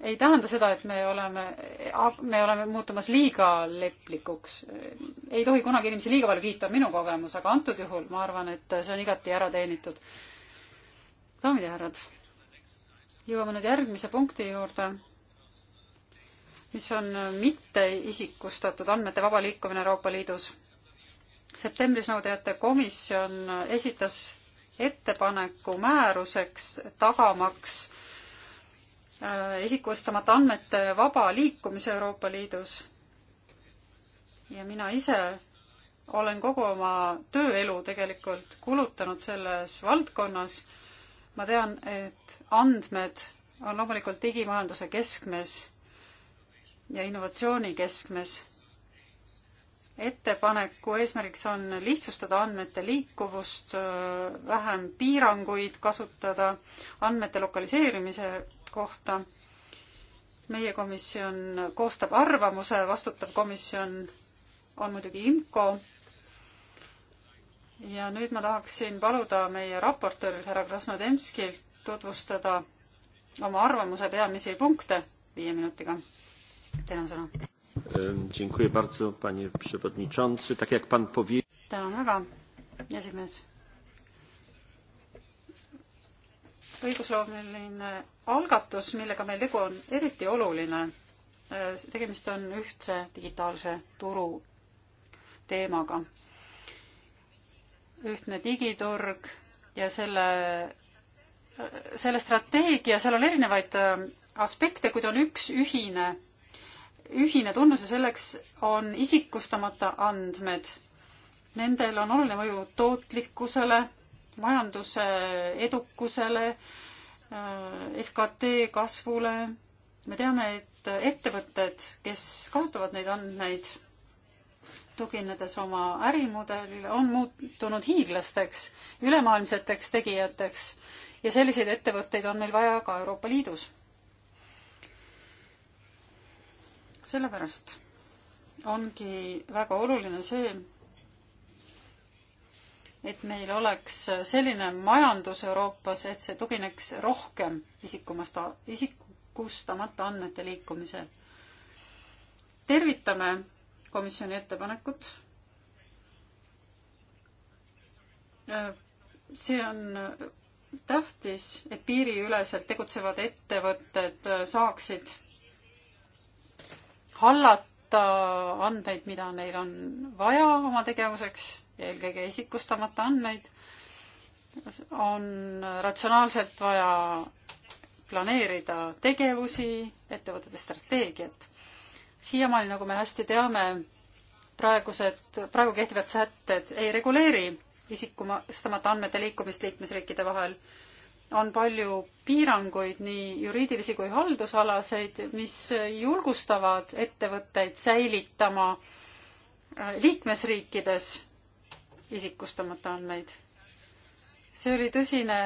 ei tähenda seda, et me oleme, me oleme muutumas liiga leplikuks. ei tohi kunagi inimesi liiga palju kiita, on minu kogemus, aga antud juhul ma arvan, et see on igati ära teenitud. daamid ja härrad, jõuame nüüd järgmise punkti juurde mis on mitteisikustatud andmete vaba liikumine Euroopa Liidus. septembris nõudejate nagu komisjon esitas ettepaneku määruseks tagamaks äh, isikustamata andmete vaba liikumise Euroopa Liidus. ja mina ise olen kogu oma tööelu tegelikult kulutanud selles valdkonnas. ma tean, et andmed on loomulikult digimajanduse keskmes ja innovatsiooni keskmes. ettepaneku eesmärgiks on lihtsustada andmete liikuvust, vähem piiranguid kasutada andmete lokaliseerimise kohta. meie komisjon koostab arvamuse, vastutav komisjon on muidugi IMCO. ja nüüd ma tahaksin paluda meie raportööril härra Krasnodemskilt tutvustada oma arvamuse peamisi punkte viie minutiga Teil on sõna. Dziękuję bardzo, panie przewodniczący. Tak jak pan powiedział. Tänan väga, esimees. õigusloomeline algatus, millega meil tegu on, eriti oluline. Äh, tegemist on ühtse digitaalse turu teemaga. ühtne digiturg ja selle, äh, selle strateegia, seal on erinevaid äh, aspekte, kuid on üks ühine ühine tunnus ja selleks on isikustamata andmed. Nendel on oluline mõju tootlikkusele, majanduse edukusele, äh, SKT kasvule. me teame, et ettevõtted, kes kasutavad neid andmeid, tuginedes oma ärimudelile, on muutunud hiiglasteks, ülemaailmseteks tegijateks ja selliseid ettevõtteid on meil vaja ka Euroopa Liidus sellepärast ongi väga oluline see, et meil oleks selline majandus Euroopas, et see tugineks rohkem isikumasta, isikustamata andmete liikumisel. tervitame komisjoni ettepanekut. see on tähtis, et piiriüleselt tegutsevad ettevõtted saaksid hallata andmeid, mida neil on vaja oma tegevuseks, eelkõige isikustamata andmeid, on ratsionaalselt vaja planeerida tegevusi, ettevõtete strateegiat. siiamaani, nagu me hästi teame, praegused, praegu kehtivad sätted ei reguleeri isikustamata andmete liikumist liikmesriikide vahel on palju piiranguid, nii juriidilisi kui haldusalaseid, mis julgustavad ettevõtteid säilitama äh, liikmesriikides isikustamata andmeid. see oli tõsine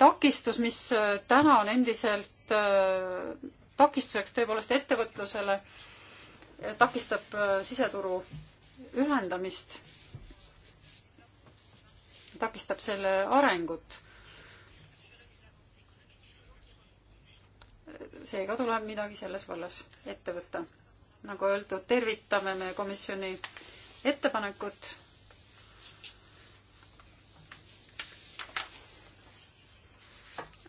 takistus, mis äh, täna on endiselt äh, takistuseks tõepoolest ettevõtlusele, takistab siseturu ühendamist, takistab selle arengut seega tuleb midagi selles vallas ette võtta. nagu öeldud, tervitame me komisjoni ettepanekut.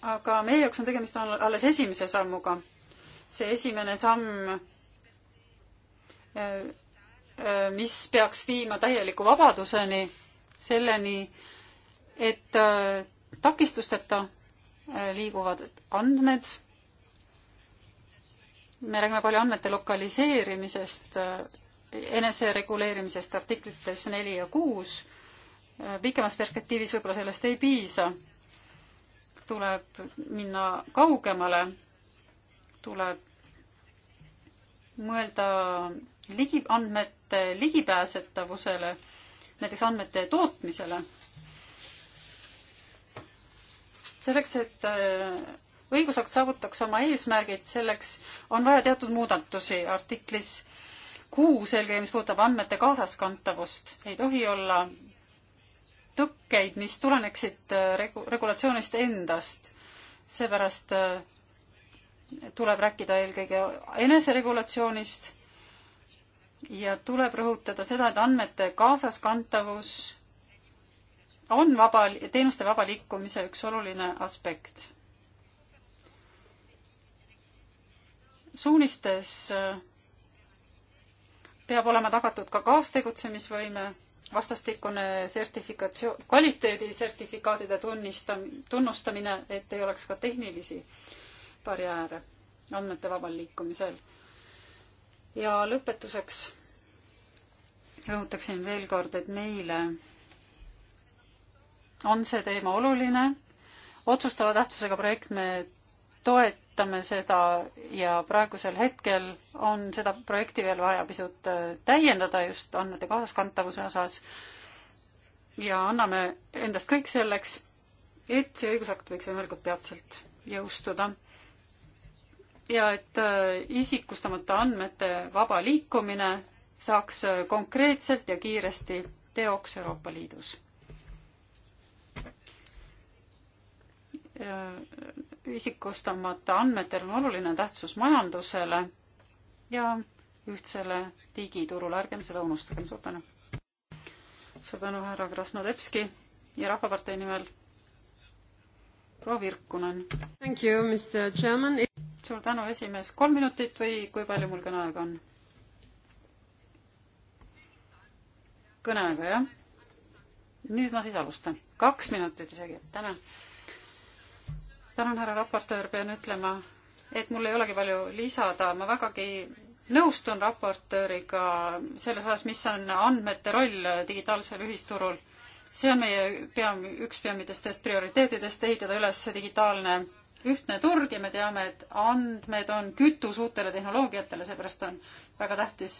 aga meie jaoks on tegemist alles esimese sammuga. see esimene samm, äh, äh, mis peaks viima täieliku vabaduseni, selleni, et äh, takistusteta liiguvad andmed me räägime palju andmete lokaliseerimisest, enesereguleerimisest artiklites neli ja kuus, pikemas perspektiivis võib-olla sellest ei piisa, tuleb minna kaugemale, tuleb mõelda ligi, andmete ligipääsetavusele, näiteks andmete tootmisele. selleks, et õigusakt saavutaks oma eesmärgid, selleks on vaja teatud muudatusi artiklis kuus, eelkõige mis puudutab andmete kaasaskantavust, ei tohi olla tõkkeid, mis tuleneksid äh, regu-, regulatsioonist endast. seepärast äh, tuleb rääkida eelkõige eneseregulatsioonist ja tuleb rõhutada seda, et andmete kaasaskantavus on vaba, teenuste vaba liikumise üks oluline aspekt. suunistes äh, peab olema tagatud ka kaastegutsemisvõime, vastastikune sertifikatsioon, kvaliteedisertifikaatide tunnistam-, tunnustamine, et ei oleks ka tehnilisi barjääre andmete vabal liikumisel. ja lõpetuseks rõhutaksin veel kord, et meile on see teema oluline, otsustava tähtsusega projekt me toet-, toetame seda ja praegusel hetkel on seda projekti veel vaja pisut äh, täiendada just andmete kaasaskantavuse osas. ja anname endast kõik selleks, et see õigusakt võiks võimalikult peatselt jõustuda. ja et äh, isikustamata andmete vaba liikumine saaks äh, konkreetselt ja kiiresti teoks Euroopa Liidus isikustamata andmetel on oluline tähtsus majandusele ja ühtsele digiturule, ärgem seda unustagem, suur tänu. suur tänu, härra Krasnodebski ja Rahvapartei nimel proua Virkunen. Thank you, Mr Chairman. suur tänu, esimees, kolm minutit või kui palju mul kõneaega on? kõneaega, jah? nüüd ma siis alustan, kaks minutit isegi, tänan tänan, härra raportöör, pean ütlema, et mul ei olegi palju lisada, ma vägagi nõustun raportööriga selles osas, mis on andmete roll digitaalsel ühisturul. see on meie pea, üks peamistest prioriteetidest, ehitada üles digitaalne ühtne turg ja me teame, et andmed on kütus uutele tehnoloogiatele, seepärast on väga tähtis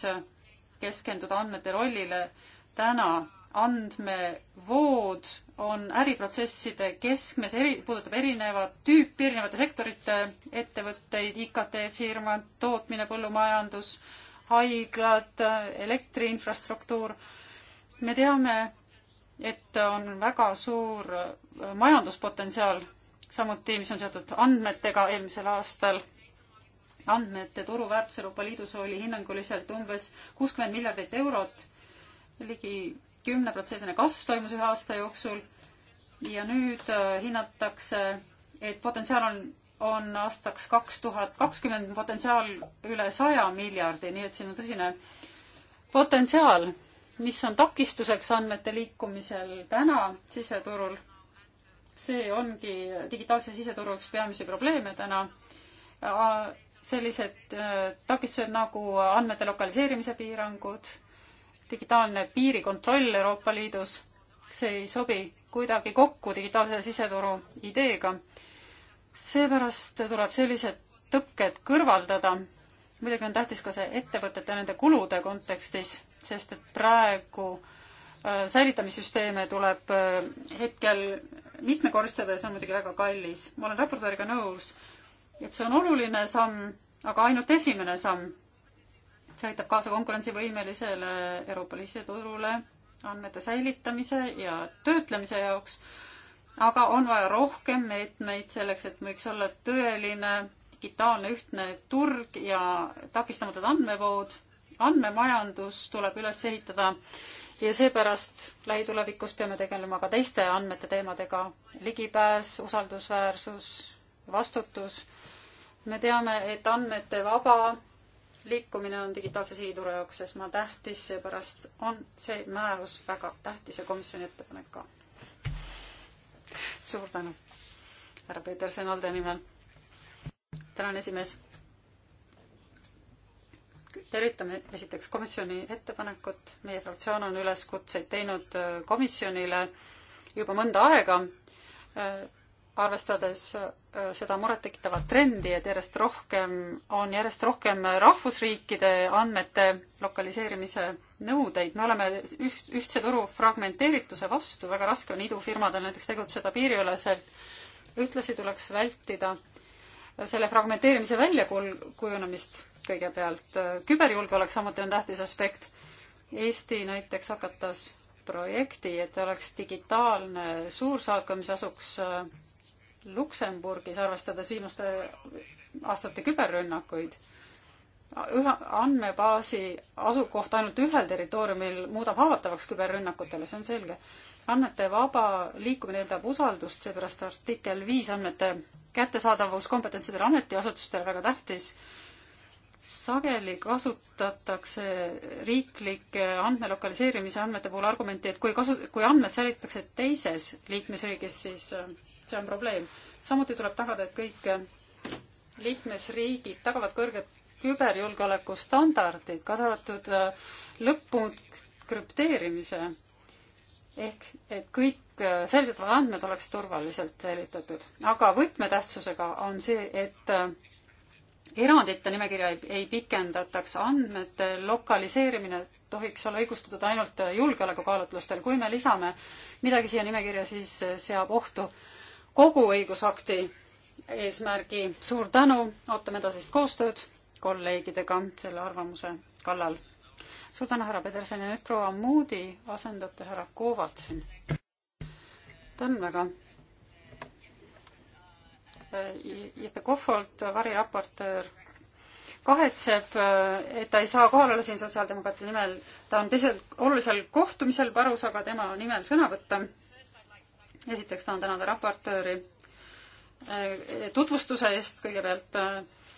keskenduda andmete rollile täna. andmevood on äriprotsesside keskmes, eri, puudutab erinevat tüüpi, erinevate sektorite ettevõtteid, IKT-firmad, tootmine, põllumajandus, haiglad, elektriinfrastruktuur. me teame, et on väga suur äh, majanduspotentsiaal, samuti, mis on seotud andmetega eelmisel aastal. andmete turuväärtus Euroopa Liidus oli hinnanguliselt umbes kuuskümmend miljardit eurot, ligi kümneprotsendine kasv toimus ühe aasta jooksul ja nüüd äh, hinnatakse, et potentsiaal on, on aastaks kaks tuhat kakskümmend potentsiaal üle saja miljardi, nii et siin on tõsine potentsiaal, mis on takistuseks andmete liikumisel täna siseturul. see ongi digitaalse siseturu üks peamisi probleeme täna äh, sellised äh, takistused nagu andmete lokaliseerimise piirangud, digitaalne piirikontroll Euroopa Liidus, see ei sobi kuidagi kokku digitaalse siseturu ideega. seepärast tuleb sellised tõkked kõrvaldada. muidugi on tähtis ka see ettevõtete, nende kulude kontekstis, sest et praegu äh, säilitamissüsteeme tuleb äh, hetkel mitmekordistada ja see on muidugi väga kallis. ma olen raportööriga nõus, et see on oluline samm, aga ainult esimene samm see aitab kaasa konkurentsivõimelisele Euroopa liseturule andmete säilitamise ja töötlemise jaoks, aga on vaja rohkem meetmeid selleks, et võiks olla tõeline digitaalne ühtne turg ja takistamatud andmevood. andmemajandus tuleb üles ehitada ja seepärast lähitulevikus peame tegelema ka teiste andmete teemadega. ligipääs, usaldusväärsus, vastutus. me teame, et andmete vaba liikumine on digitaalse sihturu jaoks esma tähtis, seepärast on see määrus väga tähtis ja komisjoni ettepanek ka. suur tänu, härra Peterson Alde nimel. tänan, esimees. tervitame esiteks komisjoni ettepanekut, meie fraktsioon on üleskutseid teinud komisjonile juba mõnda aega arvestades äh, seda murettekitavat trendi, et järjest rohkem, on järjest rohkem rahvusriikide andmete lokaliseerimise nõudeid. me oleme üht, ühtse turu fragmenteerituse vastu, väga raske on idufirmadel näiteks tegutseda piiriüleselt. ühtlasi tuleks vältida selle fragmenteerimise väljakujunemist kõigepealt. küberjulgeolek samuti on tähtis aspekt. Eesti näiteks hakatas projekti, et oleks digitaalne suursaatkond, mis asuks äh, Luksemburgis, arvestades viimaste aastate küberrünnakuid, ühe andmebaasi asukoht ainult ühel territooriumil muudab haavatavaks küberrünnakutele, see on selge. andmete vaba liikumine eeldab usaldust, seepärast artikkel viis andmete kättesaadavus kompetentsidele ametiasutustele väga tähtis. sageli kasutatakse riiklike andmelokaliseerimise andmete puhul argumenti, et kui kasu, kui andmed säilitatakse teises liikmesriigis, siis äh, see on probleem. samuti tuleb tagada, et kõik liikmesriigid tagavad kõrged küberjulgeoleku standardid, kaasa arvatud äh, lõpp-punkt krüpteerimise ehk et kõik äh, sellised andmed oleks turvaliselt säilitatud. aga võtmetähtsusega on see, et äh, erandite nimekirja ei, ei pikendataks, andmete lokaliseerimine tohiks olla õigustatud ainult julgeolekukaalutlustel. kui me lisame midagi siia nimekirja, siis seab ohtu kogu õigusakti eesmärgi. suur tänu, ootame edasist koostööd kolleegidega selle arvamuse kallal. suur tänu, härra Pedersen ja nüüd proua Moody, asendate härra Kovat siin. tänan väga. Äh, Jeppe Kohvolt, variraportöör, kahetseb, äh, et ta ei saa kohal olla siin sotsiaaldemokraatide nimel. ta on teisel olulisel kohtumisel Parus, aga tema nimel sõna võtta esiteks tahan tänada raportööri eh, tutvustuse eest kõigepealt eh,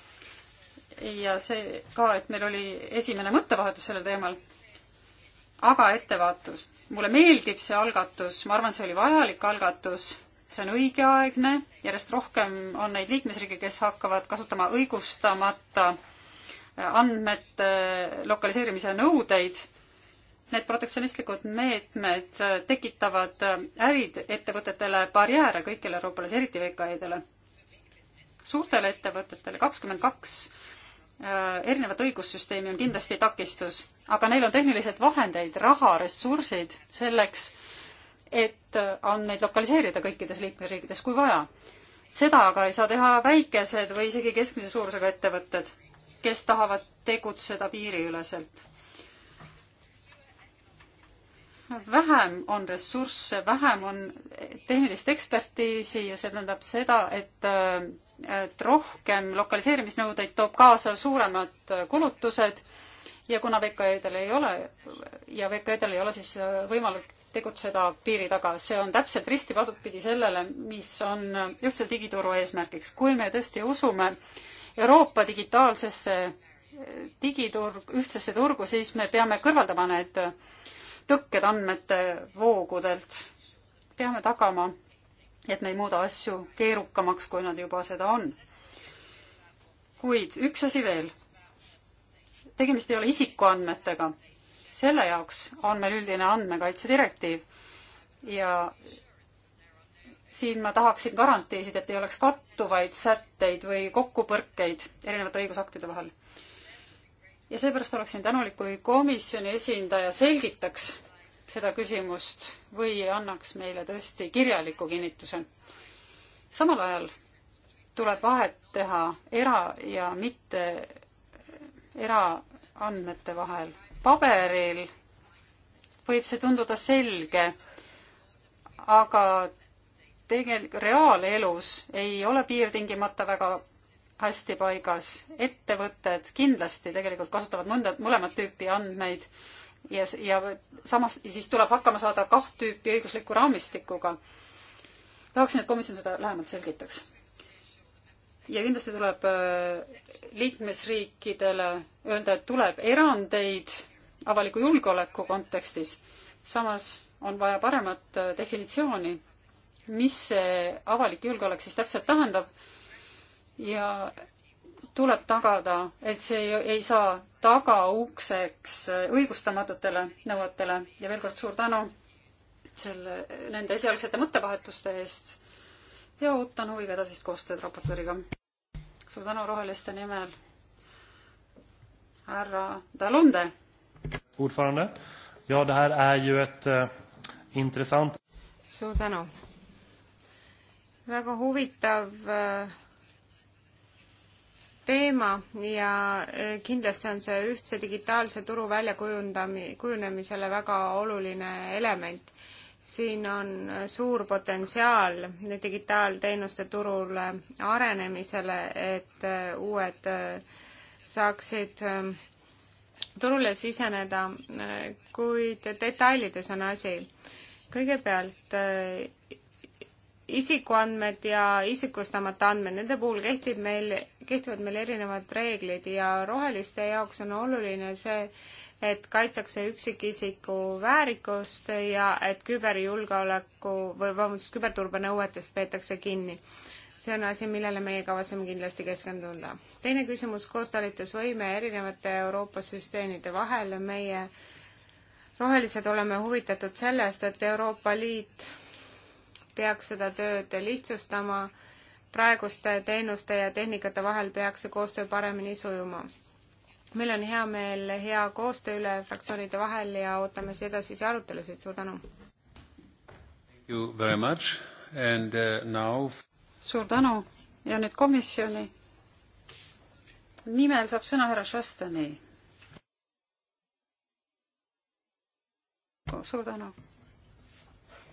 ja see ka, et meil oli esimene mõttevahetus sellel teemal. aga ettevaatust. mulle meeldib see algatus, ma arvan, see oli vajalik algatus, see on õigeaegne, järjest rohkem on neid liikmesriike, kes hakkavad kasutama õigustamata andmete lokaliseerimise nõudeid need protektsionistlikud meetmed tekitavad äriettevõtetele barjääre kõikjal Euroopa Liidus, eriti VKE-dele. suurtele ettevõtetele kakskümmend kaks äh, erinevat õigussüsteemi on kindlasti takistus, aga neil on tehnilised vahendeid, raha, ressursid selleks, et andmeid äh, lokaliseerida kõikides liikmesriikides, kui vaja. seda aga ei saa teha väikesed või isegi keskmise suurusega ettevõtted, kes tahavad tegutseda piiriüleselt vähem on ressursse, vähem on tehnilist ekspertiisi ja see tähendab seda, et äh, et rohkem lokaliseerimisnõudeid toob kaasa suuremad kulutused ja kuna VKE-del ei ole ja VKE-del ei ole siis äh, võimalik tegutseda piiri taga, see on täpselt risti vastupidi sellele, mis on äh, ühtse digituru eesmärgiks. kui me tõesti usume Euroopa digitaalsesse digiturg, ühtsesse turgu, siis me peame kõrvaldama need äh, tõkked andmete voogudelt. peame tagama, et me ei muuda asju keerukamaks, kui nad juba seda on. kuid üks asi veel. tegemist ei ole isikuandmetega. selle jaoks on meil üldine andmekaitse direktiiv ja siin ma tahaksin garantiisid, et ei oleks kattuvaid sätteid või kokkupõrkeid erinevate õigusaktide vahel ja seepärast oleksin tänulik, kui komisjoni esindaja selgitaks seda küsimust või annaks meile tõesti kirjaliku kinnituse. samal ajal tuleb vahet teha era- ja mitte eraandmete vahel. paberil võib see tunduda selge, aga tegelikult reaalelus ei ole piir tingimata väga hästi paigas, ettevõtted kindlasti tegelikult kasutavad mõnda, mõlemat tüüpi andmeid ja, ja samas ja siis tuleb hakkama saada kaht tüüpi õigusliku raamistikuga. tahaksin, et komisjon seda lähemalt selgitaks. ja kindlasti tuleb äh, liikmesriikidele öelda, et tuleb erandeid avaliku julgeoleku kontekstis. samas on vaja paremat äh, definitsiooni, mis see avalik julgeolek siis täpselt tähendab ja tuleb tagada, et see ei, ei saa tagaukseks õigustamatutele nõuetele ja veel kord suur tänu selle, nende esialgsete mõttevahetuste eest ja ootan huviga edasist koostööd raportööriga. suur tänu roheliste nimel, härra Dalunde. ordförande, ja det här är ju ett äh, intressant. suur tänu. väga huvitav äh teema ja eh, kindlasti on see ühtse digitaalse turu väljakujundami-, kujunemisele väga oluline element. siin on eh, suur potentsiaal digitaalteenuste turule arenemisele, et eh, uued saaksid turule siseneda, kuid detailides on asi. kõigepealt isikuandmed ja isikustamata andmed, nende puhul kehtib meil, kehtivad meil erinevad reeglid ja roheliste jaoks on oluline see, et kaitstakse üksikisiku väärikust ja et küberjulgeoleku või vabandust, küberturbe nõuetest peetakse kinni. see on asi, millele meie kavatseme kindlasti keskenduda. teine küsimus, koostalitusvõime erinevate Euroopa süsteemide vahel, meie rohelised oleme huvitatud sellest, et Euroopa Liit peaks seda tööd lihtsustama, praeguste teenuste ja tehnikate vahel peaks see koostöö paremini sujuma. meil on hea meel hea koostöö üle fraktsioonide vahel ja ootame siis edasisi arutelusid, suur tänu! Uh, now... suur tänu ja nüüd komisjoni nimel saab sõna härra Šastani. suur tänu!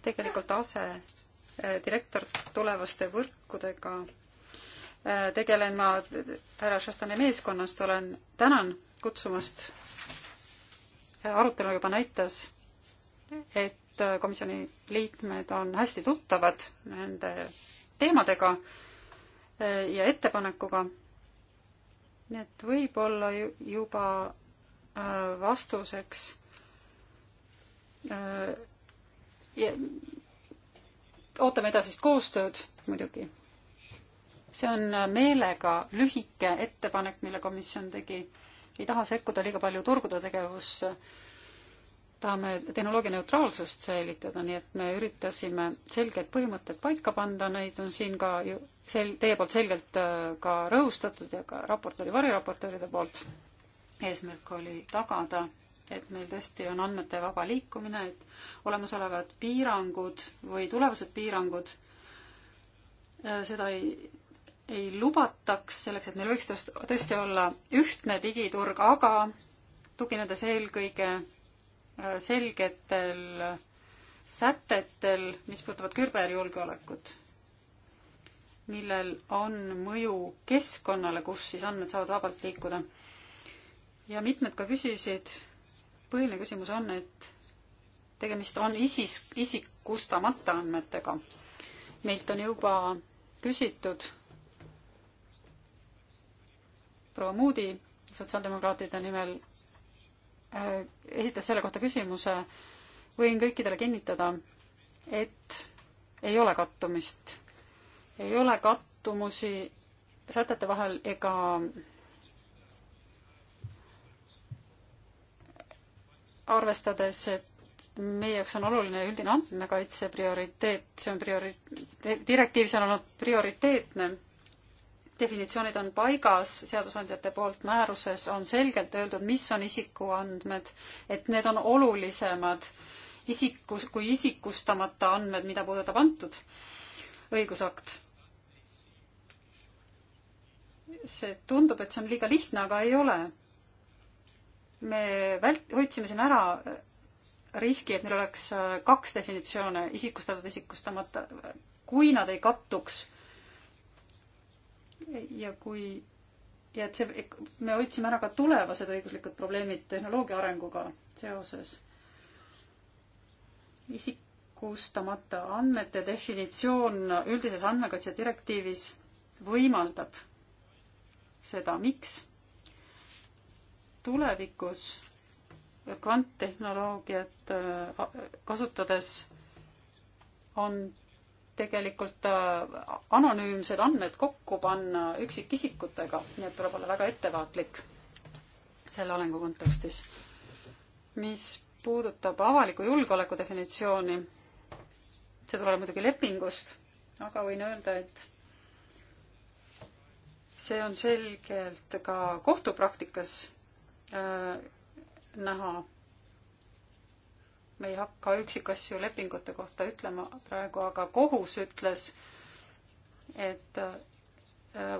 tegelikult ase Äh, direktor tulevaste võrkudega äh, tegelen ma härra Šastane meeskonnast, olen, tänan kutsumast. arutelu juba näitas, et äh, komisjoni liikmed on hästi tuttavad nende teemadega ja ettepanekuga. nii et võib-olla juba vastuseks ja ootame edasist koostööd muidugi. see on meelega lühike ettepanek, mille komisjon tegi. ei taha sekkuda liiga palju turgude tegevusse. tahame tehnoloogia neutraalsust säilitada, nii et me üritasime selged põhimõtted paika panna, neid on siin ka ju sel-, teie poolt selgelt äh, ka rõhustatud ja ka raportööri, variraportööride poolt. eesmärk oli tagada et meil tõesti on andmete vaba liikumine, et olemasolevad piirangud või tulevased piirangud, äh, seda ei, ei lubataks, selleks et meil võiks tõesti olla ühtne digiturg, aga tuginedes eelkõige äh, selgetel sätetel, mis puudutavad küberjulgeolekut, millel on mõju keskkonnale, kus siis andmed saavad vabalt liikuda. ja mitmed ka küsisid põhiline küsimus on, et tegemist on isis, isikustamata andmetega. meilt on juba küsitud proua Moody sotsiaaldemokraatide nimel äh, esitas selle kohta küsimuse, võin kõikidele kinnitada, et ei ole kattumist, ei ole kattumusi sätete vahel ega arvestades, et meie jaoks on oluline üldine andmekaitse prioriteet, see on priori-, direktiiv, see on olnud prioriteetne, definitsioonid on paigas seadusandjate poolt, määruses on selgelt öeldud, mis on isikuandmed, et need on olulisemad isikus, kui isikustamata andmed, mida puudutab antud õigusakt. see tundub, et see on liiga lihtne, aga ei ole me vält-, hoidsime siin ära riski, et neil oleks äh, kaks definitsioone, isikustatud, isikustamata, kui nad ei kattuks ja kui, ja et see, me hoidsime ära ka tulevased õiguslikud probleemid tehnoloogia arenguga seoses. isikustamata andmete definitsioon üldises andmekaitse direktiivis võimaldab seda, miks tulevikus kvanttehnoloogiat äh, kasutades on tegelikult äh, anonüümsed andmed kokku panna üksikisikutega, nii et tuleb olla väga ettevaatlik selle arengu kontekstis. mis puudutab avaliku julgeoleku definitsiooni, see tuleb muidugi lepingust, aga võin öelda, et see on selgelt ka kohtupraktikas Äh, näha. me ei hakka üksikasju lepingute kohta ütlema praegu, aga kohus ütles, et äh,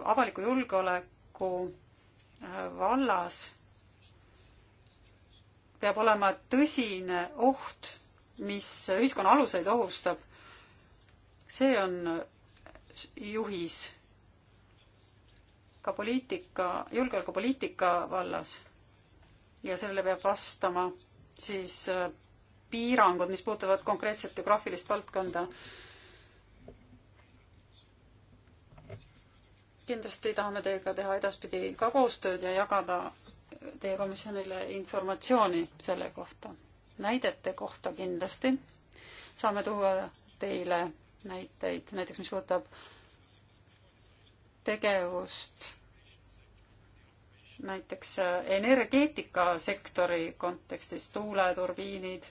avaliku julgeoleku äh, vallas peab olema tõsine oht, mis ühiskonna aluseid ohustab. see on juhis ka poliitika, julgeolekupoliitika vallas ja sellele peab vastama siis äh, piirangud, mis puutuvad konkreetset geograafilist valdkonda. kindlasti tahame teiega teha edaspidi ka koostööd ja jagada teie komisjonile informatsiooni selle kohta. näidete kohta kindlasti saame tuua teile näiteid, näiteks mis puudutab tegevust näiteks äh, energeetikasektori kontekstis tuuleturbiinid.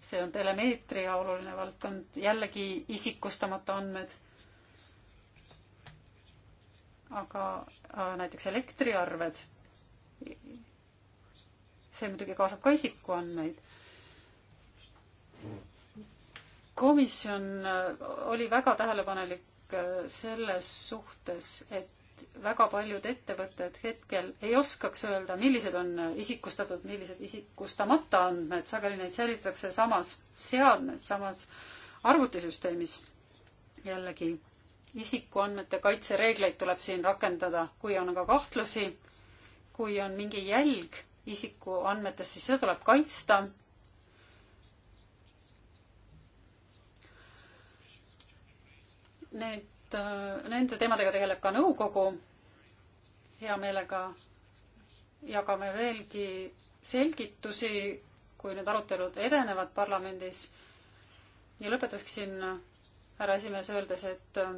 see on telemeetria oluline valdkond, jällegi isikustamata andmed. aga äh, näiteks elektriarved. see muidugi kaasab ka isikuandmeid komisjon äh, oli väga tähelepanelik selles suhtes, et et väga paljud ettevõtted hetkel ei oskaks öelda, millised on isikustatud, millised isikustamata andmed, sageli neid säilitatakse samas seadmes, samas arvutisüsteemis. jällegi, isikuandmete kaitsereegleid tuleb siin rakendada, kui on aga kahtlusi, kui on mingi jälg isikuandmetest, siis seda tuleb kaitsta need et äh, nende teemadega tegeleb ka nõukogu. hea meelega jagame veelgi selgitusi, kui need arutelud edenevad parlamendis. ja lõpetaksin härra esimees öeldes, et äh,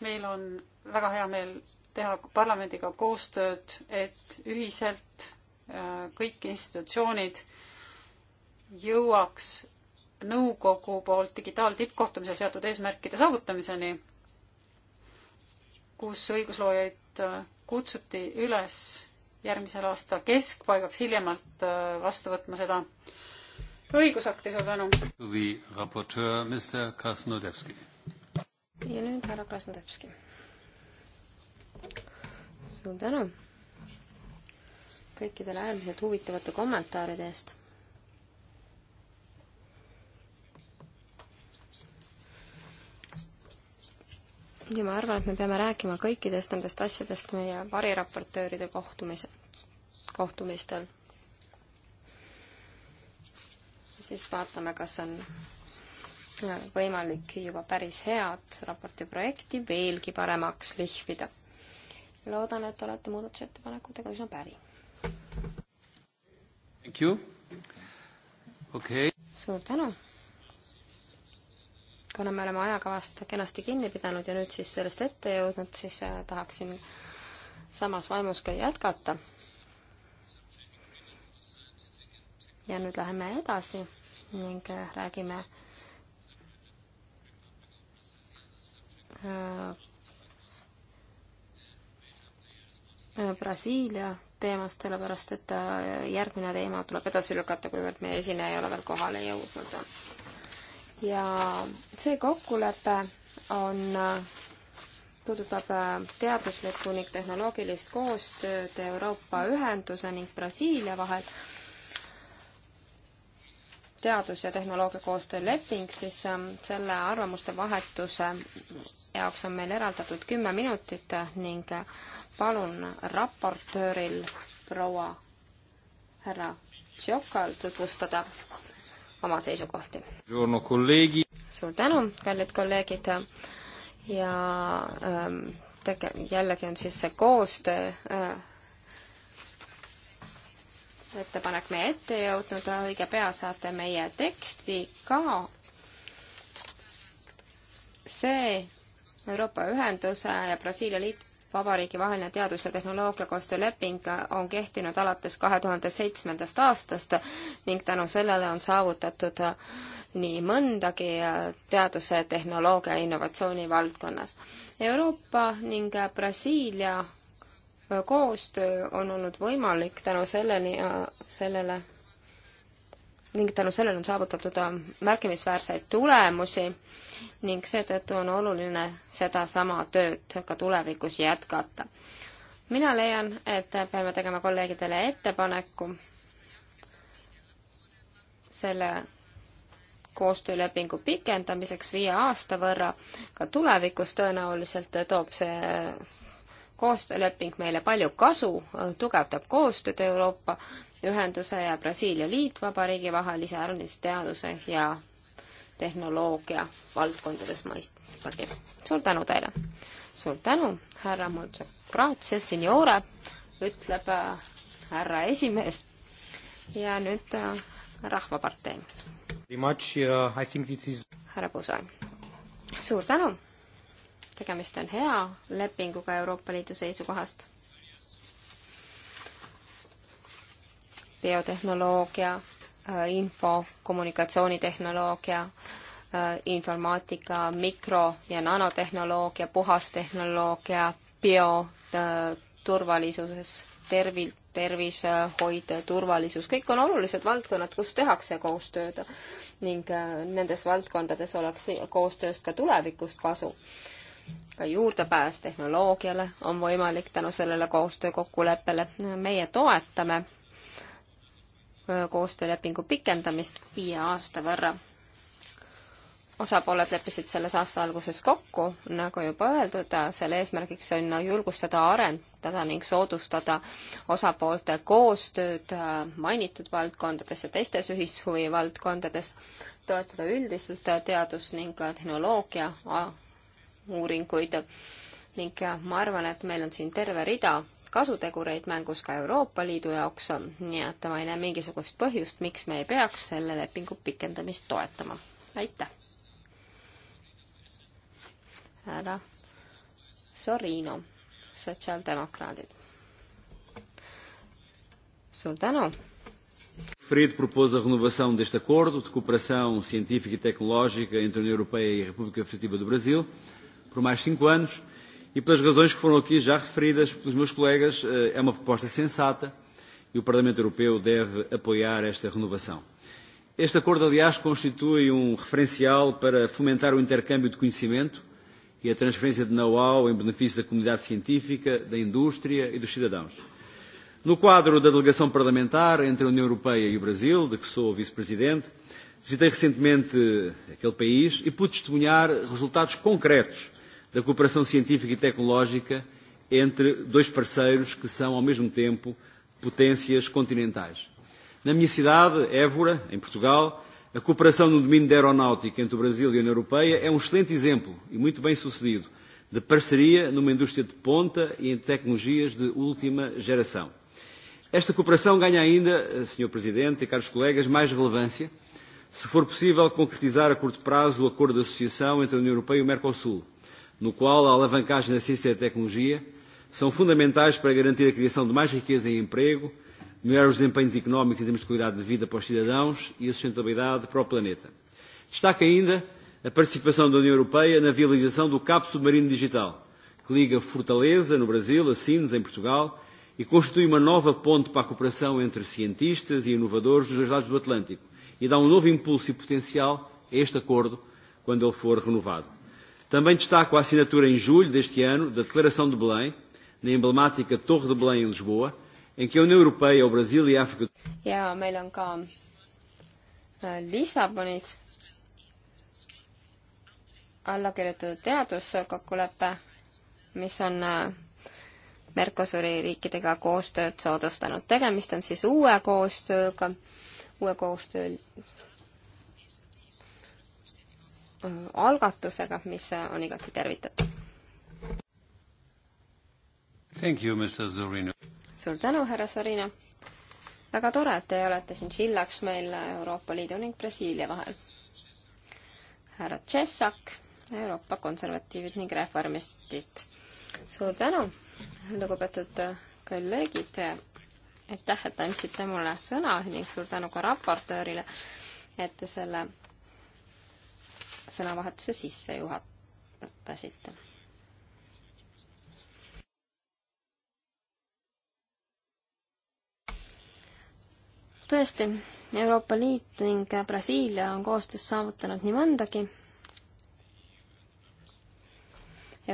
meil on väga hea meel teha parlamendiga koostööd, et ühiselt äh, kõik institutsioonid jõuaks nõukogu poolt digitaaltippkohtumisel seatud eesmärkide saavutamiseni, kus õigusloojaid äh, kutsuti üles järgmisel aasta keskpaigaks hiljemalt äh, vastu võtma seda õigusakti, suur tänu. ja nüüd härra Krasnodebski. suur tänu kõikidele äärmiselt huvitavate kommentaaride eest ja ma arvan, et me peame rääkima kõikidest nendest asjadest meie variraportööride kohtumise, kohtumistel. siis vaatame, kas on äh, võimalik juba päris head raporti projekti veelgi paremaks lihvida. loodan, et olete muudatusettepanekutega üsna päri. Thank you. okei okay.. suur tänu kuna me oleme ajakavast kenasti kinni pidanud ja nüüd siis sellest ette jõudnud, siis äh, tahaksin samas vaimus ka jätkata. ja nüüd läheme edasi ning äh, räägime äh, Brasiilia teemast, sellepärast et järgmine teema tuleb edasi lükata, kuivõrd meie esineja ei ole veel kohale jõudnud ja see kokkulepe on, puudutab äh, teaduslikku ning tehnoloogilist koostööd Euroopa Ühenduse ning Brasiilia vahel teadus- ja tehnoloogiakoostöö leping, siis ähm, selle arvamuste vahetuse jaoks on meil eraldatud kümme minutit ning äh, palun raportööril proua härra Tšokal tutvustada oma seisukohti. suur tänu, kallid kolleegid ja ähm, tege-, jällegi on siis see koostöö äh, ettepanek meie ette jõudnud, õige pea saate meie teksti ka. see Euroopa Ühenduse ja Brasiilia liit Vabariigi vaheline teadus- ja tehnoloogiakoostööleping on kehtinud alates kahe tuhande seitsmendast aastast ning tänu sellele on saavutatud nii mõndagi teaduse, tehnoloogia ja innovatsiooni valdkonnas. Euroopa ning Brasiilia koostöö on olnud võimalik tänu selleni, sellele ning tänu sellele on saavutatud äh, märkimisväärseid tulemusi ning seetõttu on oluline sedasama tööd ka tulevikus jätkata. mina leian, et peame tegema kolleegidele ettepaneku selle koostöölepingu pikendamiseks viie aasta võrra, ka tulevikus tõenäoliselt toob see koostööleping meile palju kasu, tugevdab koostööd Euroopa ühenduse ja Brasiilia liitvabariigi vahelise äärmisteaduse ja tehnoloogia valdkondades mõistagi. suur tänu teile! suur tänu, härra Multso, grazie, signore, ütleb äh, härra esimees ja nüüd äh, Rahvapartei. Uh, härra Pusoi, suur tänu! tegemist on hea lepinguga Euroopa Liidu seisukohast biotehnoloogia, äh, info, kommunikatsioonitehnoloogia, äh, informaatika, mikro- ja nanotehnoloogia, puhas tehnoloogia, bioturvalisuses, äh, tervil-, tervishoid, turvalisus, kõik on olulised valdkonnad, kus tehakse koostööd ning nendes valdkondades oleks koostööst ka tulevikus kasu. ka juurdepääs tehnoloogiale on võimalik tänu sellele koostöökokkuleppele, meie toetame koostöölepingu pikendamist viie aasta võrra. osapooled leppisid selles aasta alguses kokku, nagu juba öeldud, selle eesmärgiks on julgustada, arendada ning soodustada osapoolte koostööd mainitud valdkondades ja teistes ühishuvi valdkondades, toetada üldiselt teadus- ning tehnoloogia uuringuid ning ma arvan, et meil on siin terve rida kasutegureid mängus ka Euroopa Liidu jaoks, nii et ma ei näe mingisugust põhjust, miks me ei peaks selle lepingu pikendamist toetama. aitäh! härra Sorino, sotsiaaldemokraadid. suur tänu! referido propôs a renovação deste acordo de cooperação científica e tecnológica entre a União Europeia e a República Federativa do Brasil por mais cinco anos, e pelas razões que foram aqui já referidas pelos meus colegas, eh, é uma proposta sensata e o Parlamento Europeu deve apoiar esta renovação. Este acordo, aliás, constitui um referencial para fomentar o intercâmbio de conhecimento e a transferência de know-how em benefício da comunidade científica, da indústria e dos cidadãos. No quadro da delegação parlamentar entre a União Europeia e o Brasil, de que sou vice-presidente, visitei recentemente aquele país e pude testemunhar resultados concretos da cooperação científica e tecnológica entre dois parceiros que são, ao mesmo tempo, potências continentais. Na minha cidade, Évora, em Portugal, a cooperação no domínio da aeronáutica entre o Brasil e a União Europeia é um excelente exemplo, e muito bem sucedido, de parceria numa indústria de ponta e em tecnologias de última geração. Esta cooperação ganha ainda, eh, Sr. Presidente e caros colegas, mais relevância, se for possível concretizar a curto prazo o acordo de associação entre a União Europeia e o Mercosul, no qual a alavancagem da ciência e da tecnologia são fundamentais para garantir a criação de mais riqueza e emprego, melhores desempenhos económicos em termos de qualidade de vida para os cidadãos e a sustentabilidade para o planeta. Destaca ainda a participação da União Europeia na viabilização do Cabo Submarino Digital, que liga Fortaleza, no Brasil, a Sines, em Portugal, e constitui uma nova ponte para a cooperação entre cientistas e inovadores dos dois lados do Atlântico, e dá um novo impulso e potencial a este acordo quando ele for renovado. Também destaco a assinatura em julho deste ano da Declaração de Belém, na emblemática Torre de Belém em Lisboa, em que a União Europeia, o Brasil e a África... Ja meil on ka äh, Lissabonis alla kirjutatud teaduskokkulepe, mis on äh, Mercosuri riikidega koostööd soodustanud. tegemist on siis uue koostööga, uue koostöö Äh, algatusega, mis on igati tervitatav. suur tänu, härra Sorino! väga tore, et te olete siin sillaks meil Euroopa Liidu ning Brasiilia vahel. härra Tšessak, Euroopa konservatiivid ning reformistid. suur tänu, lugupeetud kolleegid, aitäh, et andsite mulle sõna ning suur tänu ka raportöörile, et te selle sõnavahetuse sisse juhatasite. tõesti, Euroopa Liit ning Brasiilia on koostöös saavutanud nii mõndagi.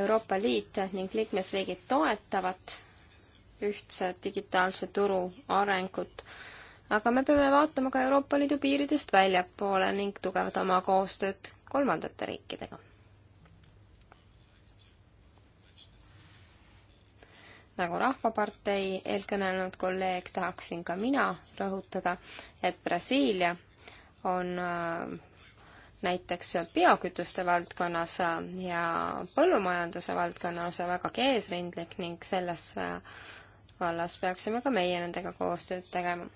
Euroopa Liit ning liikmesriigid toetavad ühtse digitaalse turu arengut aga me peame vaatama ka Euroopa Liidu piiridest väljapoole ning tugevdama koostööd kolmandate riikidega. nagu Rahvapartei eelkõnelenud kolleeg, tahaksin ka mina rõhutada, et Brasiilia on äh, näiteks biokütuste valdkonnas ja põllumajanduse valdkonnas vägagi eesrindlik ning selles äh, vallas peaksime ka meie nendega koostööd tegema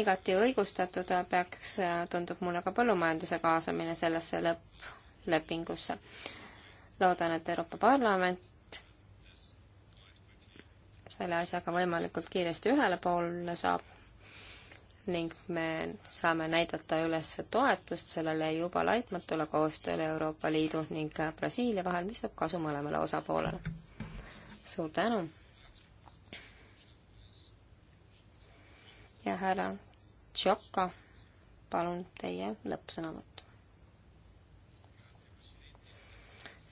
igati õigustatud peaks, tundub mulle ka põllumajanduse kaasamine sellesse lõpplepingusse. loodan, et Euroopa Parlament selle asjaga võimalikult kiiresti ühele poole saab ning me saame näidata üles toetust sellele juba laitmatule koostööle Euroopa Liidu ning Brasiilia vahel, mis toob kasu mõlemale osapoolele. suur tänu! ja härra Tšoka, palun teie lõppsõnavõtt.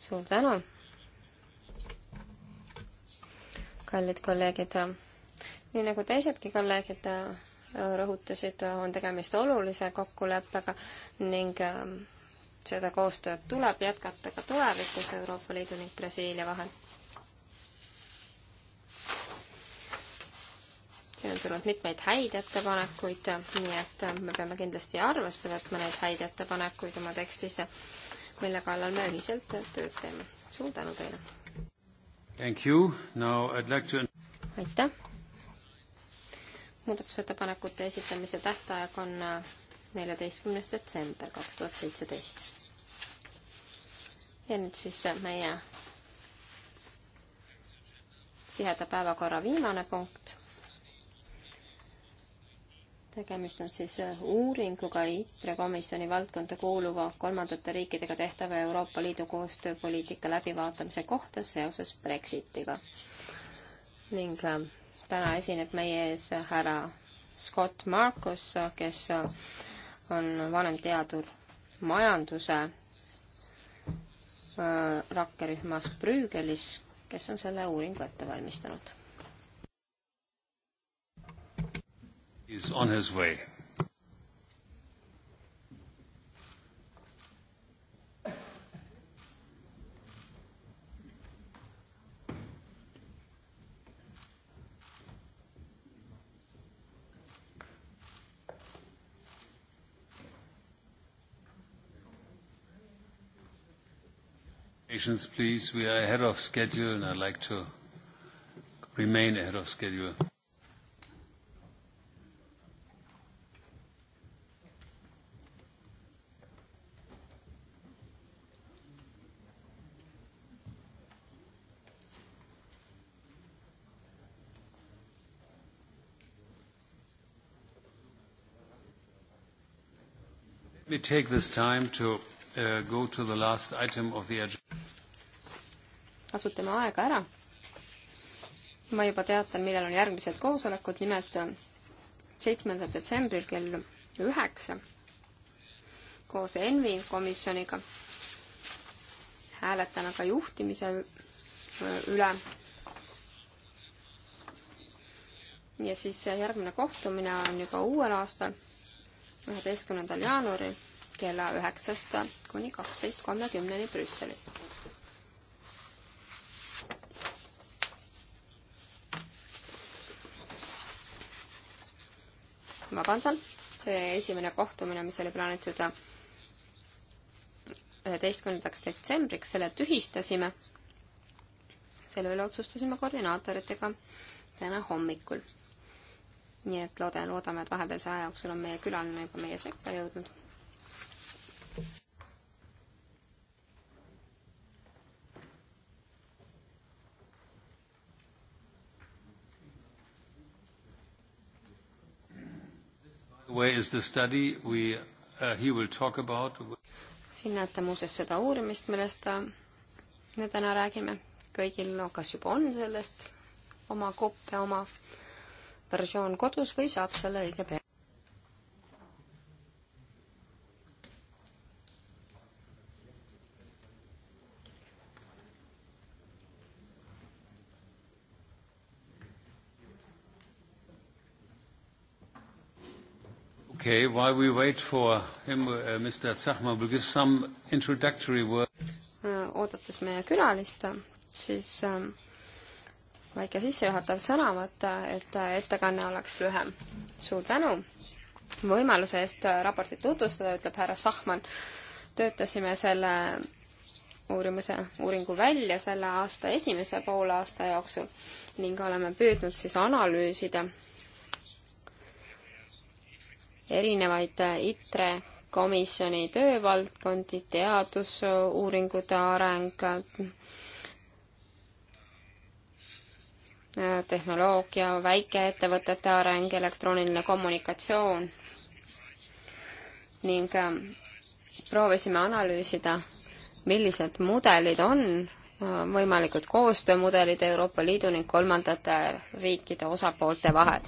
suur tänu. kallid kolleegid, nii nagu teisedki kolleegid rõhutasid, on tegemist olulise kokkuleppega ning ähm, seda koostööd tuleb jätkata ka tulevikus Euroopa Liidu ning Brasiilia vahel siin on tulnud mitmeid häid ettepanekuid, nii et me peame kindlasti arvesse võtma neid häid ettepanekuid oma tekstis, mille kallal me ühiselt tööd teeme. suur tänu teile! Like to... aitäh! muudatusettepanekute esitamise tähtaeg on neljateistkümnes detsember kaks tuhat seitseteist. ja nüüd siis meie tiheda päevakorra viimane punkt tegemist on siis äh, uuringuga ITRE komisjoni valdkonda kuuluva kolmandate riikidega tehtava Euroopa Liidu koostööpoliitika läbivaatamise kohta seoses Brexitiga. ning äh, täna esineb meie ees äh, härra Scott Marcus, kes on vanemteadur majanduse rakkerühmas Brügelis, kes on selle uuringu ette valmistanud is on his way. Patience, please. We are ahead of schedule, and I'd like to remain ahead of schedule. me take this time to uh, go to the last item of the agenda. kasutame aega ära. ma juba teatan, millal on järgmised koosolekud, nimelt äh, seitsmendal detsembril kell üheksa koos ENVI komisjoniga hääletan aga juhtimise äh, üle. ja siis äh, järgmine kohtumine on juba uuel aastal üheteistkümnendal jaanuaril kella üheksast kuni kaksteist kolmekümneni Brüsselis. vabandan, see esimene kohtumine, mis oli plaanitud üheteistkümnendaks detsembriks, selle tühistasime. selle üle otsustasime koordinaatoritega täna hommikul nii et loodan, loodame, et vahepealse aja jooksul on meie külaline juba meie sekka jõudnud. Where is the study we uh, he will talk about? siin näete muuseas seda uurimist, millest äh, me täna räägime. kõigil no, kas juba on sellest oma koppe, oma versioon kodus või saab selle õige pea. Okay, while we wait for him, uh, Mr. Tsahma, we'll give some introductory words. oodates meie külalist, siis uh, väike sissejuhatav sõnavõtt, et ettekanne oleks lühem. suur tänu võimaluse eest raportit tutvustada, ütleb härra Sahman. töötasime selle uurimuse, uuringu välja selle aasta esimese poolaasta jooksul ning oleme püüdnud siis analüüsida erinevaid ITRE komisjoni töövaldkondi, teadusuuringute areng, tehnoloogia, väikeettevõtete areng, elektrooniline kommunikatsioon ning ähm, proovisime analüüsida, millised mudelid on äh, võimalikud koostöömudelid Euroopa Liidu ning kolmandate riikide osapoolte vahel.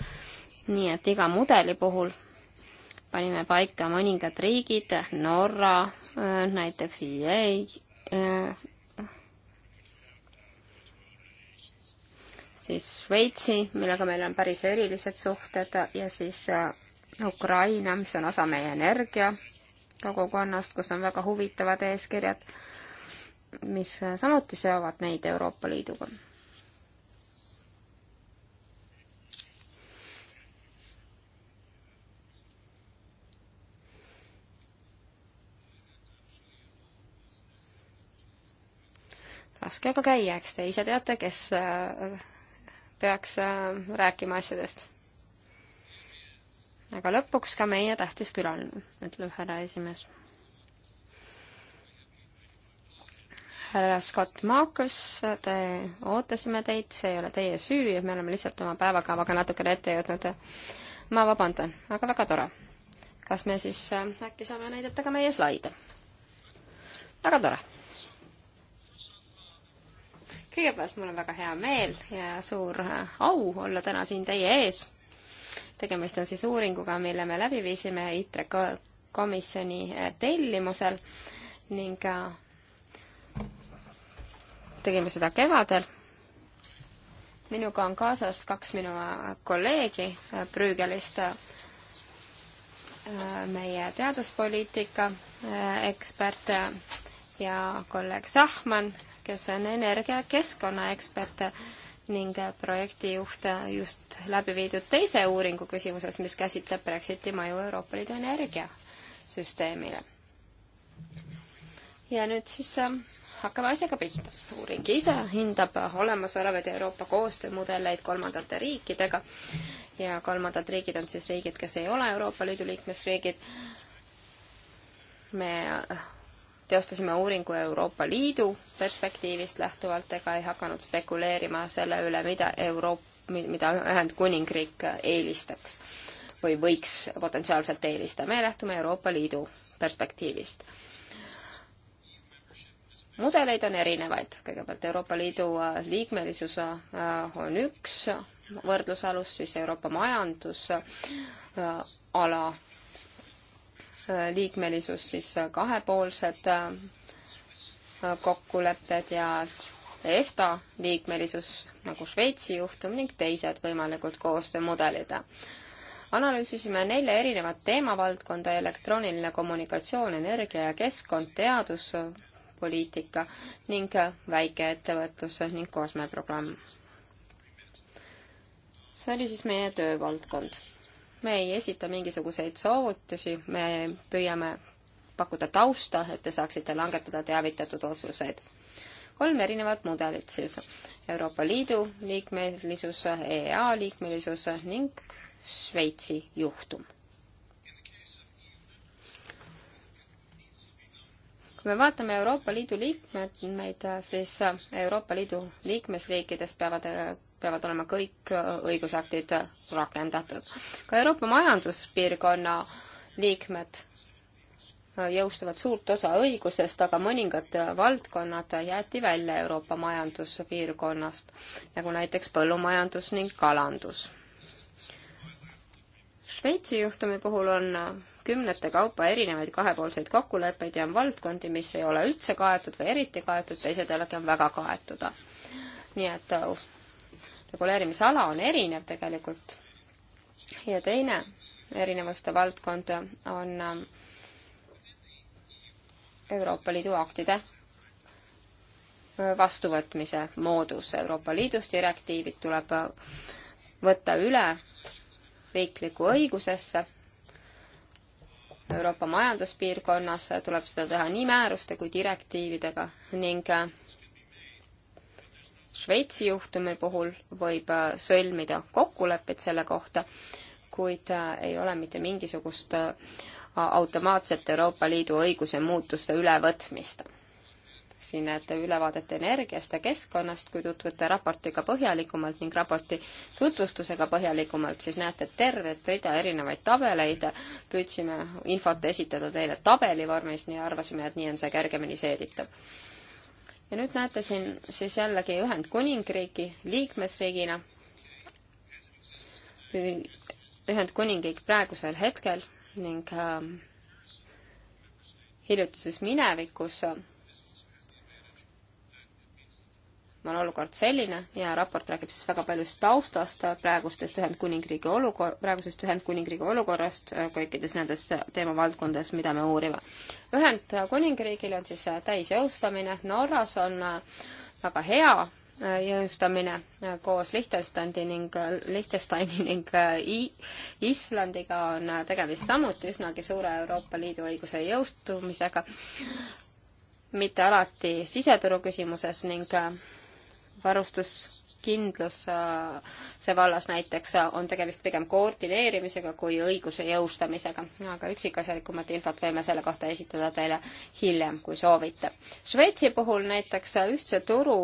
nii et iga mudeli puhul panime paika mõningad riigid, Norra, äh, näiteks EA, äh, siis Šveitsi, millega meil on päris erilised suhted ja siis äh, Ukraina, mis on osa meie energiakogukonnast, kus on väga huvitavad eeskirjad, mis äh, samuti seovad neid Euroopa Liiduga. laske aga käia, eks te ise teate, kes äh, peaks äh, rääkima asjadest. aga lõpuks ka meie tähtis külaline, ütleb härra esimees. härra Scott Marcus, te, ootasime teid, see ei ole teie süü, me oleme lihtsalt oma päevakavaga natukene ette jõudnud. ma vabandan, aga väga tore. kas me siis äh, äkki saame näidata ka meie slaide? väga tore kõigepealt mul on väga hea meel ja suur äh, au olla täna siin teie ees. tegemist on siis uuringuga, mille me läbi viisime ITRE komisjoni äh, tellimusel ning äh, tegime seda kevadel. minuga on kaasas kaks minu kolleegi Brügelist, meie teaduspoliitika ekspert ja kolleeg Sahman kes on energia- ja keskkonnaekspert ning projektijuht just läbi viidud teise uuringu küsimuses, mis käsitleb Brexiti mõju Euroopa Liidu energiasüsteemile. ja nüüd siis ähm, hakkame asjaga pihta. uuring ise hindab olemasolevaid Euroopa koostöömudeleid kolmandate riikidega ja kolmandad riigid on siis riigid, kes ei ole Euroopa Liidu liikmesriigid. me äh, teostasime uuringu Euroopa Liidu perspektiivist lähtuvalt ega ei hakanud spekuleerima selle üle, mida Euroop-, mida Ühendkuningriik eelistaks või võiks potentsiaalselt eelistada. me lähtume Euroopa Liidu perspektiivist mudeleid on erinevaid, kõigepealt Euroopa Liidu äh, liikmelisus äh, on üks võrdlusalus, siis Euroopa majandusala äh, liikmelisus, siis kahepoolsed äh, kokkulepped ja EFTA liikmelisus nagu Šveitsi juhtum ning teised võimalikud koostöömudelid. analüüsisime nelja erinevat teemavaldkonda, elektrooniline kommunikatsioon, energia ja keskkond, teaduspoliitika ning väikeettevõtlus ning koosmeeprogramm. see oli siis meie töövaldkond me ei esita mingisuguseid soovitusi, me püüame pakkuda tausta, et te saaksite langetada teavitatud otsuseid. kolm erinevat mudelit siis. Euroopa Liidu liikmelisus, EEA liikmelisus ning Šveitsi juhtum. kui me vaatame Euroopa Liidu liikmeid, siis Euroopa Liidu liikmesriikides peavad peavad olema kõik äh, õigusaktid rakendatud. ka Euroopa Majanduspiirkonna liikmed äh, jõustuvad suurt osa õigusest, aga mõningad äh, valdkonnad jäeti välja Euroopa majanduspiirkonnast, nagu näiteks põllumajandus ning kalandus. Šveitsi juhtumi puhul on kümnete kaupa erinevaid kahepoolseid kokkuleppeid ja on valdkondi, mis ei ole üldse kaetud või eriti kaetud, teised jällegi on väga kaetud. nii et reguleerimisala on erinev tegelikult. ja teine erinevuste valdkond on ähm, Euroopa Liidu aktide äh, vastuvõtmise moodus. Euroopa Liidus direktiivid tuleb äh, võtta üle riiklikku õigusesse. Euroopa majanduspiirkonnas tuleb seda teha nii määruste kui direktiividega ning äh, Šveitsi juhtumi puhul võib äh, sõlmida kokkulepped selle kohta, kuid äh, ei ole mitte mingisugust äh, automaatset Euroopa Liidu õiguse muutuste ülevõtmist. siin näete ülevaadet energiast ja keskkonnast, kui tutvute raportiga põhjalikumalt ning raporti tutvustusega põhjalikumalt, siis näete tervet rida erinevaid tabeleid, püüdsime infot esitada teile tabeli vormis, nii arvasime, et nii on see kergemini seeditav ja nüüd näete siin siis jällegi Ühendkuningriigi liikmesriigina. Ühendkuningriik praegusel hetkel ning äh, hiljuti siis minevikus äh, on olukord selline ja raport räägib siis väga paljust taustast praegustest Ühendkuningriigi olukor-, praegusest Ühendkuningriigi olukorrast äh, kõikides nendes teemavaldkondades, mida me uurime. Ühendkuningriigil on siis äh, täisjõustamine, Norras on äh, väga hea jõustamine koos Liechtensteini ning, Liechtensteini ning Islandiga on tegemist samuti üsnagi suure Euroopa Liidu õiguse jõustumisega, mitte alati siseturu küsimuses ning varustuskindluse äh, vallas näiteks äh, on tegemist pigem koordineerimisega kui õiguse jõustamisega, aga üksikasjalikumat infot võime selle kohta esitada teile hiljem, kui soovite. Šveitsi puhul näiteks äh, ühtse turu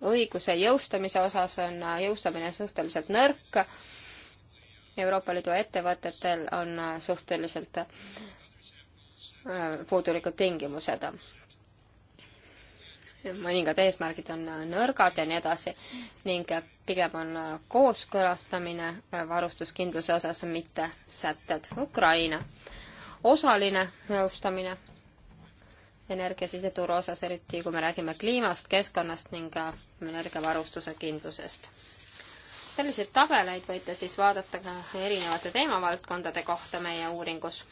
õiguse jõustamise osas on jõustamine suhteliselt nõrk, Euroopa Liidu ettevõtetel on suhteliselt puudulikud tingimused mõningad eesmärgid on nõrgad ja nii edasi ning pigem on kooskõlastamine varustuskindluse osas, mitte sätted. Ukraina osaline nõustamine energiasiseturu osas, eriti kui me räägime kliimast, keskkonnast ning energiavarustuse kindlusest. selliseid tabeleid võite siis vaadata ka erinevate teemavaldkondade kohta meie uuringus.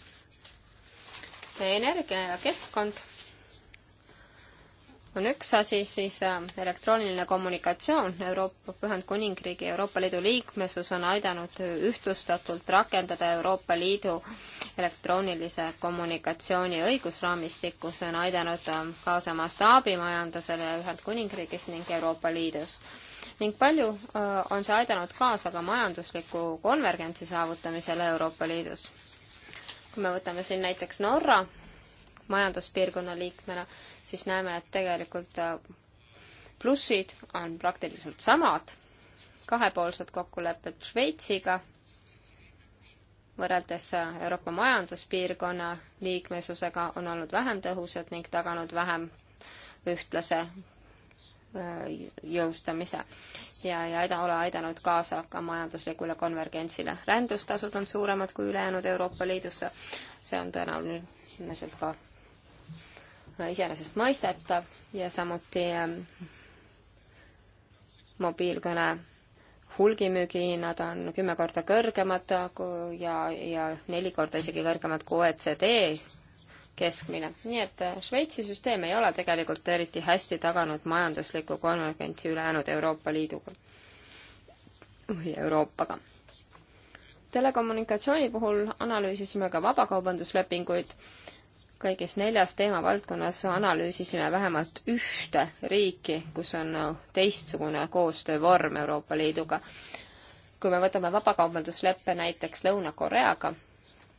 energia ja keskkond on üks asi, siis ähm, elektrooniline kommunikatsioon Euroopa Ühendkuningriigi Euroopa Liidu liikmesus on aidanud ühtlustatult rakendada Euroopa Liidu elektroonilise kommunikatsiooni õigusraamistikku, see on aidanud ähm, kaasa mastaabimajandusele Ühendkuningriigis ning Euroopa Liidus. ning palju äh, on see aidanud kaasa ka majandusliku konvergentsi saavutamisele Euroopa Liidus. kui me võtame siin näiteks Norra, majanduspiirkonna liikmena, siis näeme, et tegelikult äh, plussid on praktiliselt samad, kahepoolsed kokkulepped Šveitsiga võrreldes äh, Euroopa Majanduspiirkonna liikmesusega on olnud vähem tõhusad ning taganud vähem ühtlase äh, jõustamise ja, ja aida, ole aidanud kaasa ka majanduslikule konvergentsile. rändustasud on suuremad kui ülejäänud Euroopa Liidus, see on tõenäoliselt ka iseenesestmõistetav ja samuti ähm, mobiilkõne hulgimüügihinnad on kümme korda kõrgemad ja, ja neli korda isegi kõrgemad kui OECD keskmine. nii et äh, Šveitsi süsteem ei ole tegelikult eriti hästi taganud majanduslikku konvergentsi ülejäänud Euroopa Liiduga või Euroopaga. telekommunikatsiooni puhul analüüsisime ka vabakaubanduslepinguid kõigis neljas teemavaldkonnas analüüsisime vähemalt ühte riiki, kus on teistsugune koostöövorm Euroopa Liiduga. kui me võtame vabakaubandusleppe näiteks Lõuna-Koreaga,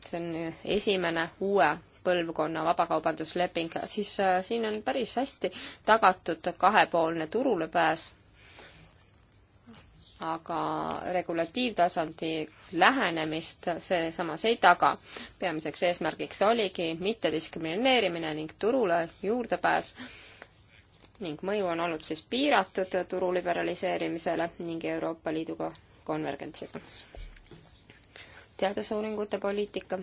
see on esimene uue põlvkonna vabakaubandusleping, siis äh, siin on päris hästi tagatud kahepoolne turulepääs aga regulatiivtasandi lähenemist see samas ei taga. peamiseks eesmärgiks oligi mittediskrimineerimine ning turule juurdepääs ning mõju on olnud siis piiratud turu liberaliseerimisele ning Euroopa Liiduga konvergentsiga. teadusuuringute poliitika.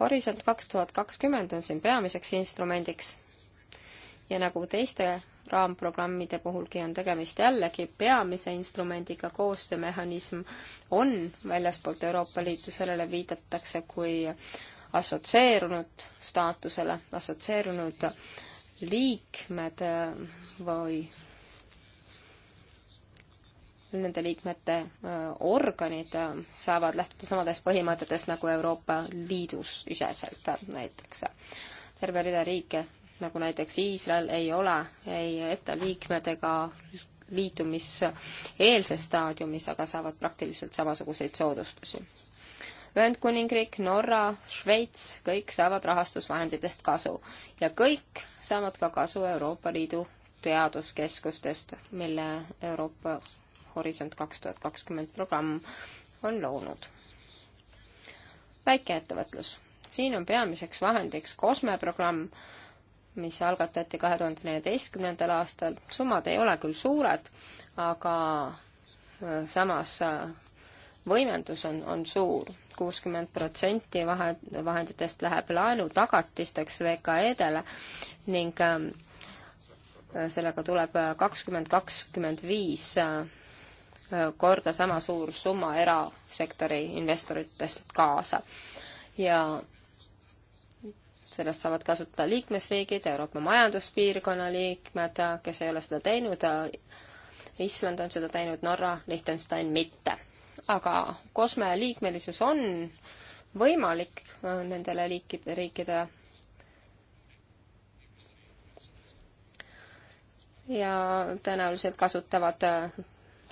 Horisont kaks tuhat kakskümmend on siin peamiseks instrumendiks ja nagu teiste raamprogrammide puhulgi on tegemist jällegi peamise instrumendiga, koostöömehhanism on väljaspoolt Euroopa Liitu, sellele viidatakse kui assotsieerunud staatusele, assotsieerunud liikmed äh, või nende liikmete äh, organid äh, saavad lähtuda samadest põhimõtetest nagu Euroopa Liidus iseselt näiteks. terve rida riike nagu näiteks Iisrael, ei ole ei ETA liikmed ega liitumiseelses staadiumis, aga saavad praktiliselt samasuguseid soodustusi. Ühendkuningriik, Norra, Šveits, kõik saavad rahastusvahenditest kasu ja kõik saavad ka kasu Euroopa Liidu teaduskeskustest, mille Euroopa Horisont kaks tuhat kakskümmend programm on loonud. väikeettevõtlus. siin on peamiseks vahendiks kosmeprogramm, mis algatati kahe tuhande neljateistkümnendal aastal. summad ei ole küll suured, aga samas võimendus on, on suur. kuuskümmend protsenti vahe, vahenditest läheb laenutagatisteks VKE-dele ning sellega tuleb kakskümmend, kakskümmend viis korda sama suur summa erasektori investoritest kaasa. ja sellest saavad kasutada liikmesriigid, Euroopa Majanduspiirkonna liikmed, kes ei ole seda teinud, Island on seda teinud, Norra, Liechtenstein mitte. aga COSME liikmelisus on võimalik äh, nendele liikide, riikide ja tõenäoliselt kasutavad äh,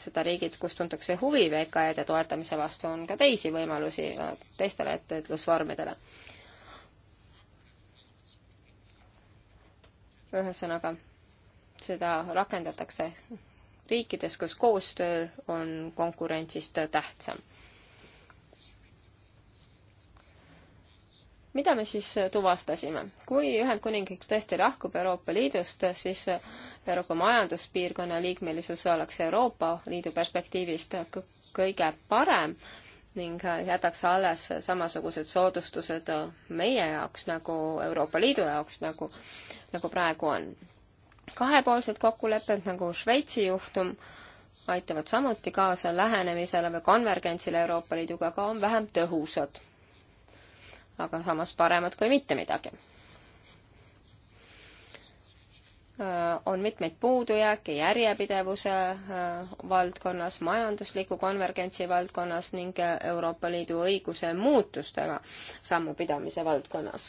seda riigid, kus tuntakse huvi VKE-de toetamise vastu, on ka teisi võimalusi äh, teistele ettevõtlusvormidele et ühesõnaga, seda rakendatakse riikides, kus koostöö on konkurentsist tähtsam. mida me siis tuvastasime? kui Ühendkuningriik tõesti lahkub Euroopa Liidust, siis Euroopa Majanduspiirkonna liikmelisus oleks Euroopa Liidu perspektiivist kõige parem ning äh, jätaks alles samasugused soodustused äh, meie jaoks nagu Euroopa Liidu jaoks, nagu, nagu praegu on. kahepoolsed kokkulepped nagu Šveitsi juhtum aitavad samuti kaasa lähenemisele või konvergentsile Euroopa Liiduga, aga on vähem tõhusad. aga samas paremad kui mitte midagi Äh, on mitmeid puudujääke järjepidevuse äh, valdkonnas, majandusliku konvergentsi valdkonnas ning äh, Euroopa Liidu õiguse muutustega sammupidamise valdkonnas.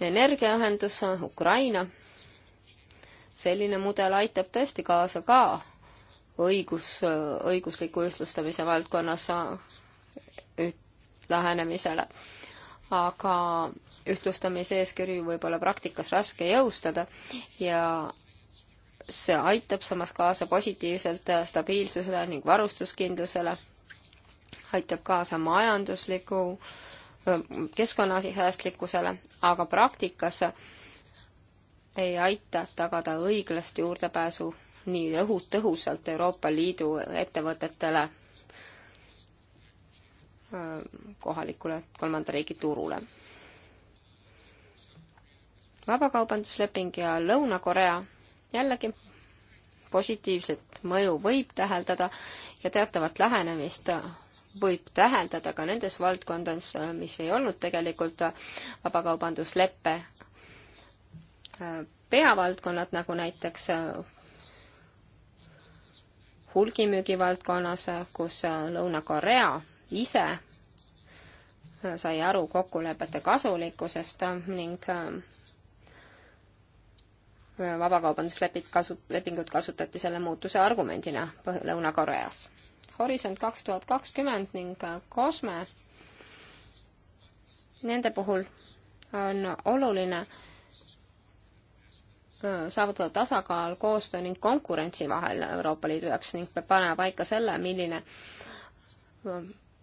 energiaühendus Ukraina, selline mudel aitab tõesti kaasa ka õigus, õigusliku ühtlustamise valdkonnas üht lähenemisele aga ühtlustamise eeskirju võib-olla praktikas raske jõustada ja see aitab samas kaasa positiivselt stabiilsusele ning varustuskindlusele, aitab kaasa majandusliku keskkonnasäästlikkusele, aga praktikas ei aita tagada õiglast juurdepääsu nii õhu tõhusalt Euroopa Liidu ettevõtetele kohalikule kolmanda riigi turule. vabakaubandusleping ja Lõuna-Korea jällegi positiivset mõju võib täheldada ja teatavat lähenemist võib täheldada ka nendes valdkondades, mis ei olnud tegelikult vabakaubandusleppe äh, peavaldkonnad, nagu näiteks äh, hulgimüügi valdkonnas, kus äh, Lõuna-Korea ise sai aru kokkulepete kasulikkusest ning äh, vabakaubandusleping kasu-, lepingut kasutati selle muutuse argumendina Lõuna-Koreas. Horisont kaks tuhat kakskümmend ning Kosme, äh, nende puhul on oluline äh, saavutada tasakaal koostöö ning konkurentsi vahel Euroopa Liidu jaoks ning peab panema paika selle, milline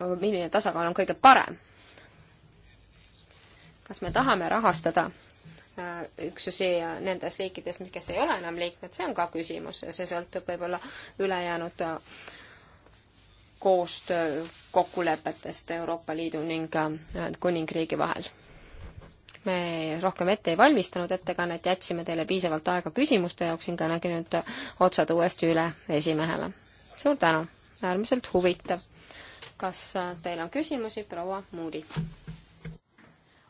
milline tasakaal on kõige parem. kas me tahame rahastada äh, üksusi nendes liikides, kes ei ole enam liikmed, see on ka küsimus ja see sõltub võib-olla ülejäänud äh, koostöö kokkulepetest Euroopa Liidu ning äh, Kuningriigi vahel me rohkem ette ei valmistanud ettekannet, jätsime teile piisavalt aega küsimuste jaoks ning annangi nüüd otsad uuesti üle esimehele. suur tänu, äärmiselt huvitav kas äh, teil on küsimusi, proua Moody?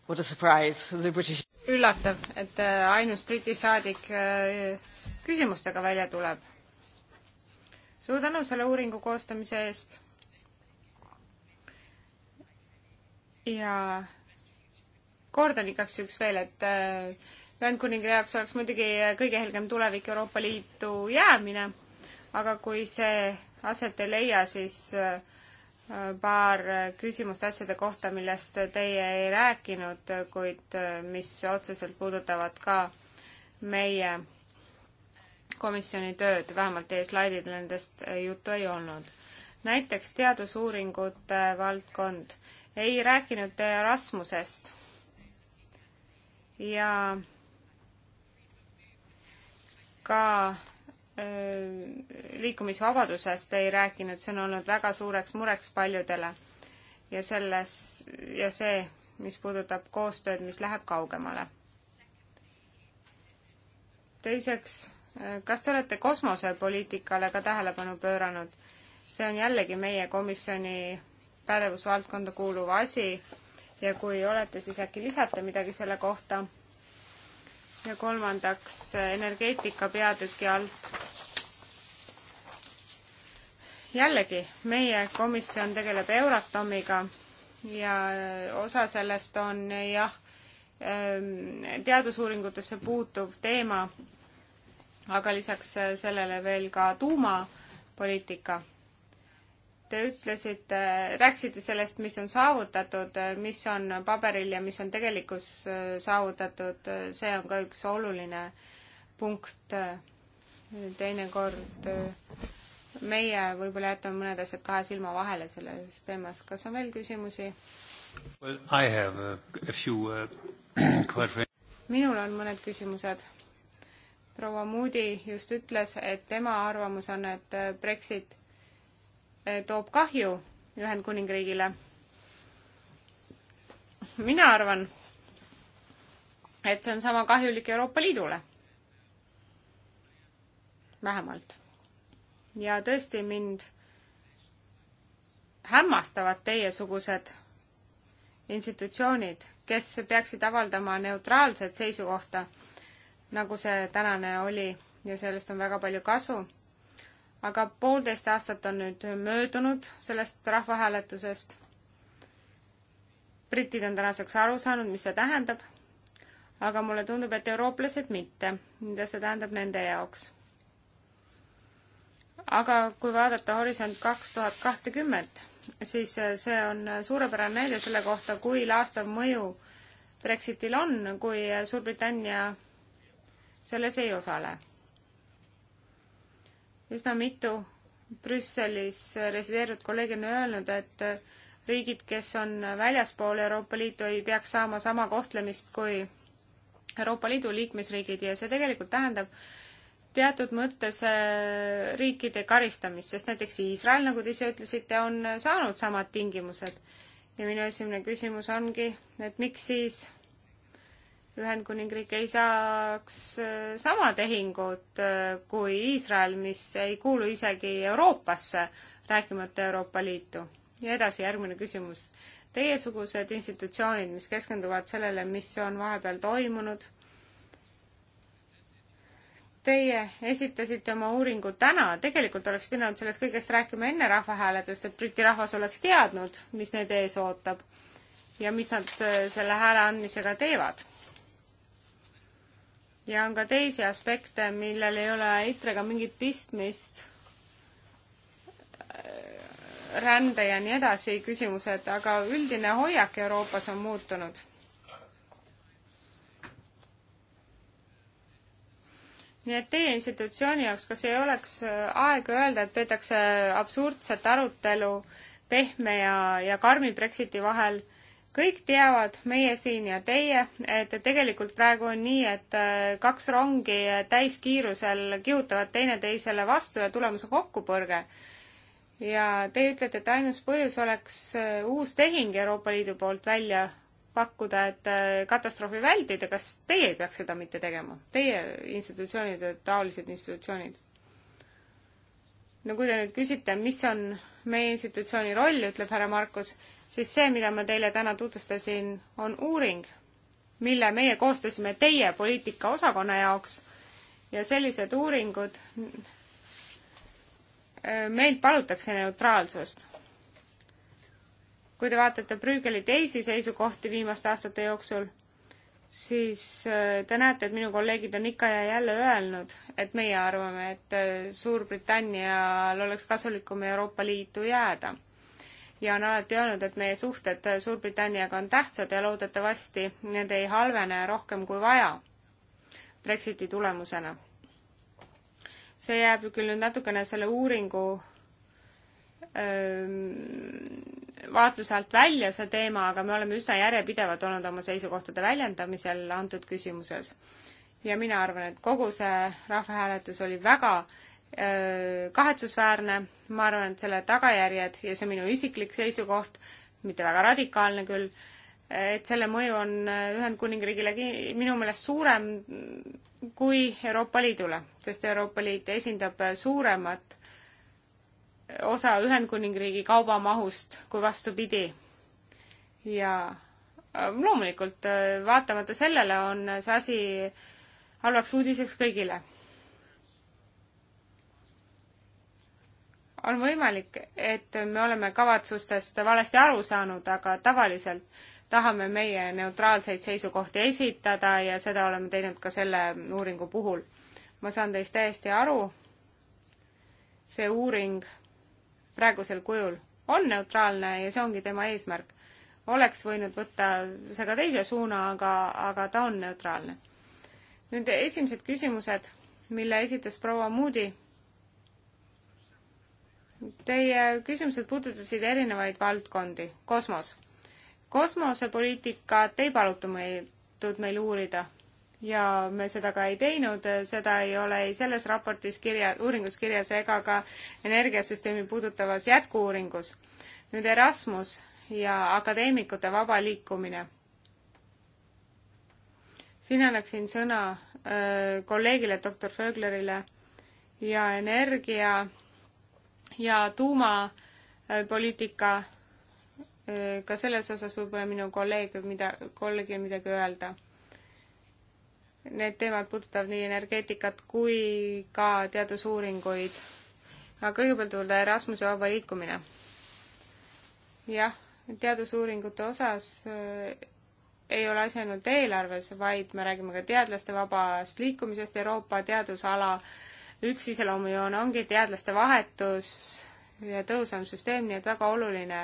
What a surprise, the British üllatav, et äh, ainus Briti saadik äh, küsimustega välja tuleb. suur tänu selle uuringu koostamise eest. ja kordan igaks juhuks veel, et Ühendkuningriigi jaoks oleks muidugi kõige helgem tulevik Euroopa Liitu jäämine, aga kui see aset ei leia, siis äh, paar küsimust asjade kohta, millest teie ei rääkinud, kuid äh, mis otseselt puudutavad ka meie komisjoni tööd, vähemalt teie slaididel nendest äh, juttu ei olnud. näiteks teadusuuringute valdkond. ei rääkinud te Erasmusest ja ka liikumisvabadusest ei rääkinud, see on olnud väga suureks mureks paljudele. ja selles, ja see, mis puudutab koostööd, mis läheb kaugemale. teiseks, kas te olete kosmosepoliitikale ka tähelepanu pööranud? see on jällegi meie komisjoni pädevusvaldkonda kuuluv asi ja kui olete, siis äkki lisate midagi selle kohta? ja kolmandaks energeetika peatüki alt jällegi, meie komisjon tegeleb Euratomiga ja äh, osa sellest on jah, ähm, teadusuuringutesse puutuv teema, aga lisaks äh, sellele veel ka tuumapoliitika. Te ütlesite, rääkisite sellest, mis on saavutatud, äh, mis on paberil ja mis on tegelikus saavutatud, see on ka üks oluline punkt teinekord äh, meie võib-olla jätame mõned asjad kahe silma vahele selles teemas. kas on veel küsimusi well,? Uh, uh [clears throat] minul on mõned küsimused. proua Moody just ütles, et tema arvamus on, et uh, Brexit uh, toob kahju Ühendkuningriigile. mina arvan, et see on sama kahjulik Euroopa Liidule. vähemalt ja tõesti mind hämmastavad teiesugused institutsioonid, kes peaksid avaldama neutraalset seisukohta, nagu see tänane oli ja sellest on väga palju kasu. aga poolteist aastat on nüüd möödunud sellest rahvahääletusest. britid on tänaseks aru saanud, mis see tähendab, aga mulle tundub, et eurooplased mitte, mida see tähendab nende jaoks aga kui vaadata Horisont kaks tuhat kahtekümmet, siis äh, see on äh, suurepärane näide selle kohta, kui laastav mõju Brexitil on, kui äh, Suurbritannia selles ei osale. üsna mitu Brüsselis resideerinud kolleegi on öelnud, et riigid, kes on väljaspool Euroopa Liitu, ei peaks saama sama kohtlemist kui Euroopa Liidu liikmesriigid ja see tegelikult tähendab, teatud mõttes äh, riikide karistamist, sest näiteks Iisrael, nagu te ise ütlesite, on saanud samad tingimused. ja minu esimene küsimus ongi, et miks siis Ühendkuningriik ei saaks äh, sama tehingut äh, kui Iisrael, mis ei kuulu isegi Euroopasse, rääkimata Euroopa Liitu. ja edasi järgmine küsimus. Teiesugused institutsioonid, mis keskenduvad sellele, mis on vahepeal toimunud Teie esitasite oma uuringu täna, tegelikult oleks pidanud sellest kõigest rääkima enne rahvahääletust, et Briti rahvas oleks teadnud, mis neid ees ootab ja mis nad äh, selle hääle andmisega teevad. ja on ka teisi aspekte, millel ei ole ITRE-ga mingit pistmist äh, rände ja nii edasi küsimused, aga üldine hoiak Euroopas on muutunud. nii et teie institutsiooni jaoks, kas ei oleks äh, aeg öelda, et peetakse absurdset arutelu pehme ja, ja karmi Brexiti vahel? kõik teavad, meie siin ja teie, et tegelikult praegu on nii, et äh, kaks rongi täiskiirusel kihutavad teineteisele vastu ja tulemus on kokkupõrge. ja te ütlete, et ainus põhjus oleks äh, uus tehing Euroopa Liidu poolt välja pakkuda, et äh, katastroofi vältida, kas teie ei peaks seda mitte tegema? Teie institutsioonid, taolised institutsioonid? no kui te nüüd küsite, mis on meie institutsiooni roll, ütleb härra Markus, siis see, mida ma teile täna tutvustasin, on uuring, mille meie koostasime teie poliitikaosakonna jaoks ja sellised uuringud, äh, meilt palutakse neutraalsust kui te vaatate Brügeli teisi seisukohti viimaste aastate jooksul, siis äh, te näete, et minu kolleegid on ikka ja jälle öelnud, et meie arvame, et äh, Suurbritannial oleks kasulikum Euroopa Liitu jääda. ja on alati öelnud, et meie suhted äh, Suurbritanniaga on tähtsad ja loodetavasti need ei halvene rohkem kui vaja Brexiti tulemusena. see jääb ju küll nüüd natukene selle uuringu vaatluse alt välja see teema, aga me oleme üsna järjepidevad olnud oma seisukohtade väljendamisel antud küsimuses. ja mina arvan, et kogu see rahvahääletus oli väga öö, kahetsusväärne, ma arvan, et selle tagajärjed, ja see on minu isiklik seisukoht, mitte väga radikaalne küll, et selle mõju on Ühendkuningriigile minu meelest suurem kui Euroopa Liidule, sest Euroopa Liit esindab suuremat osa Ühendkuningriigi kaubamahust kui vastupidi. ja äh, loomulikult äh, vaatamata sellele on see asi halvaks uudiseks kõigile. on võimalik, et me oleme kavatsustest valesti aru saanud, aga tavaliselt tahame meie neutraalseid seisukohti esitada ja seda oleme teinud ka selle uuringu puhul. ma saan teist täiesti aru, see uuring praegusel kujul on neutraalne ja see ongi tema eesmärk. oleks võinud võtta see ka teise suuna, aga, aga ta on neutraalne. nüüd esimesed küsimused, mille esitas proua Moody. Teie küsimused puudutasid erinevaid valdkondi. kosmos. kosmosepoliitikat ei palutud meil, meil uurida ja me seda ka ei teinud, seda ei ole ei selles raportis kirja, uuringus kirjas ega ka energiasüsteemi puudutavas jätku-uuringus. nüüd Erasmus ja akadeemikute vaba liikumine. siin annaksin sõna öö, äh, kolleegile, doktor Föglerile ja energia ja tuumapoliitika, äh, ka selles osas võib-olla minu kolleeg, mida, kolleegil midagi öelda Need teemad puudutavad nii energeetikat kui ka teadusuuringuid. aga kõigepealt juurde Erasmuse vaba liikumine. jah, teadusuuringute osas äh, ei ole asi ainult eelarves, vaid me räägime ka teadlaste vabast liikumisest Euroopa teadusala. üks iseloomujoon ongi teadlaste vahetus ja tõhusam süsteem, nii et väga oluline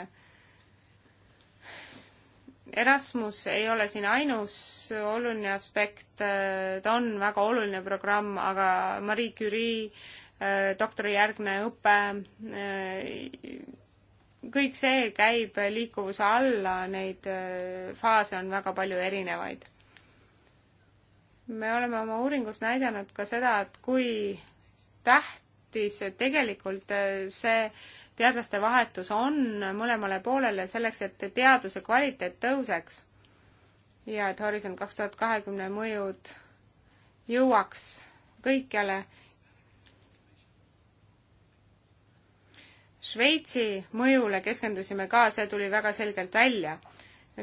Erasmus ei ole siin ainus oluline aspekt, ta on väga oluline programm, aga Marie Curie, äh, doktorijärgne õpe, äh, kõik see käib liikuvuse alla, neid äh, faase on väga palju erinevaid. me oleme oma uuringus näidanud ka seda, et kui tähtis tegelikult see teadlaste vahetus on mõlemale poolele selleks, et teaduse kvaliteet tõuseks ja et Horisont kaks tuhat kahekümne mõjud jõuaks kõikjale. Šveitsi mõjule keskendusime ka, see tuli väga selgelt välja.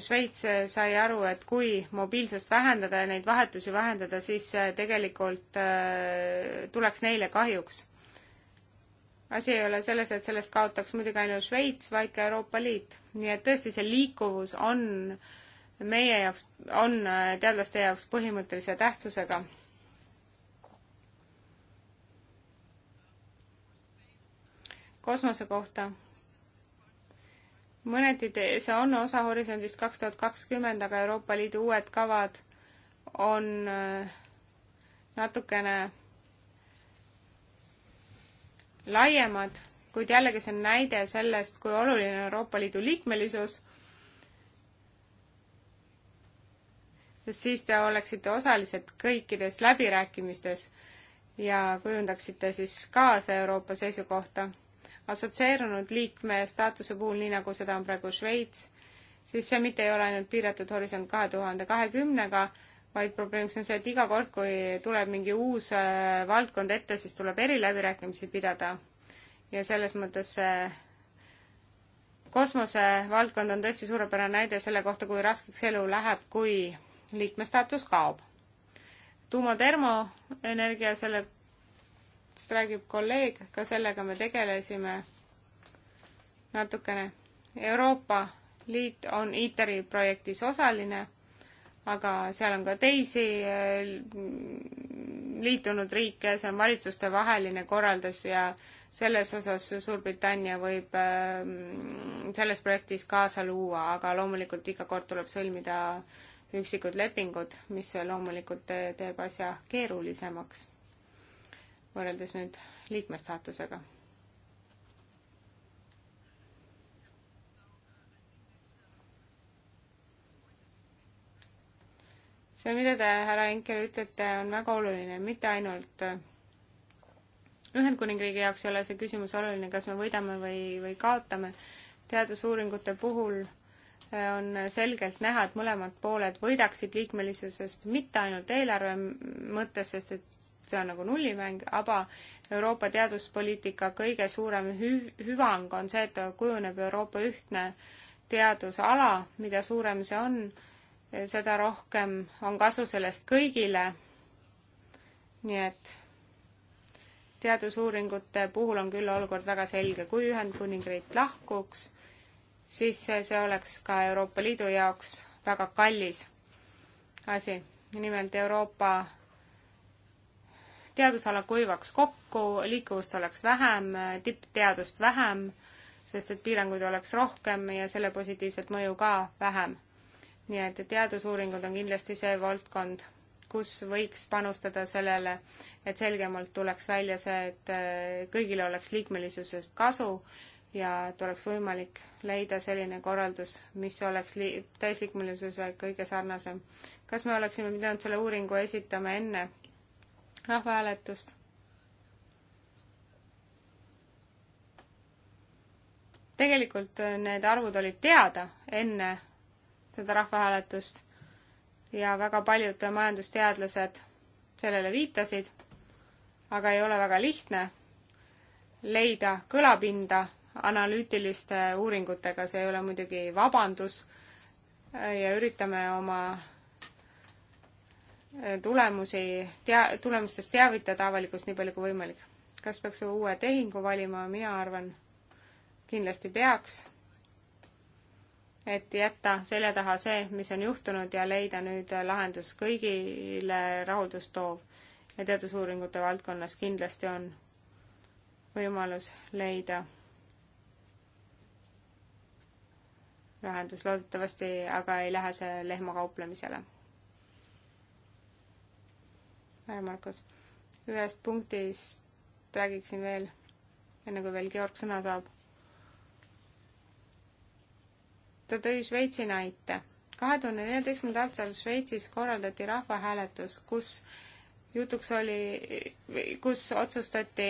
Šveits sai aru, et kui mobiilsust vähendada ja neid vahetusi vähendada, siis tegelikult äh, tuleks neile kahjuks asi ei ole selles, et sellest kaotaks muidugi ainult Šveits, vaid ka Euroopa Liit. nii et tõesti, see liikuvus on meie jaoks, on äh, teadlaste jaoks põhimõttelise tähtsusega. kosmose kohta. mõneti see on osa Horisondist kaks tuhat kakskümmend, aga Euroopa Liidu uued kavad on äh, natukene laiemad, kuid jällegi see on näide sellest, kui oluline on Euroopa Liidu liikmelisus, sest siis te oleksite osalised kõikides läbirääkimistes ja kujundaksite siis kaasa Euroopa seisukohta. assotsieerunud liikme staatuse puhul, nii nagu seda on praegu Šveits, siis see mitte ei ole ainult piiratud horisont kahe tuhande kahekümnega, vaid probleemiks on see, et iga kord, kui tuleb mingi uus äh, valdkond ette, siis tuleb eriläbirääkimisi pidada. ja selles mõttes see kosmosevaldkond on tõesti suurepärane näide selle kohta, kui raskeks elu läheb, kui liikmestaatus kaob. tuumatermoenergia, sellest räägib kolleeg, ka sellega me tegelesime natukene. Euroopa Liit on ITER-i projektis osaline aga seal on ka teisi äh, liitunud riike, see on valitsustevaheline korraldus ja selles osas Suurbritannia võib äh, selles projektis kaasa luua, aga loomulikult iga kord tuleb sõlmida üksikud lepingud, mis loomulikult teeb asja keerulisemaks võrreldes nüüd liikmestaatusega see, mida te, härra Henkel, ütlete, on väga oluline, mitte ainult äh, Ühendkuningriigi jaoks ei ole see küsimus oluline, kas me võidame või, või kaotame. teadusuuringute puhul äh, on selgelt näha, et mõlemad pooled võidaksid liikmelisusest mitte ainult eelarve mõttes, sest et see on nagu nullimäng, aga Euroopa teaduspoliitika kõige suurem hü-, hüvang on see, et kujuneb Euroopa ühtne teadusala, mida suurem see on, seda rohkem on kasu sellest kõigile. nii et teadusuuringute puhul on küll olukord väga selge, kui Ühendkuningriik lahkuks, siis see oleks ka Euroopa Liidu jaoks väga kallis asi. nimelt Euroopa teadusala kuivaks kokku, liikuvust oleks vähem, tippteadust vähem, sest et piiranguid oleks rohkem ja selle positiivset mõju ka vähem nii et teadusuuringud on kindlasti see valdkond, kus võiks panustada sellele, et selgemalt tuleks välja see, et äh, kõigil oleks liikmelisusest kasu ja et oleks võimalik leida selline korraldus, mis oleks li-, täisliikmelisuse kõige sarnasem. kas me oleksime pidanud selle uuringu esitama enne rahvahääletust? tegelikult äh, need arvud olid teada enne seda rahvahääletust ja väga paljud majandusteadlased sellele viitasid, aga ei ole väga lihtne leida kõlapinda analüütiliste uuringutega, see ei ole muidugi vabandus ja üritame oma eh, tulemusi, tea-, tulemustest teavitada avalikkust nii palju kui võimalik. kas peaks uue tehingu valima, mina arvan, kindlasti peaks et jätta selja taha see, mis on juhtunud ja leida nüüd lahendus kõigile rahuldust toov. ja teadusuuringute valdkonnas kindlasti on võimalus leida lahendus, loodetavasti aga ei lähe see lehmakauplemisele. härra Markus, ühest punktist räägiksin veel, enne kui veel Georg sõna saab ta tõi Šveitsi näite. kahe tuhande neljateistkümnendal aastal Šveitsis korraldati rahvahääletus, kus jutuks oli, kus otsustati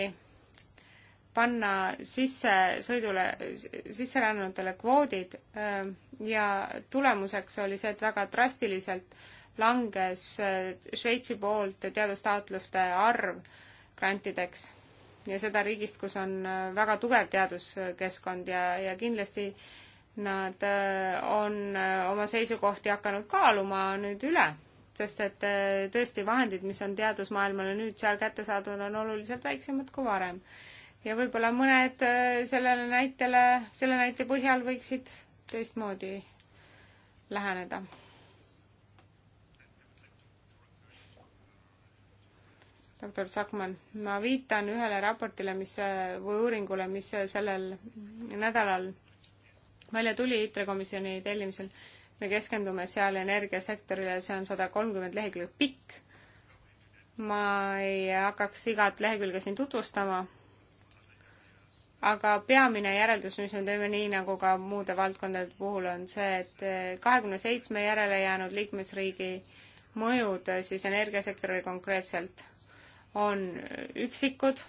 panna sisse sõidule, sisserännanutele kvoodid ja tulemuseks oli see, et väga drastiliselt langes Šveitsi poolt teadustaotluste arv grantideks. ja seda riigist, kus on väga tugev teaduskeskkond ja, ja kindlasti nad äh, on äh, oma seisukohti hakanud kaaluma nüüd üle, sest et äh, tõesti vahendid, mis on teadusmaailmale nüüd seal kättesaadavad, on oluliselt väiksemad kui varem. ja võib-olla mõned sellele näitele, selle näite põhjal võiksid teistmoodi läheneda. doktor Sakman, ma viitan ühele raportile, mis või uuringule, mis sellel nädalal välja tuli ITRE komisjoni tellimisel. me keskendume seal energiasektorile, see on sada kolmkümmend lehekülge pikk. ma ei hakkaks igat lehekülge siin tutvustama, aga peamine järeldus, mis me teeme, nii nagu ka muude valdkondade puhul, on see, et kahekümne seitsme järele jäänud liikmesriigi mõjud siis energiasektorile konkreetselt on üksikud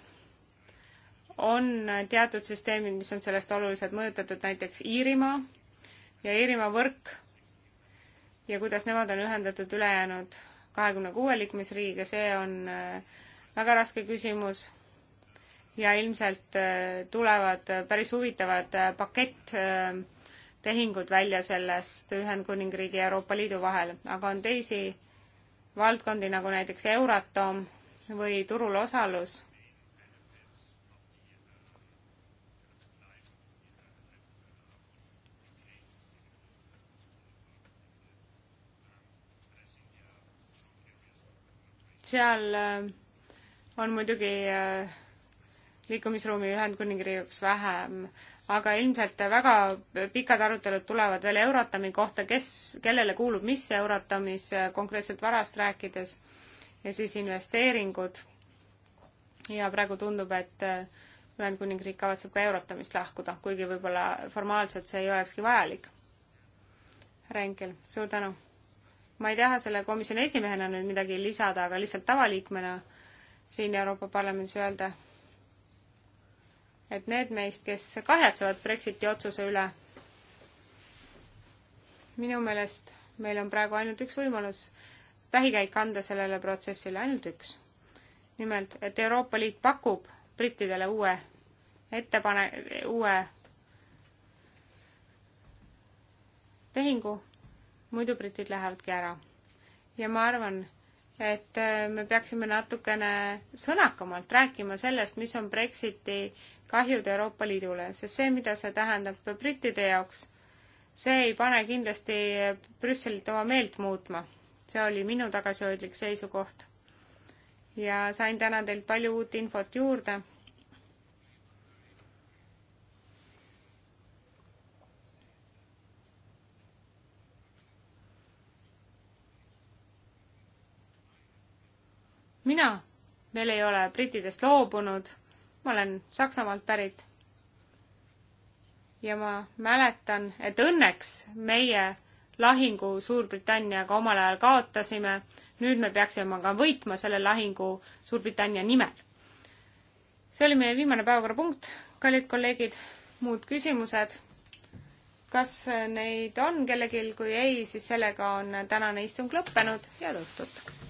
on teatud süsteemid, mis on sellest oluliselt mõjutatud, näiteks Iirimaa ja Iirimaa võrk ja kuidas nemad on ühendatud ülejäänud kahekümne kuue liikmesriigiga, see on äh, väga raske küsimus. ja ilmselt äh, tulevad päris huvitavad äh, pakett-tehingud välja sellest Ühendkuningriigi ja Euroopa Liidu vahel, aga on teisi valdkondi, nagu näiteks Euratom või turul osalus seal äh, on muidugi äh, liikumisruumi Ühendkuningriigiks vähem, aga ilmselt väga pikad arutelud tulevad veel Euratomi kohta, kes, kellele kuulub mis Euratomis äh, konkreetselt varast rääkides ja siis investeeringud. ja praegu tundub, et Ühendkuningriik kavatseb ka Eurotomist lahkuda, kuigi võib-olla formaalselt see ei olekski vajalik. Renkel, suur tänu! ma ei taha selle komisjoni esimehena nüüd midagi lisada, aga lihtsalt tavaliikmena siin Euroopa Parlamendis öelda, et need meist, kes kahetsevad Brexiti otsuse üle, minu meelest meil on praegu ainult üks võimalus vähikäik anda sellele protsessile, ainult üks. nimelt, et Euroopa Liit pakub brittidele uue ettepane-, uue tehingu muidu britid lähevadki ära. ja ma arvan, et äh, me peaksime natukene sõnakamalt rääkima sellest, mis on Brexiti kahjud Euroopa Liidule, sest see, mida see tähendab brittide jaoks, see ei pane kindlasti Brüsselit oma meelt muutma. see oli minu tagasihoidlik seisukoht. ja sain täna teilt palju uut infot juurde mina veel ei ole brittidest loobunud, ma olen Saksamaalt pärit. ja ma mäletan, et õnneks meie lahingu Suurbritanniaga omal ajal kaotasime, nüüd me peaksime ka võitma selle lahingu Suurbritannia nimel. see oli meie viimane päevakorrapunkt, kallid kolleegid, muud küsimused? kas neid on kellelgi, kui ei, siis sellega on tänane istung lõppenud, head õhtut!